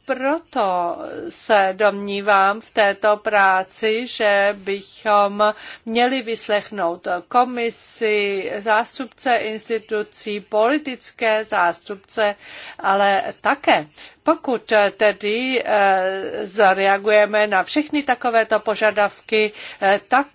proto se domnívám v této práci, že bychom měli vyslechnout komisi, zástupce institucí, politické zástupce, ale také pokud tedy e, zareagujeme na všechny takovéto požadavky, e, tak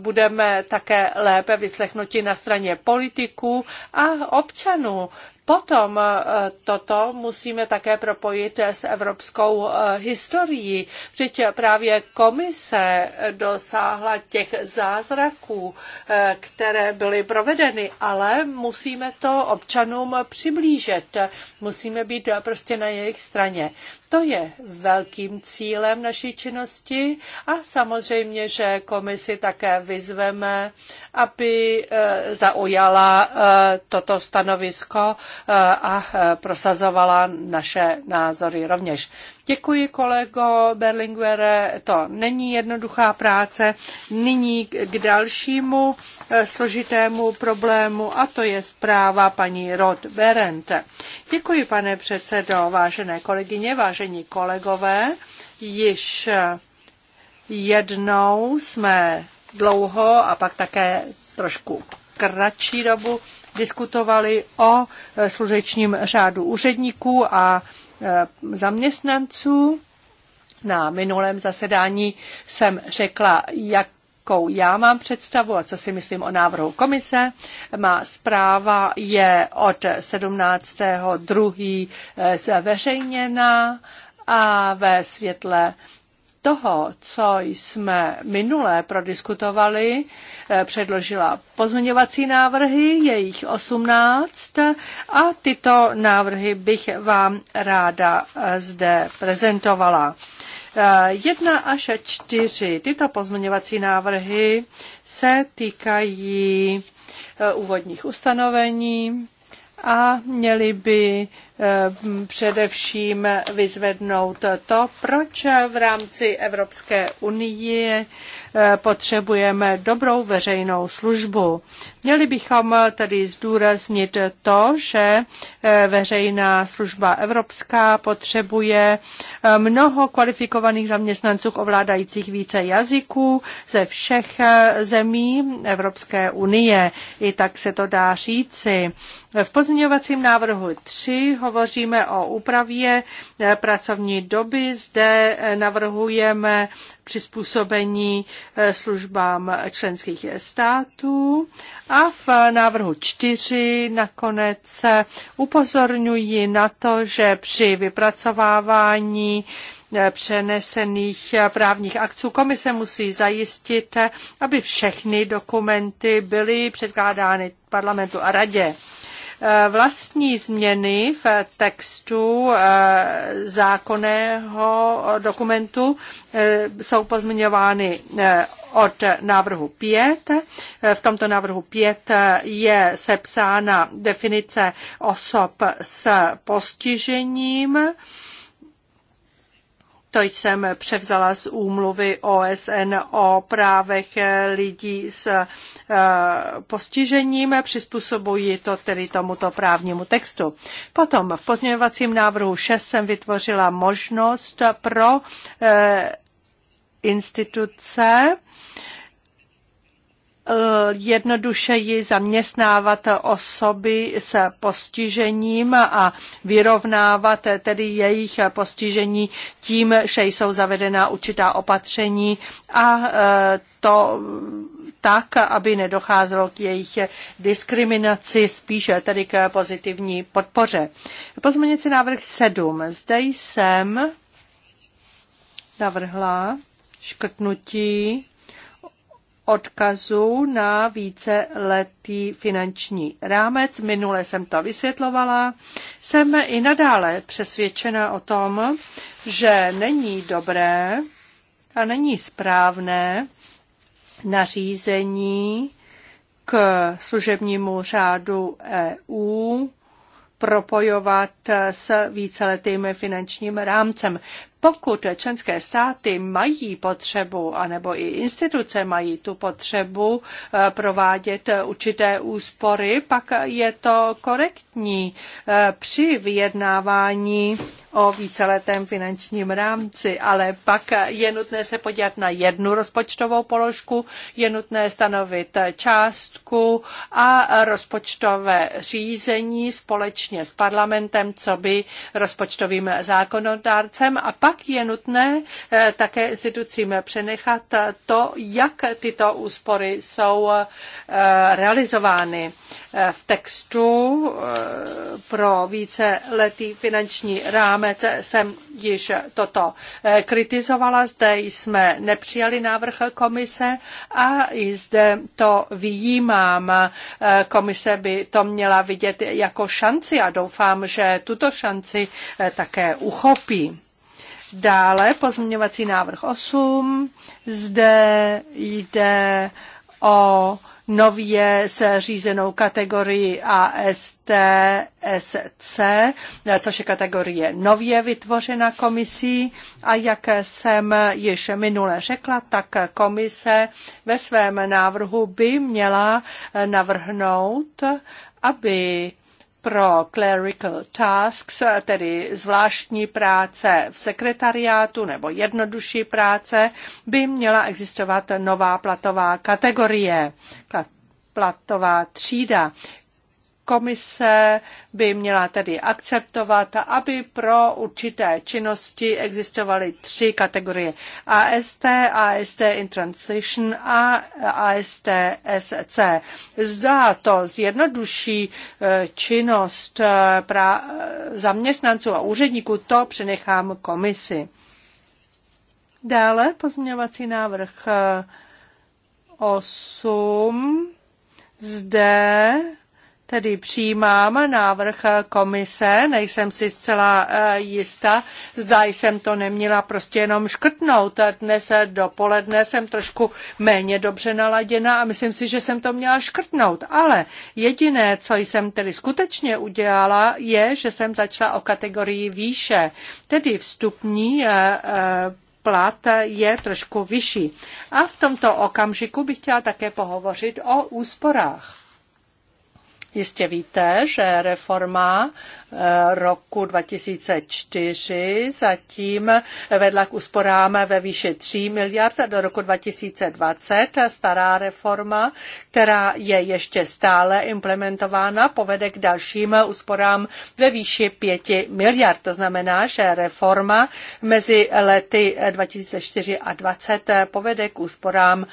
budeme také lépe vyslechnuti na straně politiků a občanů. Potom eh, toto musíme také propojit s evropskou eh, historií. Vždyť právě komise dosáhla těch zázraků, eh, které byly provedeny, ale musíme to občanům přiblížit. Musíme být prostě na jejich straně. To je velkým cílem naší činnosti a samozřejmě, že komisi také vyzveme, aby eh, zaujala eh, toto stanovisko eh, a prosazovala naše názory rovněž. Děkuji kolego Berlinguere, to není jednoduchá práce. Nyní k dalšímu eh, složitému problému a to je zpráva paní Rod Berente. Děkuji, pane předsedo, vážené kolegyně, vážení kolegové. Již eh, jednou jsme dlouho a pak také trošku kratší dobu diskutovali o eh, služečním řádu úředníků a Eh, zaměstnanců. Na minulém zasedání jsem řekla, jak jakou já mám představu a co si myslím o návrhu komise. Má zpráva je od 17.2. Eh, zveřejněna a ve světle toho, co jsme minule prodiskutovali, eh, předložila pozměňovací návrhy, jejich 18 a tyto návrhy bych vám ráda eh, zde prezentovala. Eh, jedna až čtyři Tyto pozměňovací návrhy se týkají úvodních ustanovení a měly by Eh, především vyzvednout to, proč v rámci Evropské unie eh, potřebujeme dobrou veřejnou službu. Měli bychom tedy zdůraznit to, že eh, veřejná služba evropská potřebuje mnoho kvalifikovaných zaměstnanců ovládajících více jazyků ze všech zemí Evropské unie. I tak se to dá říci. V pozměňovacím návrhu 3 hovoříme o úpravě eh, pracovní doby. Zde eh, navrhujeme přizpůsobení eh, službám členských států a v návrhu 4 nakonec upozorňuji na to, že při vypracovávání přenesených právních akců. Komise musí zajistit, aby všechny dokumenty byly předkládány parlamentu a radě. Eh, vlastní změny v textu eh, zákonného dokumentu eh, jsou pozměňovány od návrhu 5. V tomto návrhu 5 je sepsána definice osob s postižením to jsem převzala z úmluvy OSN o právech lidí s eh, postižením. Přizpůsobuji to tedy tomuto právnímu textu. Potom v pozměňovacím návrhu 6 jsem vytvořila možnost pro eh, instituce, Eh, jednodušeji zaměstnávat osoby s postižením a vyrovnávat eh, tedy jejich postižení tím, že jsou zavedena určitá opatření a eh, to tak, aby nedocházelo k jejich diskriminaci, spíše tedy k pozitivní podpoře. Pozměňující návrh 7. Zde jsem navrhla škrtnutí odkazu na víceletý finanční rámec. Minule jsem to vysvětlovala. Jsem i nadále přesvědčena o tom, že není dobré a není správné nařízení k služebnímu řádu EU propojovat s víceletým finančním rámcem. Pokud členské státy mají potřebu, anebo i instituce mají tu potřebu eh, provádět určité úspory, pak je to korektní eh, při vyjednávání o víceletém finančním rámci, ale pak je nutné se podívat na jednu rozpočtovou položku, je nutné stanovit částku a rozpočtové řízení společně s parlamentem, co by rozpočtovým zákonodárcem a pak pak je nutné eh, také institucím přenechat to, jak tyto úspory jsou eh, realizovány. Eh, v textu pro více letý finanční rámec jsem již toto kritizovala. Zde jsme nepřijali návrh komise a i zde to vyjímám. Komise by to měla vidět jako šanci a doufám, že tuto šanci také uchopí. Dále pozměňovací návrh 8. Zde jde o nově se řízenou kategorii ASTSC, což je kategorie nově vytvořena komisí. A jak jsem již minule řekla, tak komise ve svém návrhu by měla navrhnout, aby pro clerical tasks, tedy zvláštní práce v sekretariátu nebo jednodušší práce, by měla existovat nová platová kategorie, platová třída. Komise by měla tedy akceptovat, aby pro určité činnosti existovaly tři kategorie. AST, AST in Transition a AST SC. Zdá to zjednoduší eh, činnost eh, zaměstnanců a úředníků, to přenechám komisi. Dále pozměňovací návrh 8. Eh, Zde Tedy přijímám návrh komise, nejsem si zcela eh, jista, zda jsem to neměla prostě jenom škrtnout. Dnes dopoledne jsem trošku méně dobře naladěna a myslím si, že jsem to měla škrtnout. Ale jediné, co jsem tedy skutečně udělala, je, že jsem začala o kategorii výše, tedy vstupní eh, eh, plat je trošku vyšší. A v tomto okamžiku bych chtěla také pohovořit o úsporách. Jistě víte, že reforma roku 2004 zatím vedla k úsporám ve výši 3 miliard do roku 2020. Stará reforma, která je ještě stále implementována, povede k dalším úsporám ve výši 5 miliard. To znamená, že reforma mezi lety 2004 a 2020 povede k úsporám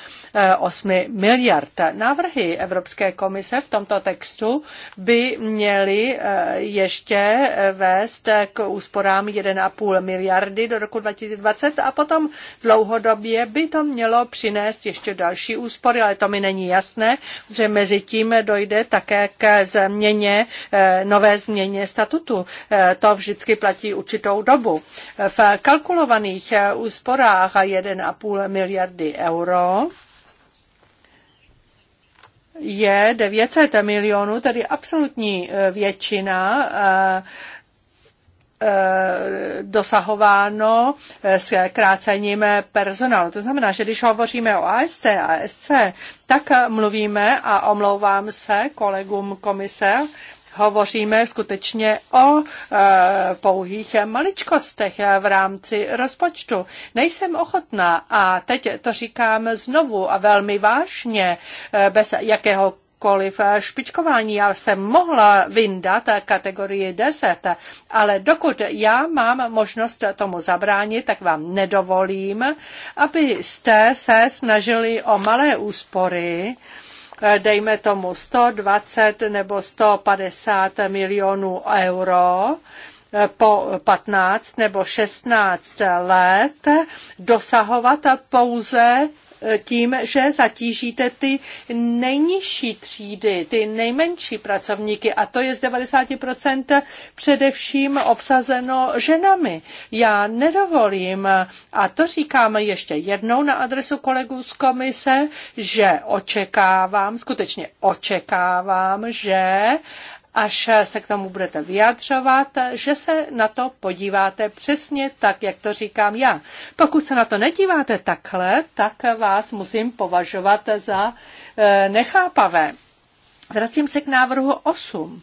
8 eh, miliard. Návrhy Evropské komise v tomto textu by měly eh, ještě ještě eh, vést eh, k úsporám 1,5 miliardy do roku 2020 a potom dlouhodobě by to mělo přinést ještě další úspory, ale to mi není jasné, že mezi tím dojde také k změně, eh, nové změně statutu. To vždycky platí určitou dobu. V kalkulovaných úsporách 1,5 miliardy euro je 900 milionů, tedy absolutní eh, většina eh, eh, dosahováno s krácením personálu. To znamená, že když hovoříme o AST a SC, tak mluvíme a omlouvám se kolegům komise, hovoříme skutečně o e, pouhých maličkostech v rámci rozpočtu. Nejsem ochotná, a teď to říkám znovu a velmi vážně, e, bez jakého koliv špičkování. Já jsem mohla vyndat kategorii 10, ale dokud já mám možnost tomu zabránit, tak vám nedovolím, abyste se snažili o malé úspory, dejme tomu 120 nebo 150 milionů euro po 15 nebo 16 let dosahovat pouze tím, že zatížíte ty nejnižší třídy, ty nejmenší pracovníky a to je z 90% především obsazeno ženami. Já nedovolím a to říkám ještě jednou na adresu kolegů z komise, že očekávám, skutečně očekávám, že až se k tomu budete vyjadřovat, že se na to podíváte přesně tak, jak to říkám já. Pokud se na to nedíváte takhle, tak vás musím považovat za eh, nechápavé. Vracím se k návrhu 8,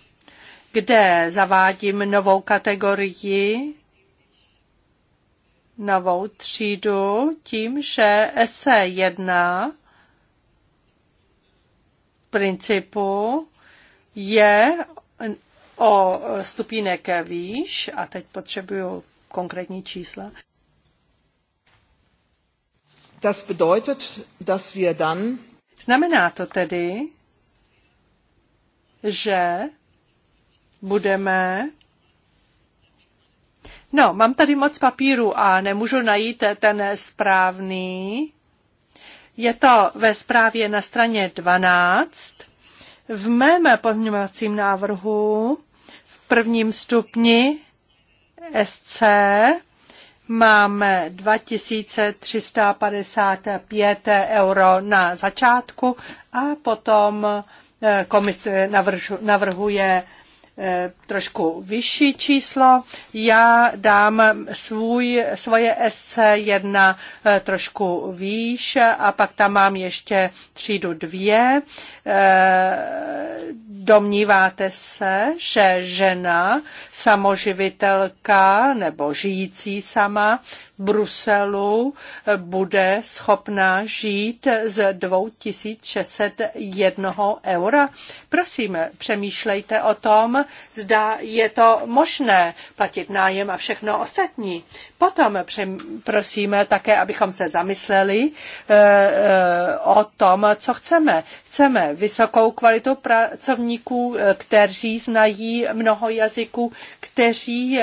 kde zavádím novou kategorii novou třídu tím, že SE1 v principu je o stupínek výš a teď potřebuju konkrétní čísla. Das bedeutet, dass wir dann Znamená to tedy, že budeme No, mám tady moc papíru a nemůžu najít ten správný. Je to ve zprávě na straně 12. V mém pozměňovacím návrhu prvním stupni SC máme 2355 euro na začátku a potom eh, komise navrhuje Eh, trošku vyšší číslo. Já dám svůj, svoje SC1 eh, trošku výš a pak tam mám ještě třídu dvě. Eh, domníváte se, že žena, samoživitelka nebo žijící sama v Bruselu bude schopná žít z 2601 eura? Prosím, přemýšlejte o tom, zda je to možné platit nájem a všechno ostatní. Potom prosíme také, abychom se zamysleli eh, eh, o tom, co chceme. Chceme vysokou kvalitu pracovníků, eh, kteří znají mnoho jazyků, kteří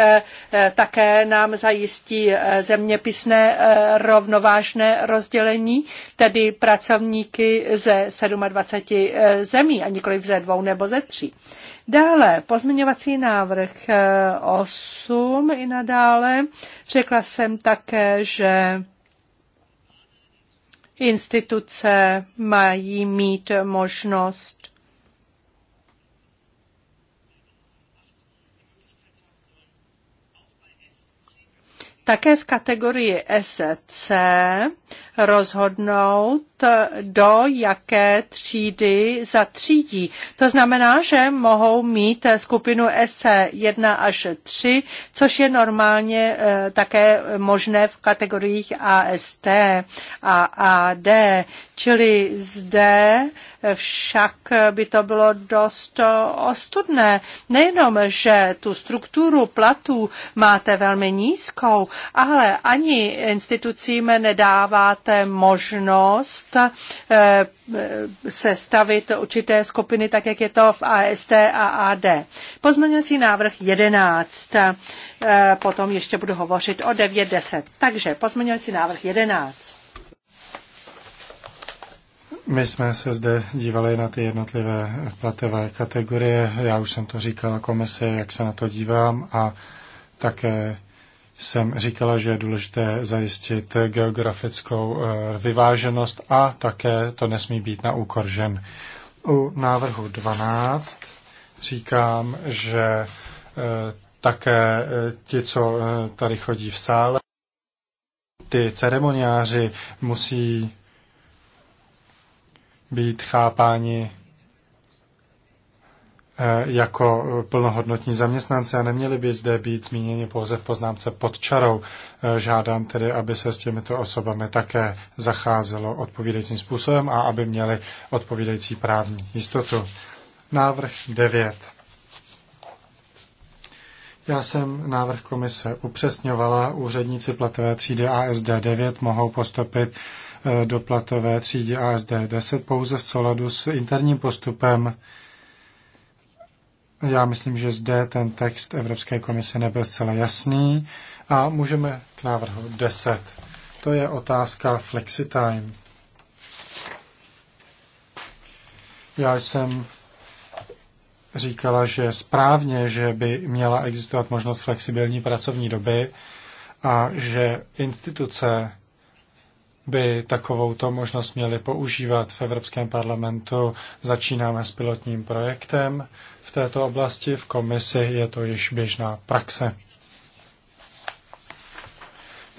také nám zajistí zeměpisné rovnovážné rozdělení, tedy pracovníky ze 27 zemí a nikoli ze dvou nebo ze tří. Dále pozměňovací návrh 8 eh, i nadále. Řekla jsem také, že instituce mají mít možnost také v kategorii SC rozhodnout Eh, do jaké třídy zatřídí. To znamená, že mohou mít eh, skupinu SC1 až 3, což je normálně eh, také možné v kategoriích AST a AD, čili zde však by to bylo dost ostudné. Nejenom, že tu strukturu platů máte velmi nízkou, ale ani institucím nedáváte možnost Eh, eh, se stavit určité skupiny, tak jak je to v AST a AD. Pozměňovací návrh 11. Eh, potom ještě budu hovořit o 9.10. Takže pozměňovací návrh 11. My jsme se zde dívali na ty jednotlivé platové kategorie. Já už jsem to říkal komise, jak se na to dívám a také jsem říkala, že je důležité zajistit geografickou eh, vyváženost a také to nesmí být na úkor žen. U návrhu 12 říkám, že eh, také eh, ti, co tady chodí v sále, ty ceremoniáři musí být chápáni Eh, jako eh, plnohodnotní zaměstnanci a neměli by zde být zmíněni pouze v poznámce pod čarou. Eh, žádám tedy, aby se s těmito osobami také zacházelo odpovídajícím způsobem a aby měli odpovídající právní jistotu. Návrh 9. Já jsem návrh komise upřesňovala. Úředníci platové třídy ASD 9 mohou postupit do platové třídy ASD 10 pouze v souladu s interním postupem já myslím, že zde ten text Evropské komise nebyl zcela jasný a můžeme k návrhu 10. To je otázka flexitime. Já jsem říkala, že správně, že by měla existovat možnost flexibilní pracovní doby a že instituce by takovou to možnost měly používat v Evropském parlamentu. Začínáme s pilotním projektem v této oblasti. V komisi je to již běžná praxe.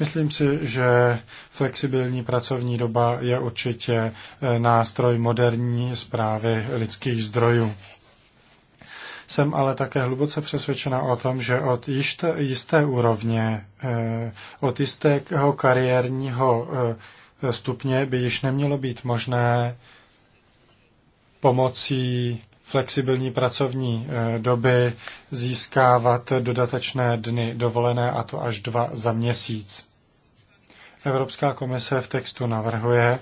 Myslím si, že flexibilní pracovní doba je určitě eh, nástroj moderní zprávy lidských zdrojů. Jsem ale také hluboce přesvědčena o tom, že od jisté, jisté úrovně, eh, od jistého kariérního eh, stupně by již nemělo být možné pomocí flexibilní pracovní eh, doby, získávat dodatečné dny dovolené a to až dva za měsíc. Evropská komise v textu navrhuje,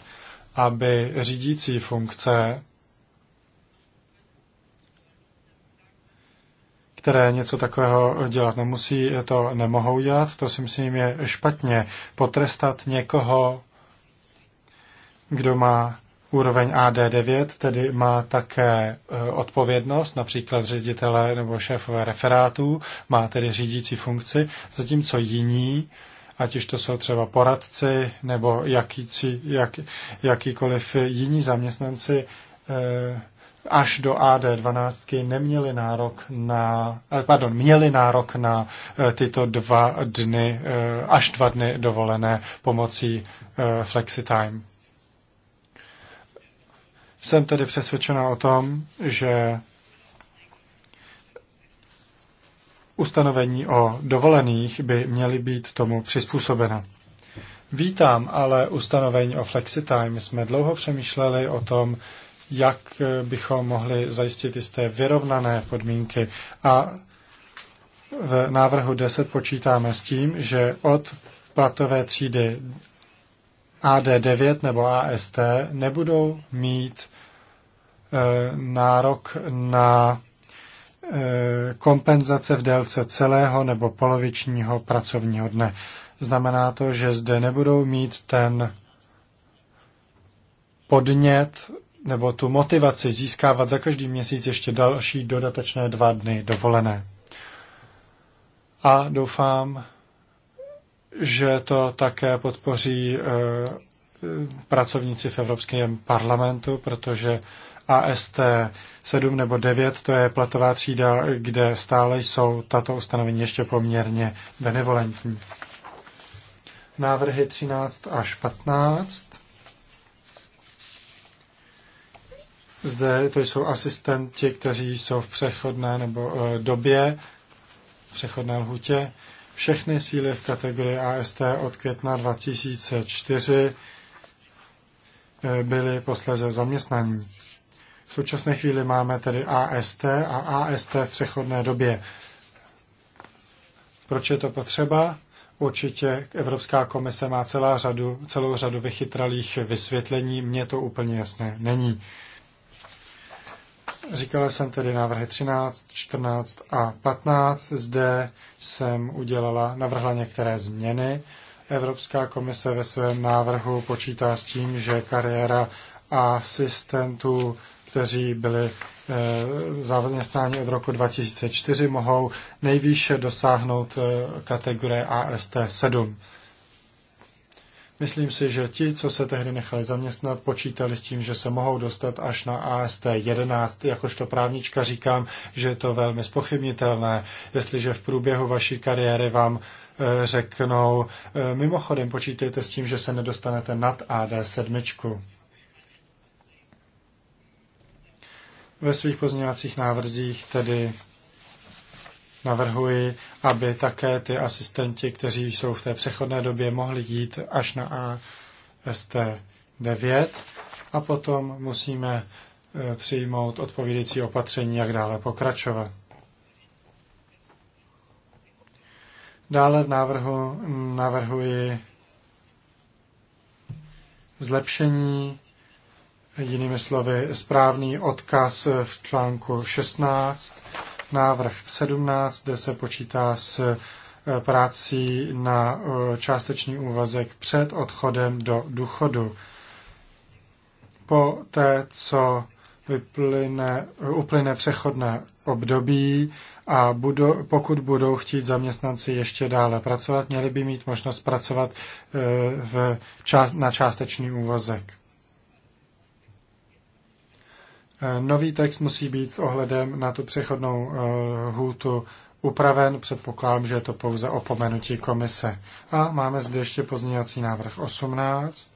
aby řídící funkce, které něco takového dělat nemusí, to nemohou dělat. To si myslím je špatně. Potrestat někoho, kdo má Úroveň AD9 tedy má také e, odpovědnost, například ředitele nebo šéfové referátů, má tedy řídící funkci, zatímco jiní, ať už to jsou třeba poradci nebo jakýci, jak, jakýkoliv jiní zaměstnanci, e, až do AD12 neměli nárok na, e, pardon, měli nárok na tyto dva dny, až dva dny dovolené pomocí flexitime. Jsem tedy přesvědčena o tom, že ustanovení o dovolených by měly být tomu přizpůsobena. Vítám ale ustanovení o flexitime. Jsme dlouho přemýšleli o tom, jak bychom mohli zajistit jisté vyrovnané podmínky. A v návrhu 10 počítáme s tím, že od platové třídy AD9 nebo AST nebudou mít Eh, nárok na eh, kompenzace v délce celého nebo polovičního pracovního dne. Znamená to, že zde nebudou mít ten podnět nebo tu motivaci získávat za každý měsíc ještě další dodatečné dva dny dovolené. A doufám, že to také podpoří eh, pracovníci v Evropském parlamentu, protože AST 7 nebo 9, to je platová třída, kde stále jsou tato ustanovení ještě poměrně benevolentní. Návrhy 13 až 15. Zde to jsou asistenti, kteří jsou v přechodné nebo e, době, přechodné lhutě. Všechny síly v kategorii AST od května 2004 e, byly posléze zaměstnaní. V současné chvíli máme tedy AST a AST v přechodné době. Proč je to potřeba? Určitě Evropská komise má celá řadu, celou řadu vychytralých vysvětlení, mně to úplně jasné není. Říkala jsem tedy návrhy 13, 14 a 15. Zde jsem udělala, navrhla některé změny. Evropská komise ve svém návrhu počítá s tím, že kariéra asistentů kteří byli eh, zaměstnáni od roku 2004, mohou nejvýše dosáhnout eh, kategorie AST 7. Myslím si, že ti, co se tehdy nechali zaměstnat, počítali s tím, že se mohou dostat až na AST 11. Jakožto právnička říkám, že je to velmi spochybnitelné, jestliže v průběhu vaší kariéry vám eh, řeknou, mimochodem počítejte s tím, že se nedostanete nad AD 7. Ve svých pozměňovacích návrzích tedy navrhuji, aby také ty asistenti, kteří jsou v té přechodné době, mohli jít až na AST9 a potom musíme e, přijmout odpovídající opatření, jak dále pokračovat. Dále v návrhu navrhuji zlepšení Jinými slovy, správný odkaz v článku 16, návrh 17, kde se počítá s e, prací na e, částečný úvazek před odchodem do důchodu. Po té, co vyplyne, uplyne přechodné období a budou, pokud budou chtít zaměstnanci ještě dále pracovat, měli by mít možnost pracovat e, v na částečný úvazek. Nový text musí být s ohledem na tu přechodnou eh, hůtu upraven, předpokládám, že je to pouze opomenutí komise. A máme zde ještě pozměňovací návrh 18.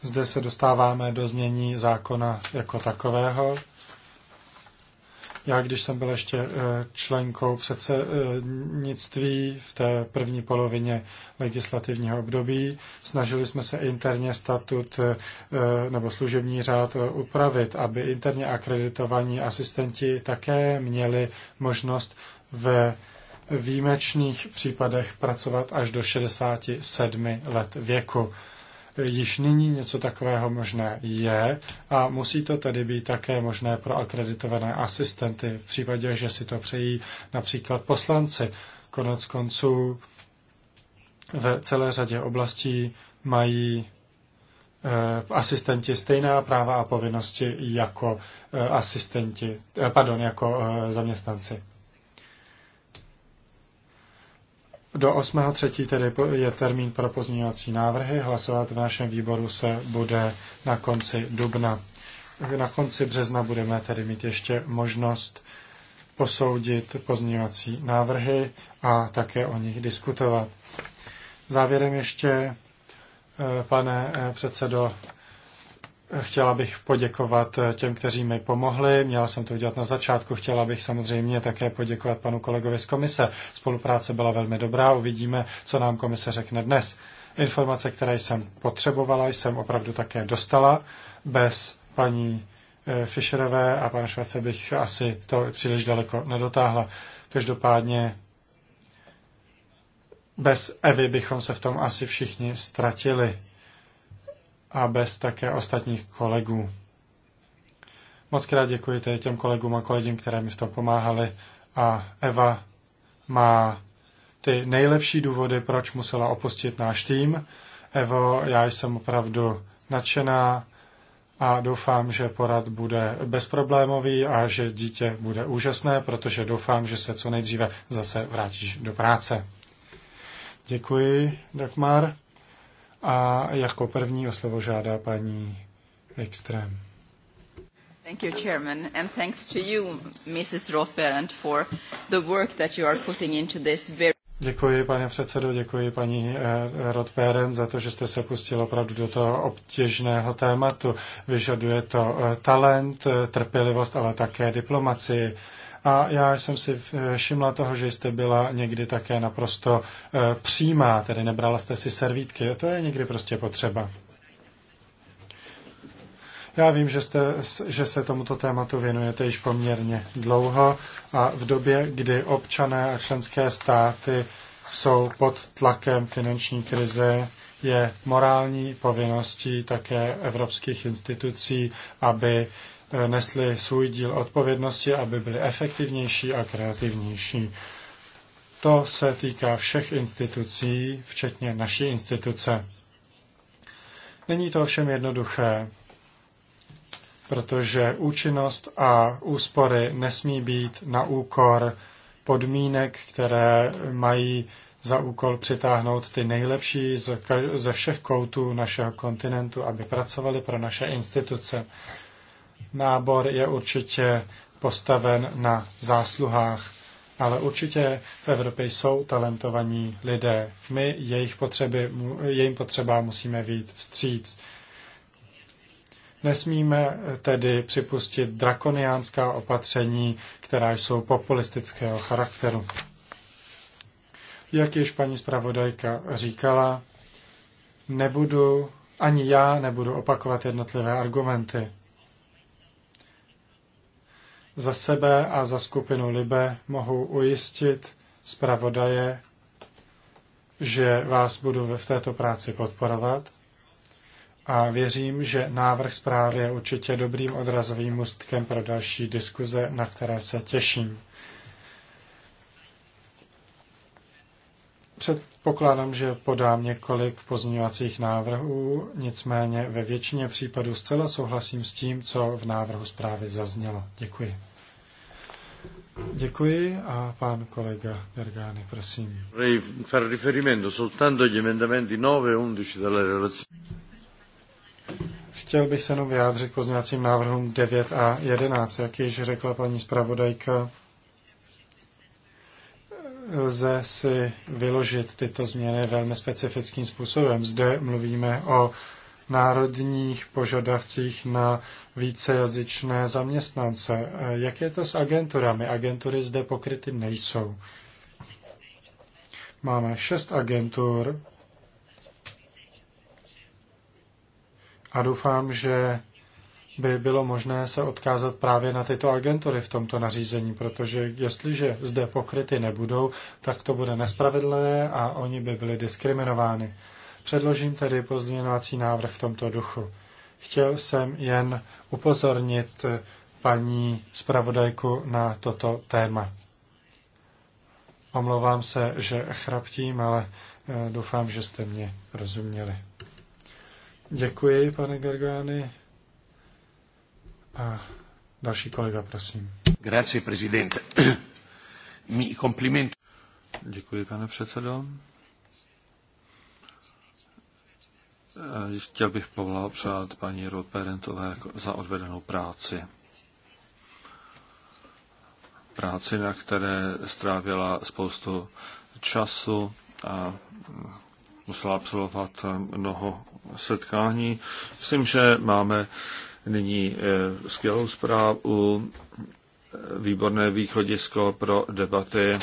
Zde se dostáváme do znění zákona jako takového. Já, když jsem byl ještě eh, členkou předsednictví v té první polovině legislativního období, snažili jsme se interně statut eh, nebo služební řád eh, upravit, aby interně akreditovaní asistenti také měli možnost ve výjimečných případech pracovat až do 67 let věku. Již nyní něco takového možné je a musí to tedy být také možné pro akreditované asistenty v případě, že si to přejí například poslanci. Konec konců ve celé řadě oblastí mají eh, asistenti stejná práva a povinnosti jako eh, asistenti, eh, pardon, jako zaměstnanci. Do 8.3. tedy je termín pro pozměňovací návrhy. Hlasovat v našem výboru se bude na konci dubna. Na konci března budeme tedy mít ještě možnost posoudit pozměňovací návrhy a také o nich diskutovat. Závěrem ještě, eh, pane eh, předsedo, Chtěla bych poděkovat těm, kteří mi pomohli. Měla jsem to udělat na začátku. Chtěla bych samozřejmě také poděkovat panu kolegovi z komise. Spolupráce byla velmi dobrá. Uvidíme, co nám komise řekne dnes. Informace, které jsem potřebovala, jsem opravdu také dostala. Bez paní eh, Fischerové a pana Švace bych asi to příliš daleko nedotáhla. Každopádně bez Evy bychom se v tom asi všichni ztratili a bez také ostatních kolegů. Moc krát děkuji těm kolegům a kolegům, které mi v tom pomáhali a Eva má ty nejlepší důvody, proč musela opustit náš tým. Evo, já jsem opravdu nadšená a doufám, že porad bude bezproblémový a že dítě bude úžasné, protože doufám, že se co nejdříve zase vrátíš do práce. Děkuji, Dagmar. A jako první o slovo žádá paní Ekstrém. Thank you, Chairman, and thanks to you, Mrs. Rothberend, for the work that you are putting into this very... Děkuji, pane předsedo, děkuji paní eh, Rodberen za to, že jste se pustil opravdu do toho obtěžného tématu. Vyžaduje to eh, talent, eh, trpělivost, ale také diplomacii a já jsem si eh, všimla toho, že jste byla někdy také naprosto eh, přímá, tedy nebrala jste si servítky. To je někdy prostě potřeba. Já vím, že, jste, že se tomuto tématu věnujete již poměrně dlouho a v době, kdy občané a členské státy jsou pod tlakem finanční krize, je morální povinností také evropských institucí, aby nesli svůj díl odpovědnosti, aby byli efektivnější a kreativnější. To se týká všech institucí, včetně naší instituce. Není to ovšem jednoduché, protože účinnost a úspory nesmí být na úkor podmínek, které mají za úkol přitáhnout ty nejlepší ze všech koutů našeho kontinentu, aby pracovali pro naše instituce nábor je určitě postaven na zásluhách, ale určitě v Evropě jsou talentovaní lidé. My jejich potřeby, jejím potřebám musíme být vstříc. Nesmíme tedy připustit drakoniánská opatření, která jsou populistického charakteru. Jak již paní zpravodajka říkala, nebudu, ani já nebudu opakovat jednotlivé argumenty. Za sebe a za skupinu Libe mohu ujistit zpravodaje, že vás budu v této práci podporovat a věřím, že návrh zprávy je určitě dobrým odrazovým ústkem pro další diskuze, na které se těším. Předpokládám, že podám několik pozměňovacích návrhů, nicméně ve většině případů zcela souhlasím s tím, co v návrhu zprávy zaznělo. Děkuji. Děkuji a pan kolega Gargány, prosím. riferimento soltanto agli emendamenti 9 e 11 della relazione. Chtěl bych se jenom vyjádřit pozměňovacím návrhům 9 a 11, jak již řekla paní zpravodajka. Lze si vyložit tyto změny velmi specifickým způsobem. Zde mluvíme o národních požadavcích na vícejazyčné zaměstnance. Jak je to s agenturami? Agentury zde pokryty nejsou. Máme šest agentur a doufám, že by bylo možné se odkázat právě na tyto agentury v tomto nařízení, protože jestliže zde pokryty nebudou, tak to bude nespravedlné a oni by byli diskriminováni. Předložím tedy pozměňovací návrh v tomto duchu. Chtěl jsem jen upozornit paní zpravodajku na toto téma. Omlouvám se, že chraptím, ale eh, doufám, že jste mě rozuměli. Děkuji, pane Gargány. A další kolega, prosím. Grazie, prezident. Mi compliment. Děkuji, pane předsedo. Eh, chtěl bych poblahopřát paní Rodperentové za odvedenou práci. Práci, na které strávila spoustu času a mm, musela absolvovat mnoho setkání. Myslím, že máme nyní eh, skvělou zprávu, výborné východisko pro debaty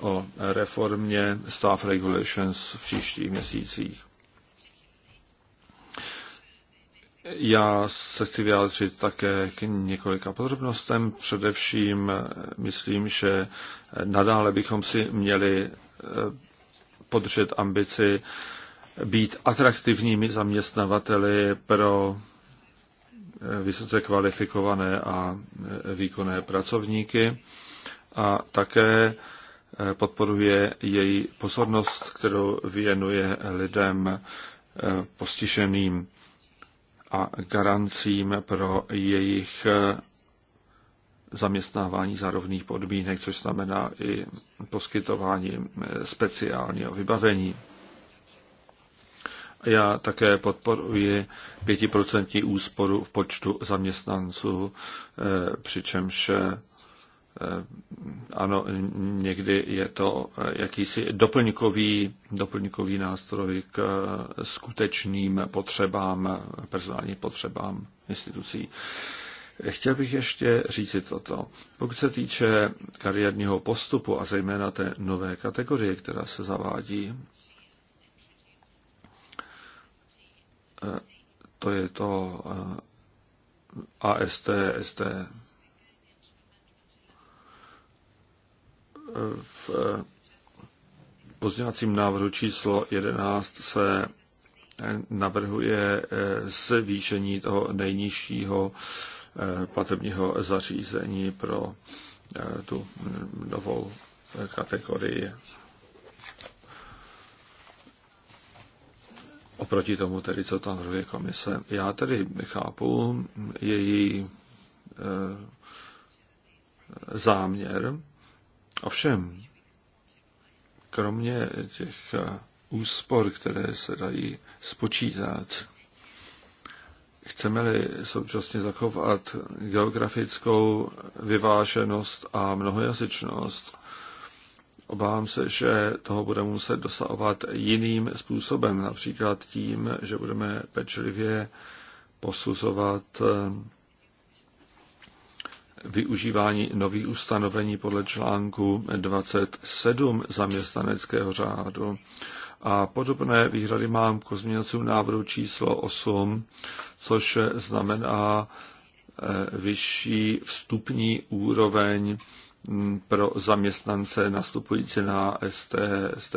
o reformě staff regulations v příštích měsících. Já se chci vyjádřit také k několika podrobnostem. Především eh, myslím, že nadále bychom si měli eh, podržet ambici být atraktivními zaměstnavateli pro eh, vysoce kvalifikované a výkonné pracovníky a také podporuje její pozornost, kterou věnuje lidem postiženým a garancím pro jejich eh, zaměstnávání za rovných podmínek, což znamená i poskytování eh, speciálního vybavení. Já také podporuji pětiprocentní úsporu v počtu zaměstnanců, eh, přičemž Eh, ano, někdy je to eh, jakýsi doplňkový, doplňkový nástroj k eh, skutečným potřebám, personálním potřebám institucí. Chtěl bych ještě říct toto. Pokud se týče kariérního postupu a zejména té nové kategorie, která se zavádí, to je to AST, ST, V eh, pozdělacím návrhu číslo 11 se eh, navrhuje eh, zvýšení toho nejnižšího platebního zařízení pro tu novou kategorii. Oproti tomu tedy, co tam navrhuje komise. Já tedy chápu její záměr, Ovšem, kromě těch eh, úspor, které se dají spočítat, chceme-li současně zachovat geografickou vyváženost a mnohojazyčnost, obávám se, že toho budeme muset dosahovat jiným způsobem, například tím, že budeme pečlivě posuzovat eh, využívání nových ustanovení podle článku 27 zaměstnaneckého řádu. A podobné výhrady mám k pozměňovacímu návrhu číslo 8, což znamená eh, vyšší vstupní úroveň mm, pro zaměstnance nastupující na ST, ST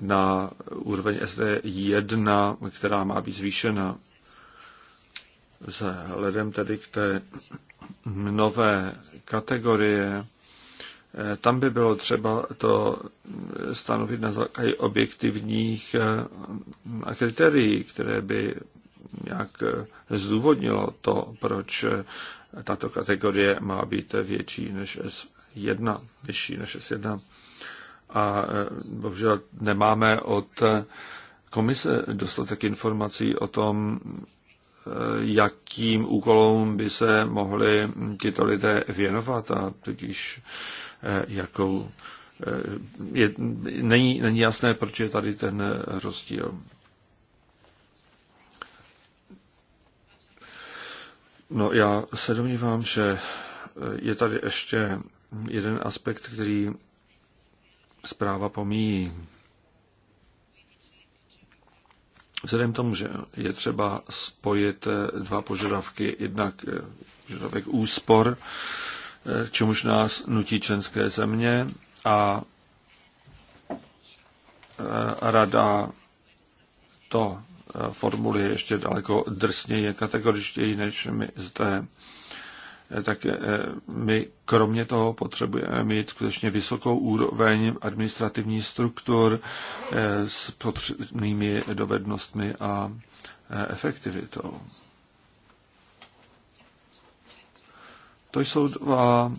na úroveň ST1, která má být zvýšena vzhledem tedy k té nové kategorie, eh, tam by bylo třeba to stanovit na základě objektivních eh, kritérií, které by nějak eh, zdůvodnilo to, proč tato kategorie má být větší než S1, vyšší než S1. A bohužel nemáme od komise dostatek informací o tom, jakým úkolům by se mohli tito lidé věnovat a tudíž eh, jakou eh, je, není, není jasné, proč je tady ten rozdíl. No já se domnívám, že eh, je tady ještě jeden aspekt, který zpráva pomíjí. Vzhledem tomu, že je třeba spojit eh, dva požadavky, jednak eh, požadavek úspor, eh, čemuž nás nutí členské země a rada to formuluje ještě daleko drsněji, kategoričtěji, než my zde Eh, tak eh, my kromě toho potřebujeme mít skutečně vysokou úroveň administrativní struktur eh, s potřebnými dovednostmi a efektivitou. To jsou dva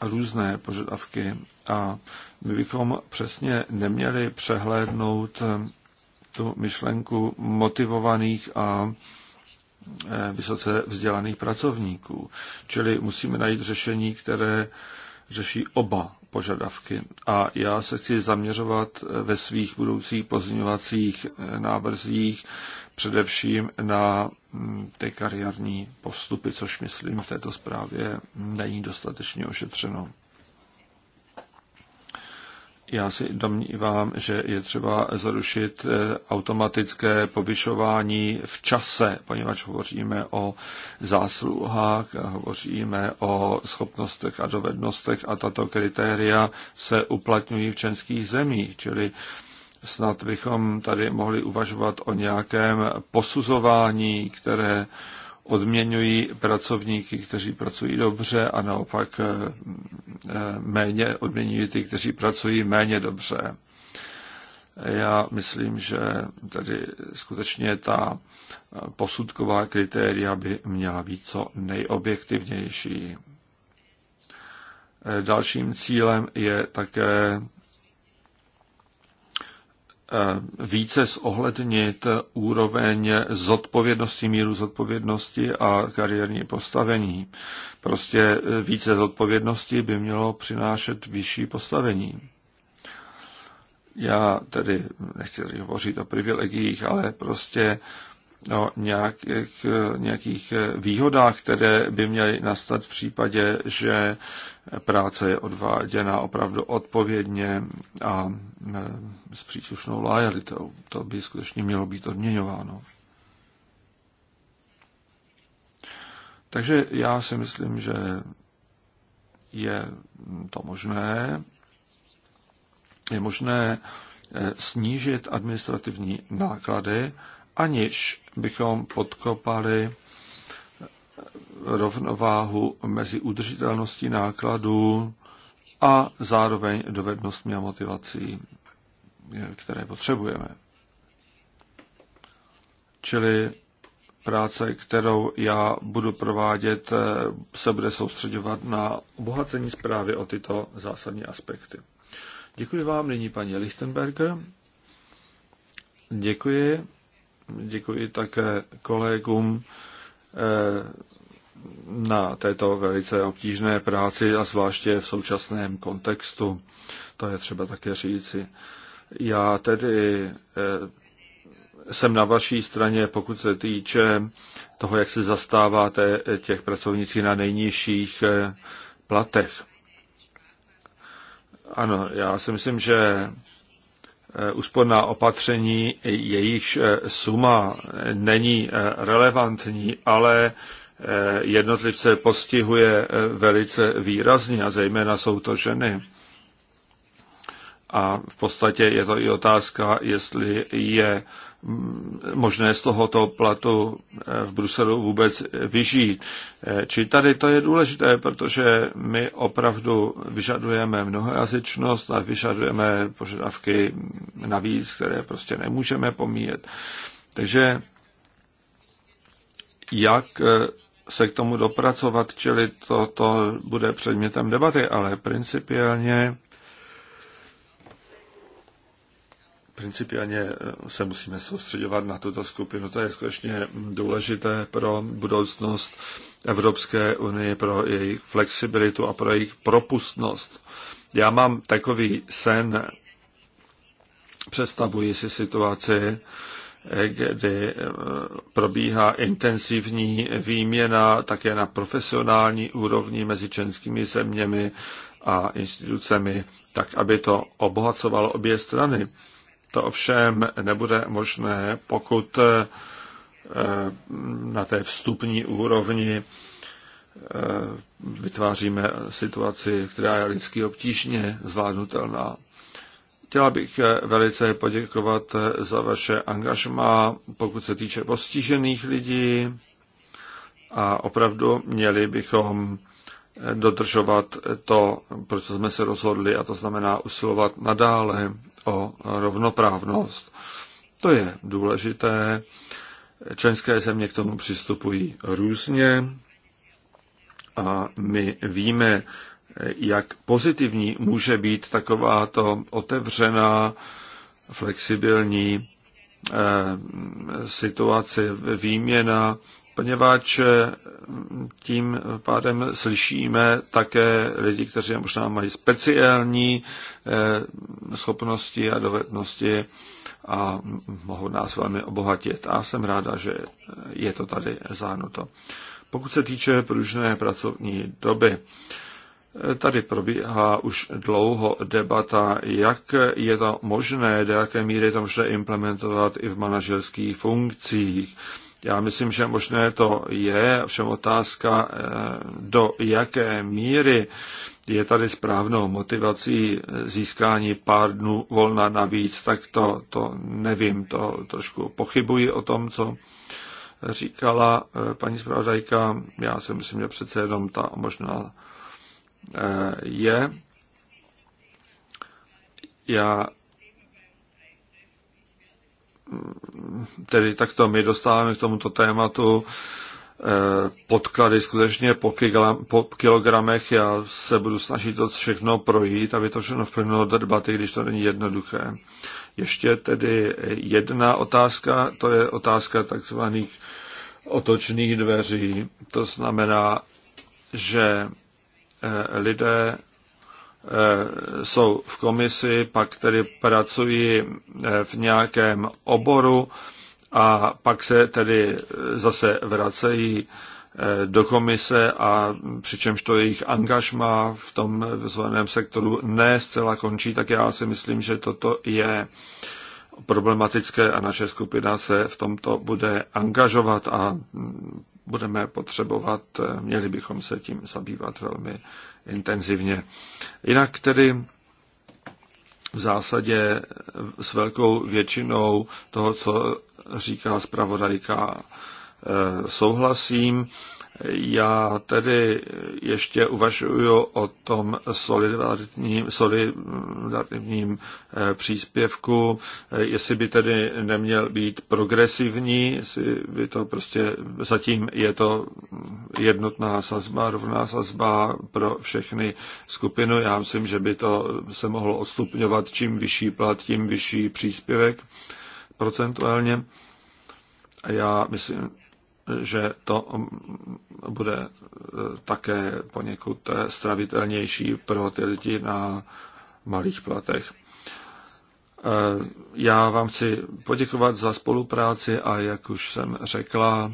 různé požadavky a my bychom přesně neměli přehlédnout tu myšlenku motivovaných a Eh, vysoce vzdělaných pracovníků. Čili musíme najít řešení, které řeší oba požadavky. A já se chci zaměřovat eh, ve svých budoucích pozměňovacích eh, návrzích především na mm, ty kariérní postupy, což myslím v této zprávě není dostatečně ošetřeno. Já si domnívám, že je třeba zrušit eh, automatické povyšování v čase, poněvadž hovoříme o zásluhách, hovoříme o schopnostech a dovednostech a tato kritéria se uplatňují v českých zemích, čili snad bychom tady mohli uvažovat o nějakém posuzování, které odměňují pracovníky, kteří pracují dobře a naopak eh, eh, méně odměňují ty, kteří pracují méně dobře. Já myslím, že tady skutečně ta posudková kritéria by měla být co nejobjektivnější. Eh, dalším cílem je také Eh, více zohlednit úroveň zodpovědnosti, míru zodpovědnosti a kariérní postavení. Prostě eh, více zodpovědnosti by mělo přinášet vyšší postavení. Já tedy nechci tady hovořit o privilegiích, ale prostě o nějakých, nějakých výhodách, které by měly nastat v případě, že práce je odváděna opravdu odpovědně a e, s příslušnou lojalitou. To by skutečně mělo být odměňováno. Takže já si myslím, že je to možné. Je možné e, snížit administrativní náklady, aniž bychom podkopali rovnováhu mezi udržitelností nákladů a zároveň dovednostmi a motivací, které potřebujeme. Čili práce, kterou já budu provádět, eh, se bude soustředovat na obohacení zprávy o tyto zásadní aspekty. Děkuji vám nyní paní Lichtenberger. Děkuji děkuji také kolegům eh, na této velice obtížné práci a zvláště v současném kontextu. To je třeba také říci. Já tedy eh, jsem na vaší straně, pokud se týče toho, jak se zastáváte těch pracovnicí na nejnižších eh, platech. Ano, já si myslím, že Eh, úsporná opatření, jejichž eh, suma eh, není relevantní, ale jednotlivce postihuje velice výrazně a zejména jsou to ženy. A v podstatě je to i otázka, jestli je možné z tohoto platu eh, v Bruselu vůbec vyžít. Eh, či tady to je důležité, protože my opravdu vyžadujeme mnohojazyčnost a vyžadujeme požadavky navíc, které prostě nemůžeme pomíjet. Takže jak eh, se k tomu dopracovat, čili to, to bude předmětem debaty, ale principiálně principiálně eh, se musíme soustředovat na tuto skupinu. To je skutečně důležité pro budoucnost Evropské unie, pro její flexibilitu a pro jejich propustnost. Já mám takový sen, představuji si situaci, eh, kdy eh, probíhá intenzivní výměna také na profesionální úrovni mezi členskými zeměmi a institucemi, tak aby to obohacovalo obě strany. To ovšem nebude možné, pokud eh, na té vstupní úrovni eh, vytváříme situaci, která je lidsky obtížně zvládnutelná. Chtěla bych eh, velice poděkovat za vaše angažmá, pokud se týče postižených lidí a opravdu měli bychom dodržovat to, proč jsme se rozhodli, a to znamená usilovat nadále o rovnoprávnost. To je důležité. Členské země k tomu přistupují různě a my víme, jak pozitivní může být takováto otevřená, flexibilní eh, situace, výměna poněvadž eh, tím pádem slyšíme také lidi, kteří možná mají speciální eh, schopnosti a dovednosti a mohou nás velmi obohatit. A jsem ráda, že je to tady zahnuto. Pokud se týče pružné pracovní doby, eh, Tady probíhá už dlouho debata, jak je to možné, do jaké míry je to možné implementovat i v manažerských funkcích. Já myslím, že možné to je, všem otázka, eh, do jaké míry je tady správnou motivací získání pár dnů volna navíc, tak to, to nevím, to trošku pochybuji o tom, co říkala eh, paní zpravodajka. Já si myslím, že přece jenom ta možná eh, je. Já tedy takto my dostáváme k tomuto tématu eh, podklady skutečně po, kilogram, po kilogramech. Já se budu snažit to všechno projít, aby to všechno vplynulo do debaty, když to není jednoduché. Ještě tedy jedna otázka, to je otázka takzvaných otočných dveří. To znamená, že eh, lidé Eh, jsou v komisi, pak tedy pracují eh, v nějakém oboru a pak se tedy eh, zase vracejí do komise a přičemž to jejich angažma v tom zvaném sektoru ne zcela končí, tak já si myslím, že toto je problematické a naše skupina se v tomto bude angažovat a budeme potřebovat, měli bychom se tím zabývat velmi intenzivně. Jinak tedy v zásadě s velkou většinou toho, co říká zpravodajka, eh, souhlasím. Já tedy ještě uvažuji o tom solidárním, solidárním eh, příspěvku, eh, jestli by tedy neměl být progresivní, jestli by to prostě zatím je to jednotná sazba, rovná sazba pro všechny skupinu. Já myslím, že by to se mohlo odstupňovat čím vyšší plat, tím vyšší příspěvek procentuálně. A já myslím, že to mm, bude e, také poněkud e, stravitelnější pro ty lidi na malých platech. E, já vám chci poděkovat za spolupráci a jak už jsem řekla,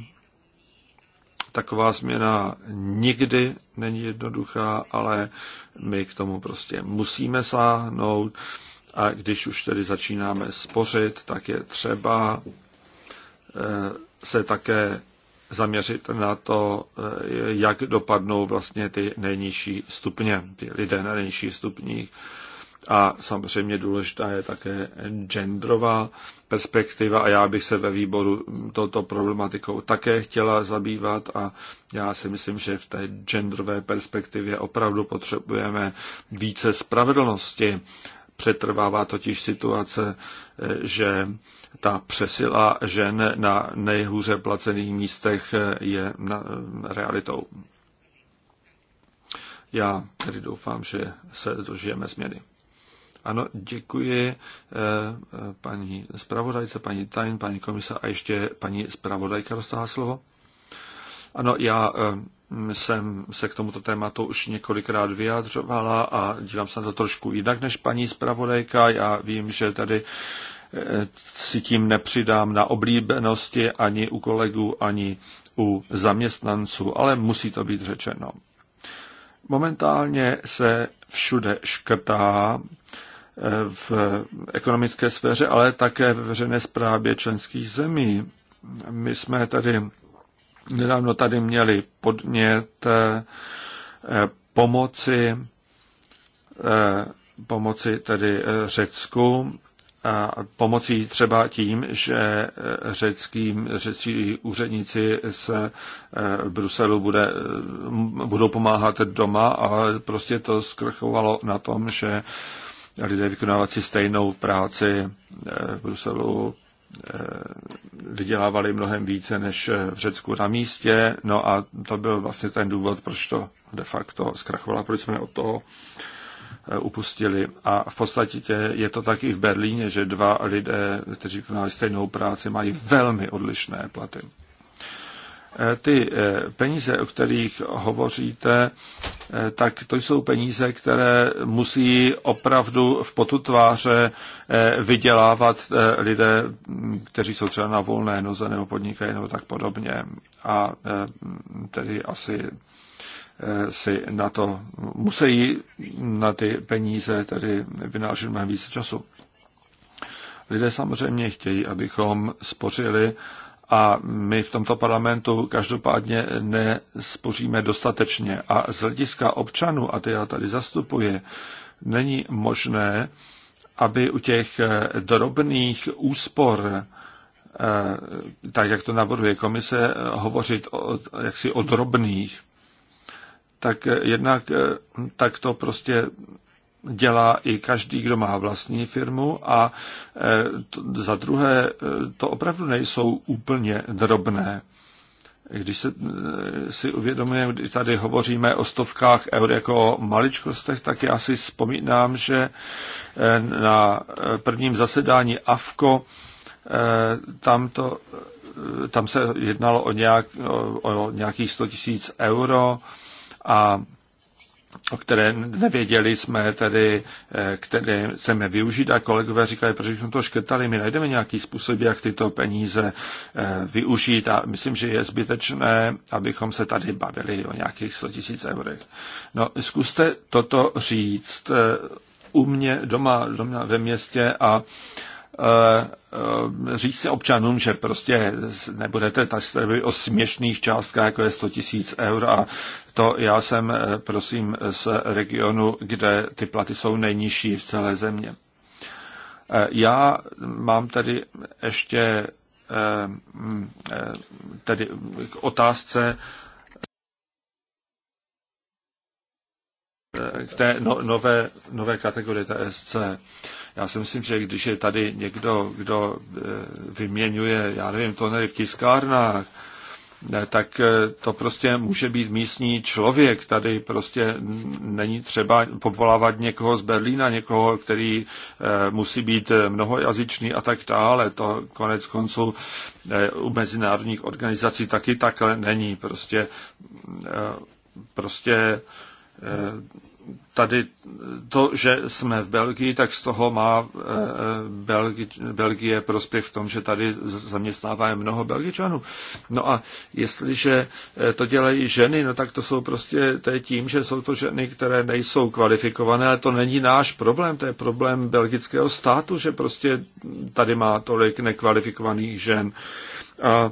taková změna nikdy není jednoduchá, ale my k tomu prostě musíme sáhnout a když už tedy začínáme spořit, tak je třeba se také zaměřit na to, eh, jak dopadnou vlastně ty nejnižší stupně, ty lidé na nejnižších stupních. A samozřejmě důležitá je také genderová perspektiva a já bych se ve výboru touto problematikou také chtěla zabývat a já si myslím, že v té genderové perspektivě opravdu potřebujeme více spravedlnosti. Přetrvává totiž situace, eh, že ta přesila žen na nejhůře placených místech je realitou. Já tedy doufám, že se dožijeme změny. Ano, děkuji eh, paní zpravodajce, paní Tajn, paní komisa a ještě paní zpravodajka dostala slovo. Ano, já eh, jsem se k tomuto tématu už několikrát vyjádřovala a dívám se na to trošku jinak než paní zpravodajka. Já vím, že tady si tím nepřidám na oblíbenosti ani u kolegů, ani u zaměstnanců, ale musí to být řečeno. Momentálně se všude škrtá eh, v ekonomické sféře, ale také ve veřejné správě členských zemí. My jsme tady nedávno tady měli podnět eh, pomoci, eh, pomoci tedy Řecku pomocí třeba tím, že eh, řecký, řecí úředníci z eh, Bruselu bude, eh, budou pomáhat doma, ale prostě to skrchovalo na tom, že lidé vykonávací stejnou práci v Bruselu vydělávali mnohem více než v Řecku na místě. No a to byl vlastně ten důvod, proč to de facto zkrachovalo, proč jsme od toho Eh, upustili. A v podstatě je to tak i v Berlíně, že dva lidé, kteří vykonali stejnou práci, mají velmi odlišné platy. Eh, ty eh, peníze, o kterých hovoříte, tak to jsou peníze, které musí opravdu v potu tváře vydělávat lidé, mm, kteří jsou třeba na volné noze nebo podnikají nebo tak podobně. A tedy asi Eh, si na to musí na ty peníze tedy vynášet mnohem více času. Lidé samozřejmě chtějí, abychom spořili a my v tomto parlamentu každopádně nespoříme dostatečně. A z hlediska občanů, a ty já tady zastupuji, není možné, aby u těch eh, drobných úspor, eh, tak jak to navrhuje komise, hovořit o, jaksi o drobných tak eh, jednak eh, tak to prostě dělá i každý, kdo má vlastní firmu a eh, za druhé to opravdu nejsou úplně drobné. Když se, si uvědomujeme, když tady hovoříme o stovkách eur jako o maličkostech, tak já si vzpomínám, že na prvním zasedání AFKO tam, to, tam se jednalo o, nějak, o, o nějakých 100 000 euro, a o které nevěděli jsme tedy, eh, které chceme využít a kolegové říkají, proč bychom to škrtali, my najdeme nějaký způsob, jak tyto peníze eh, využít a myslím, že je zbytečné, abychom se tady bavili o nějakých 100 tisíc eurech. No, zkuste toto říct eh, u mě doma, doma ve městě a Eh, eh, říct se občanům, že prostě nebudete tady o směšných částkách, jako je 100 tisíc eur a to já jsem, eh, prosím, z regionu, kde ty platy jsou nejnižší v celé země. Já mám tady ještě mm, tedy k otázce k té no, nové, nové kategorie TSC. Já si myslím, že když je tady někdo, kdo e, vyměňuje, já nevím, tonery v tiskárnách, e, tak e, to prostě může být místní člověk. Tady prostě není třeba povolávat někoho z Berlína, někoho, který musí být mnohojazyčný a tak dále. To konec konců u mezinárodních organizací taky takhle není. Prostě, prostě tady to, že jsme v Belgii, tak z toho má eh, Belgi, Belgie prospěch v tom, že tady zaměstnáváme mnoho Belgičanů. No a jestliže eh, to dělají ženy, no tak to jsou prostě to je tím, že jsou to ženy, které nejsou kvalifikované, ale to není náš problém, to je problém belgického státu, že prostě tady má tolik nekvalifikovaných žen. A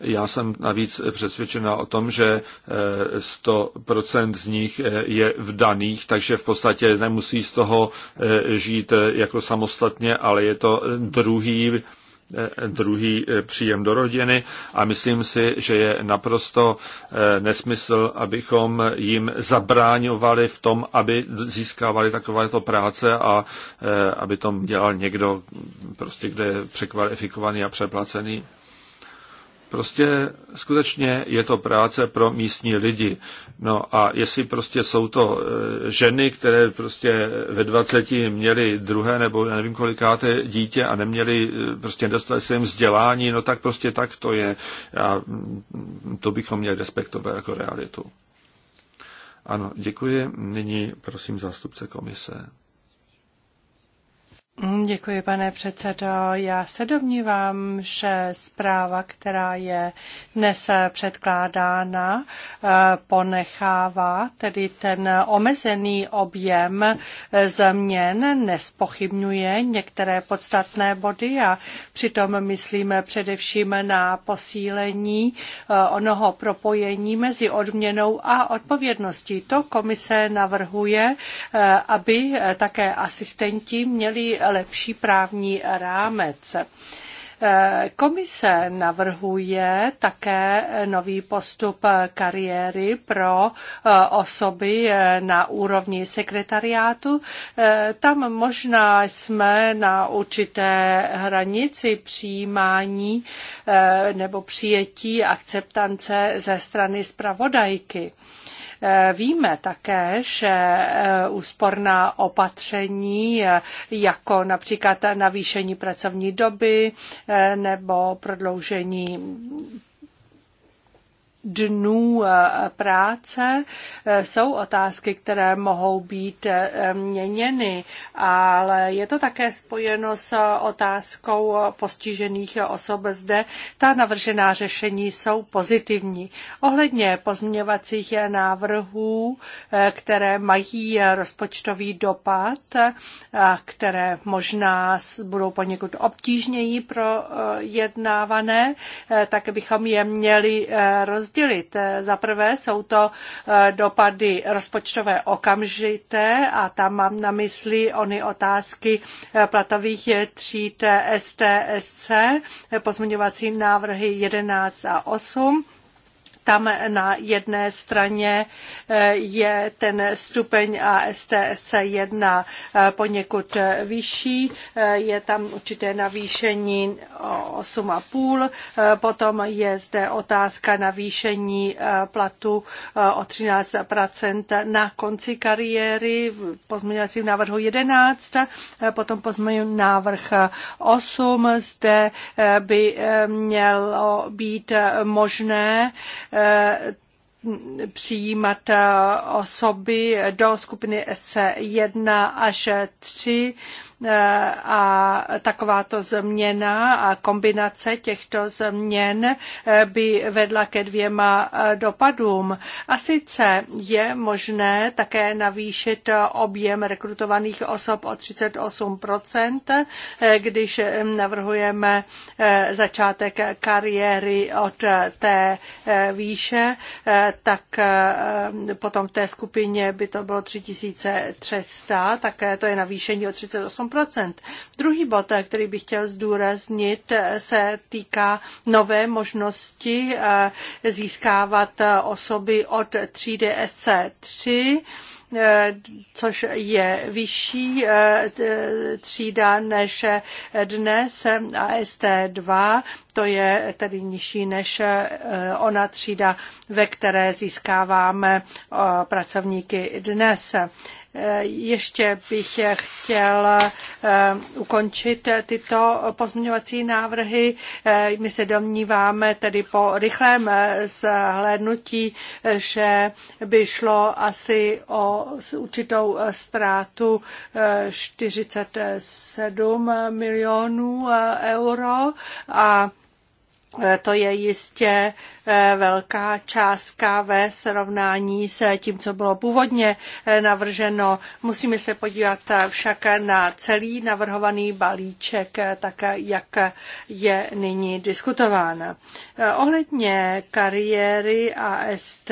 já jsem navíc přesvědčená o tom, že 100% eh, z nich eh, je v daných, takže v podstatě nemusí z toho eh, žít jako samostatně, ale je to druhý druhý příjem do rodiny a myslím si, že je naprosto nesmysl, abychom jim zabráňovali v tom, aby získávali takovéto práce a aby tom dělal někdo, prostě, kde je překvalifikovaný a přeplacený. Prostě skutečně je to práce pro místní lidi. No a jestli prostě jsou to e, ženy, které prostě ve 20 měly druhé nebo já nevím kolikáté dítě a neměly, e, prostě nedostali se jim vzdělání, no tak prostě tak to je. A mm, to bychom měli respektovat jako realitu. Ano, děkuji. Nyní prosím zástupce komise. Mm, děkuji, pane předsedo. Já se domnívám, že zpráva, která je dnes eh, předkládána, eh, ponechává tedy ten omezený objem eh, změn, nespochybňuje některé podstatné body a přitom myslíme především na posílení onoho propojení mezi odměnou a odpovědností. To komise navrhuje, aby také asistenti měli lepší právní rámec. Eh, komise navrhuje také nový postup kariéry pro eh, osoby eh, na úrovni sekretariátu. Tam možná jsme na určité hranici přijímání nebo přijetí akceptance ze strany zpravodajky. Eh, víme také, že eh, úsporná opatření, eh, jako například navýšení pracovní doby nebo prodloužení dnů eh, práce eh, jsou otázky, které mohou být eh, měněny, ale je to také spojeno s otázkou postižených osob. Zde ta navržená řešení jsou pozitivní. Ohledně pozměňovacích návrhů, které mají rozpočtový dopad, které možná budou poněkud obtížněji projednávané, tak bychom je měli rozdělit rozdělit. Eh, za prvé jsou to eh, dopady rozpočtové okamžité a tam mám na mysli ony otázky eh, platových tříd STSC, pozměňovací návrhy 11 a 8 tam na jedné straně eh, je ten stupeň ASTSC 1 eh, poněkud eh, vyšší, je tam určité navýšení 8,5, potom je zde otázka navýšení platu o 13 na konci kariéry v pozměňovacím návrhu 11, potom pozměňovací návrh 8, zde by mělo být možné Eh, přijímat eh, osoby do skupiny S1 až 3 E, a takováto změna a kombinace těchto změn e, by vedla ke dvěma e, dopadům. A sice je možné také navýšit objem rekrutovaných osob o 38 když navrhujeme začátek kariéry od té výše, tak potom v té skupině by to bylo 3300, tak to je navýšení o 38 Druhý bod, eh, který bych chtěl zdůraznit, eh, se týká nové možnosti eh, získávat osoby od 3 dsc 3 což je vyšší třída než dnes AST2, to je tedy nižší než ona třída, ve které získáváme pracovníky dnes. Ještě bych chtěl eh, ukončit tyto pozměňovací návrhy. Eh, my se domníváme tedy po rychlém eh, zhlédnutí, že by šlo asi o určitou ztrátu 47 milionů euro a Eh, to je jistě eh, velká částka ve srovnání s tím, co bylo původně eh, navrženo. Musíme se podívat však na celý navrhovaný balíček, tak jak je nyní diskutována. Ohledně kariéry AST,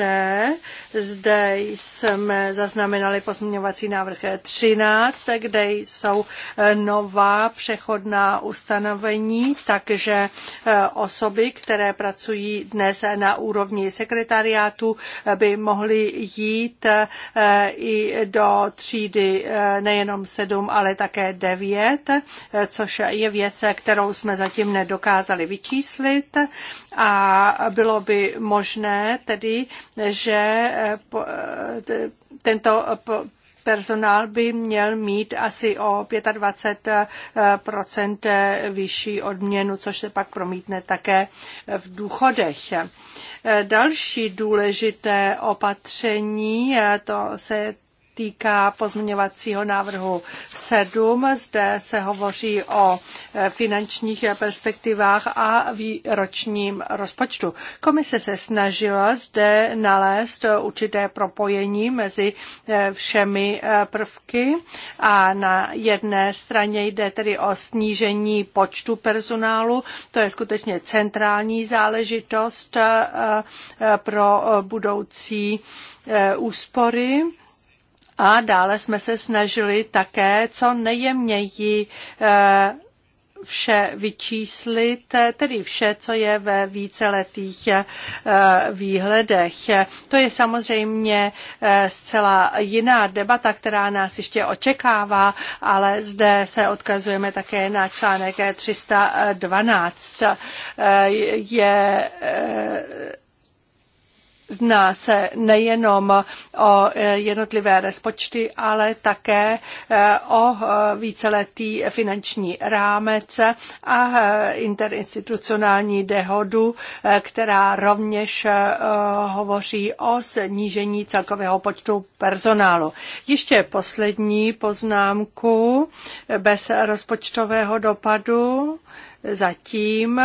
zde jsme zaznamenali pozměňovací návrh 13, kde jsou nová přechodná ustanovení, takže osoba osoby, které pracují dnes na úrovni sekretariátu, by mohly jít eh, i do třídy eh, nejenom 7, ale také 9, eh, což je věc, kterou jsme zatím nedokázali vyčíslit a bylo by možné tedy, že tento personál by měl mít asi o 25 vyšší odměnu, což se pak promítne také v důchodech. Další důležité opatření, to se týká pozměňovacího návrhu 7. Zde se hovoří o eh, finančních eh, perspektivách a výročním rozpočtu. Komise se snažila zde nalézt eh, určité propojení mezi všemi prvky a na jedné straně jde tedy o snížení počtu personálu. To je skutečně centrální záležitost pro budoucí úspory a dále jsme se snažili také co nejjemněji eh, vše vyčíslit, eh, tedy vše, co je ve víceletých eh, výhledech. To je samozřejmě zcela jiná debata, která nás ještě očekává, ale zde se odkazujeme také na článek 312. Je Jedná se nejenom o e, jednotlivé rozpočty, ale také e, o e, víceletý finanční rámec a interinstitucionální dehodu, která rovněž hovoří o snížení celkového počtu personálu. Ještě poslední poznámku bez rozpočtového dopadu zatím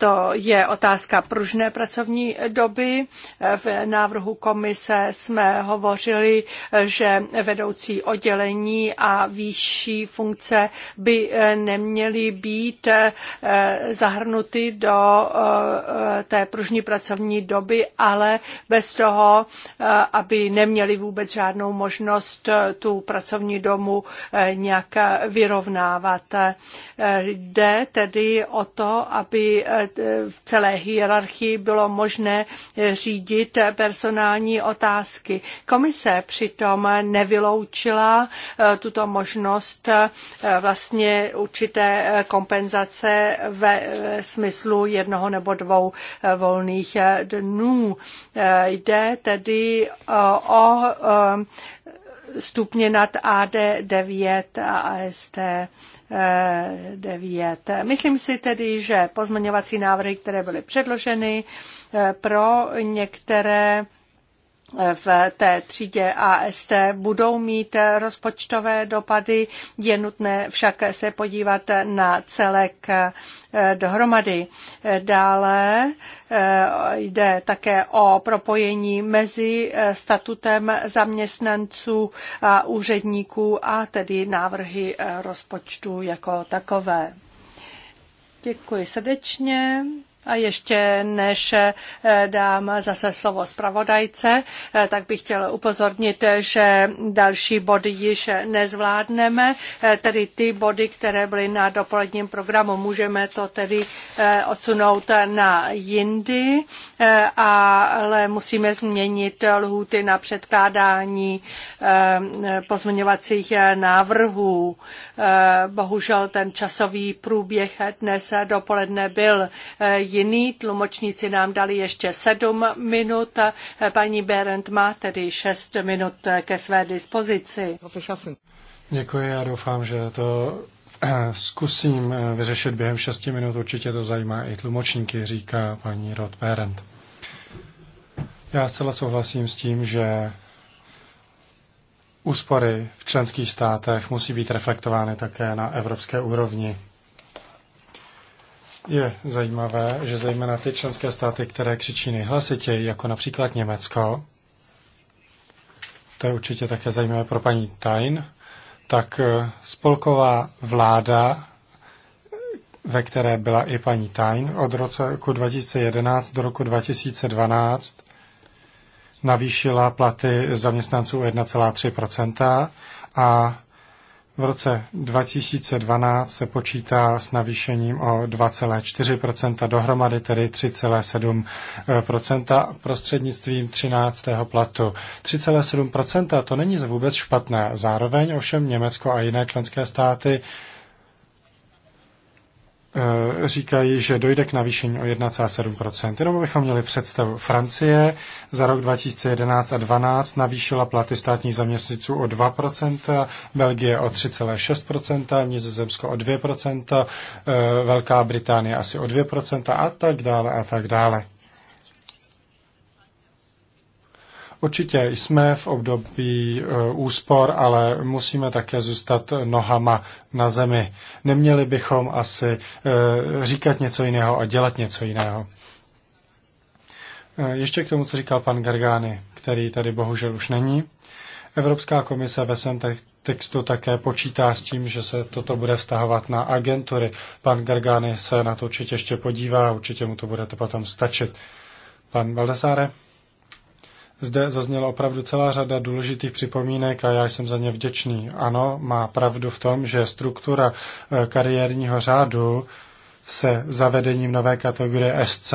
to je otázka pružné pracovní doby. V návrhu komise jsme hovořili, že vedoucí oddělení a výšší funkce by eh, neměly být eh, zahrnuty do eh, té pružní pracovní doby, ale bez toho, aby neměli vůbec žádnou možnost tu pracovní domu nějak vyrovnávat. Jde tedy o to, aby Eh, v celé hierarchii bylo možné eh, řídit personální otázky. Komise přitom nevyloučila eh, tuto možnost vlastně určité kompenzace ve smyslu jednoho nebo dvou volných dnů. Jde tedy o stupně nad AD9 a AST 9. Myslím si tedy, že pozměňovací návrhy, které byly předloženy eh, pro některé v té třídě AST budou mít rozpočtové dopady. Je nutné však se podívat na celek eh, dohromady. Dále eh, jde také o propojení mezi eh, statutem zaměstnanců a úředníků a tedy návrhy rozpočtu jako takové. Děkuji srdečně. A ještě než eh, dám zase slovo zpravodajce, eh, tak bych chtěl upozornit, že další body již nezvládneme, eh, tedy ty body, které byly na dopoledním programu, můžeme to tedy odsunout na jindy. Eh, ale musíme změnit lhůty na předkládání eh, pozměňovacích eh, návrhů. Bohužel ten časový průběh dnes dopoledne byl jiný. Tlumočníci nám dali ještě sedm minut. Paní Berend má tedy šest minut ke své dispozici. Děkuji, já doufám, že to Eh, zkusím eh, vyřešit během 6 minut, určitě to zajímá i tlumočníky, říká paní Rod Parent. Já zcela souhlasím s tím, že úspory v členských státech musí být reflektovány také na evropské úrovni. Je zajímavé, že zejména ty členské státy, které křičí nejhlasitěji, jako například Německo, to je určitě také zajímavé pro paní Tain, tak eh, spolková vláda, ve které byla i paní Tajn, od roku 2011 do roku 2012 navýšila platy zaměstnanců 1,3 a v roce 2012 se počítá s navýšením o 2,4 dohromady tedy 3,7 prostřednictvím 13. platu. 3,7 to není vůbec špatné. Zároveň ovšem Německo a jiné členské státy Eh, říkají, že dojde k navýšení o 1,7%. Jenom bychom měli představu. Francie za rok 2011 a 2012 navýšila platy státních zaměstnanců o 2%, Belgie o 3,6%, Nizozemsko o 2%, eh, Velká Británie asi o 2% a tak dále a tak dále. Určitě jsme v období e, úspor, ale musíme také zůstat nohama na zemi. Neměli bychom asi e, říkat něco jiného a dělat něco jiného. E, ještě k tomu, co říkal pan Gargány, který tady bohužel už není. Evropská komise ve svém textu také počítá s tím, že se toto bude vztahovat na agentury. Pan Gargány se na to určitě ještě podívá, určitě mu to bude to potom stačit. Pan Valdesáre? Zde zazněla opravdu celá řada důležitých připomínek a já jsem za ně vděčný. Ano, má pravdu v tom, že struktura eh, kariérního řádu se zavedením nové kategorie SC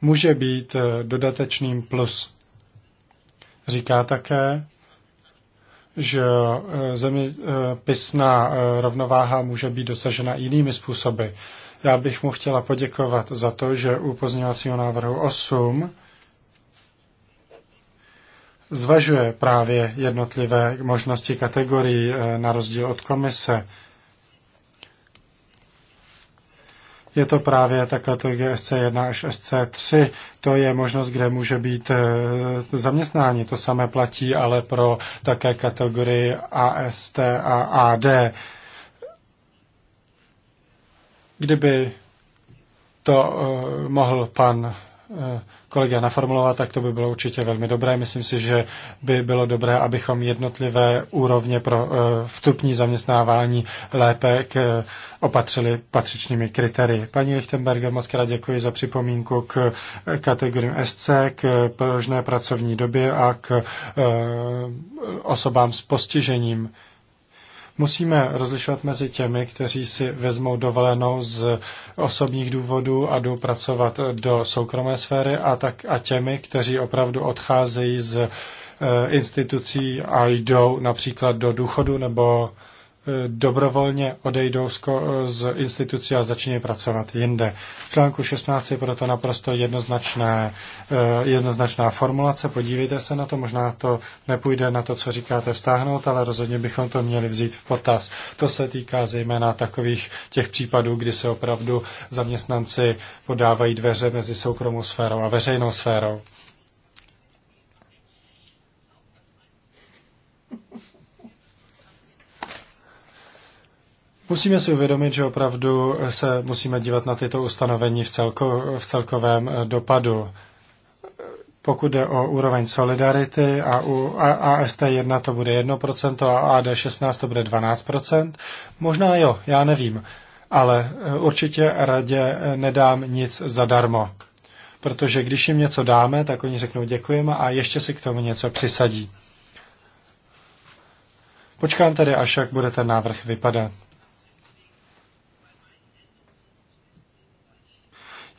může být eh, dodatečným plus. Říká také, že eh, zeměpisná rovnováha může být dosažena jinými způsoby. Já bych mu chtěla poděkovat za to, že u pozměňovacího návrhu 8 zvažuje právě jednotlivé možnosti kategorií eh, na rozdíl od komise. Je to právě ta kategorie SC1 až SC3. To je možnost, kde může být eh, zaměstnání. To samé platí ale pro také kategorii AST a AD. Kdyby to uh, mohl pan eh, kolega naformulovat, tak to by bylo určitě velmi dobré. Myslím si, že by bylo dobré, abychom jednotlivé úrovně pro eh, vstupní zaměstnávání lépe k, opatřili patřičnými kritérii. Paní Lichtenberger, moc krát děkuji za připomínku k kategoriím SC, k prodloužené pracovní době a k osobám s postižením. Musíme rozlišovat mezi těmi, kteří si vezmou dovolenou z osobních důvodů a jdou pracovat do soukromé sféry a, tak, a těmi, kteří opravdu odcházejí z eh, institucí a jdou například do důchodu nebo dobrovolně odejdou z instituce a začínají pracovat jinde. V článku 16 je proto naprosto jednoznačné, eh, jednoznačná formulace, podívejte se na to, možná to nepůjde na to, co říkáte vztáhnout, ale rozhodně bychom to měli vzít v potaz. To se týká zejména takových těch případů, kdy se opravdu zaměstnanci podávají dveře mezi soukromou sférou a veřejnou sférou. Musíme si uvědomit, že opravdu se musíme dívat na tyto ustanovení v, celko, v celkovém eh, dopadu. Pokud jde o úroveň solidarity a u AST1 to bude 1% a AD16 to bude 12%, možná jo, já nevím, ale eh, určitě radě eh, nedám nic zadarmo. Protože když jim něco dáme, tak oni řeknou děkujeme a ještě si k tomu něco přisadí. Počkám tedy, až jak bude ten návrh vypadat.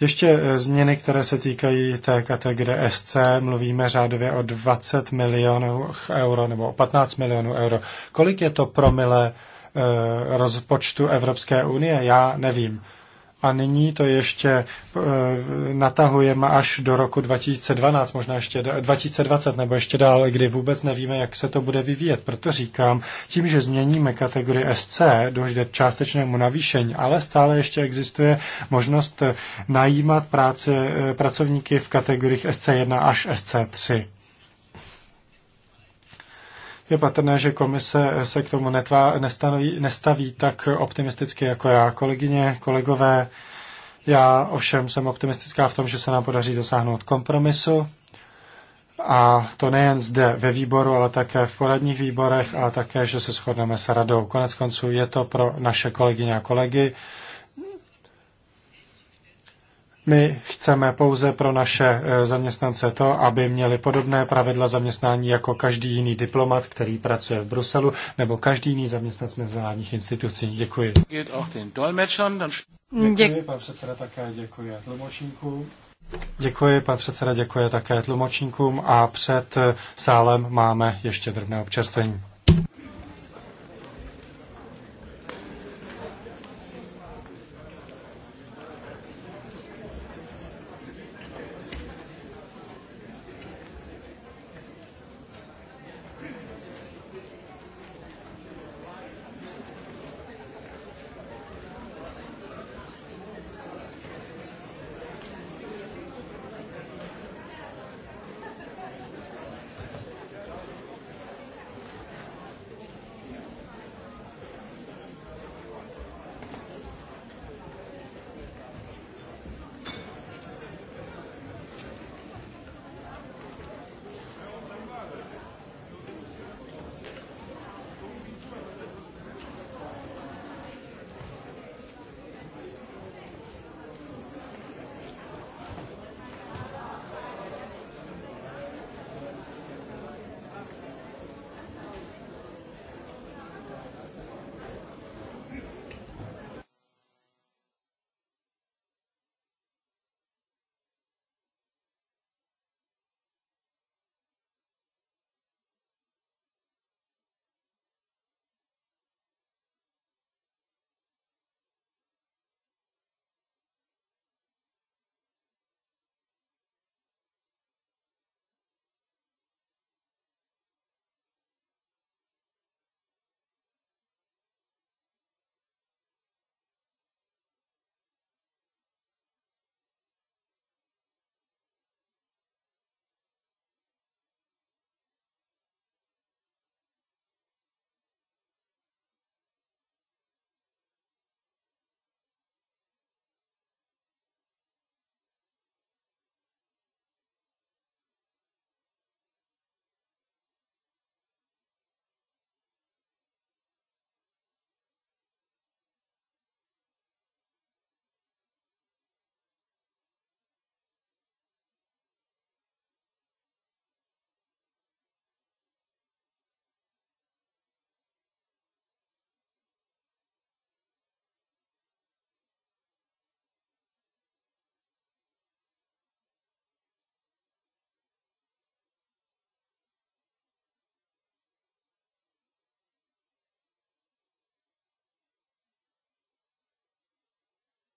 Ještě eh, změny, které se týkají té kategorie SC, mluvíme řádově o 20 milionů euro nebo o 15 milionů euro. Kolik je to promile eh, rozpočtu Evropské unie? Já nevím a nyní to ještě eh, natahujeme až do roku 2012, možná ještě 2020 nebo ještě dál, kdy vůbec nevíme, jak se to bude vyvíjet. Proto říkám, tím, že změníme kategorii SC, dojde k částečnému navýšení, ale stále ještě existuje možnost eh, najímat práce, eh, pracovníky v kategoriích SC1 až SC3. Je patrné, že komise se k tomu netvá, nestaví, nestaví tak optimisticky jako já. Kolegyně, kolegové, já ovšem jsem optimistická v tom, že se nám podaří dosáhnout kompromisu. A to nejen zde ve výboru, ale také v poradních výborech a také, že se shodneme s radou. Konec konců je to pro naše kolegyně a kolegy my chceme pouze pro naše eh, zaměstnance to, aby měli podobné pravidla zaměstnání jako každý jiný diplomat, který pracuje v Bruselu, nebo každý jiný zaměstnanec mezinárodních institucí. Děkuji. Děkuji, pan předseda, také děkuji tlumočníkům. Děkuji, pan předseda, děkuji také tlumočníkům a před eh, sálem máme ještě drobné občerstvení.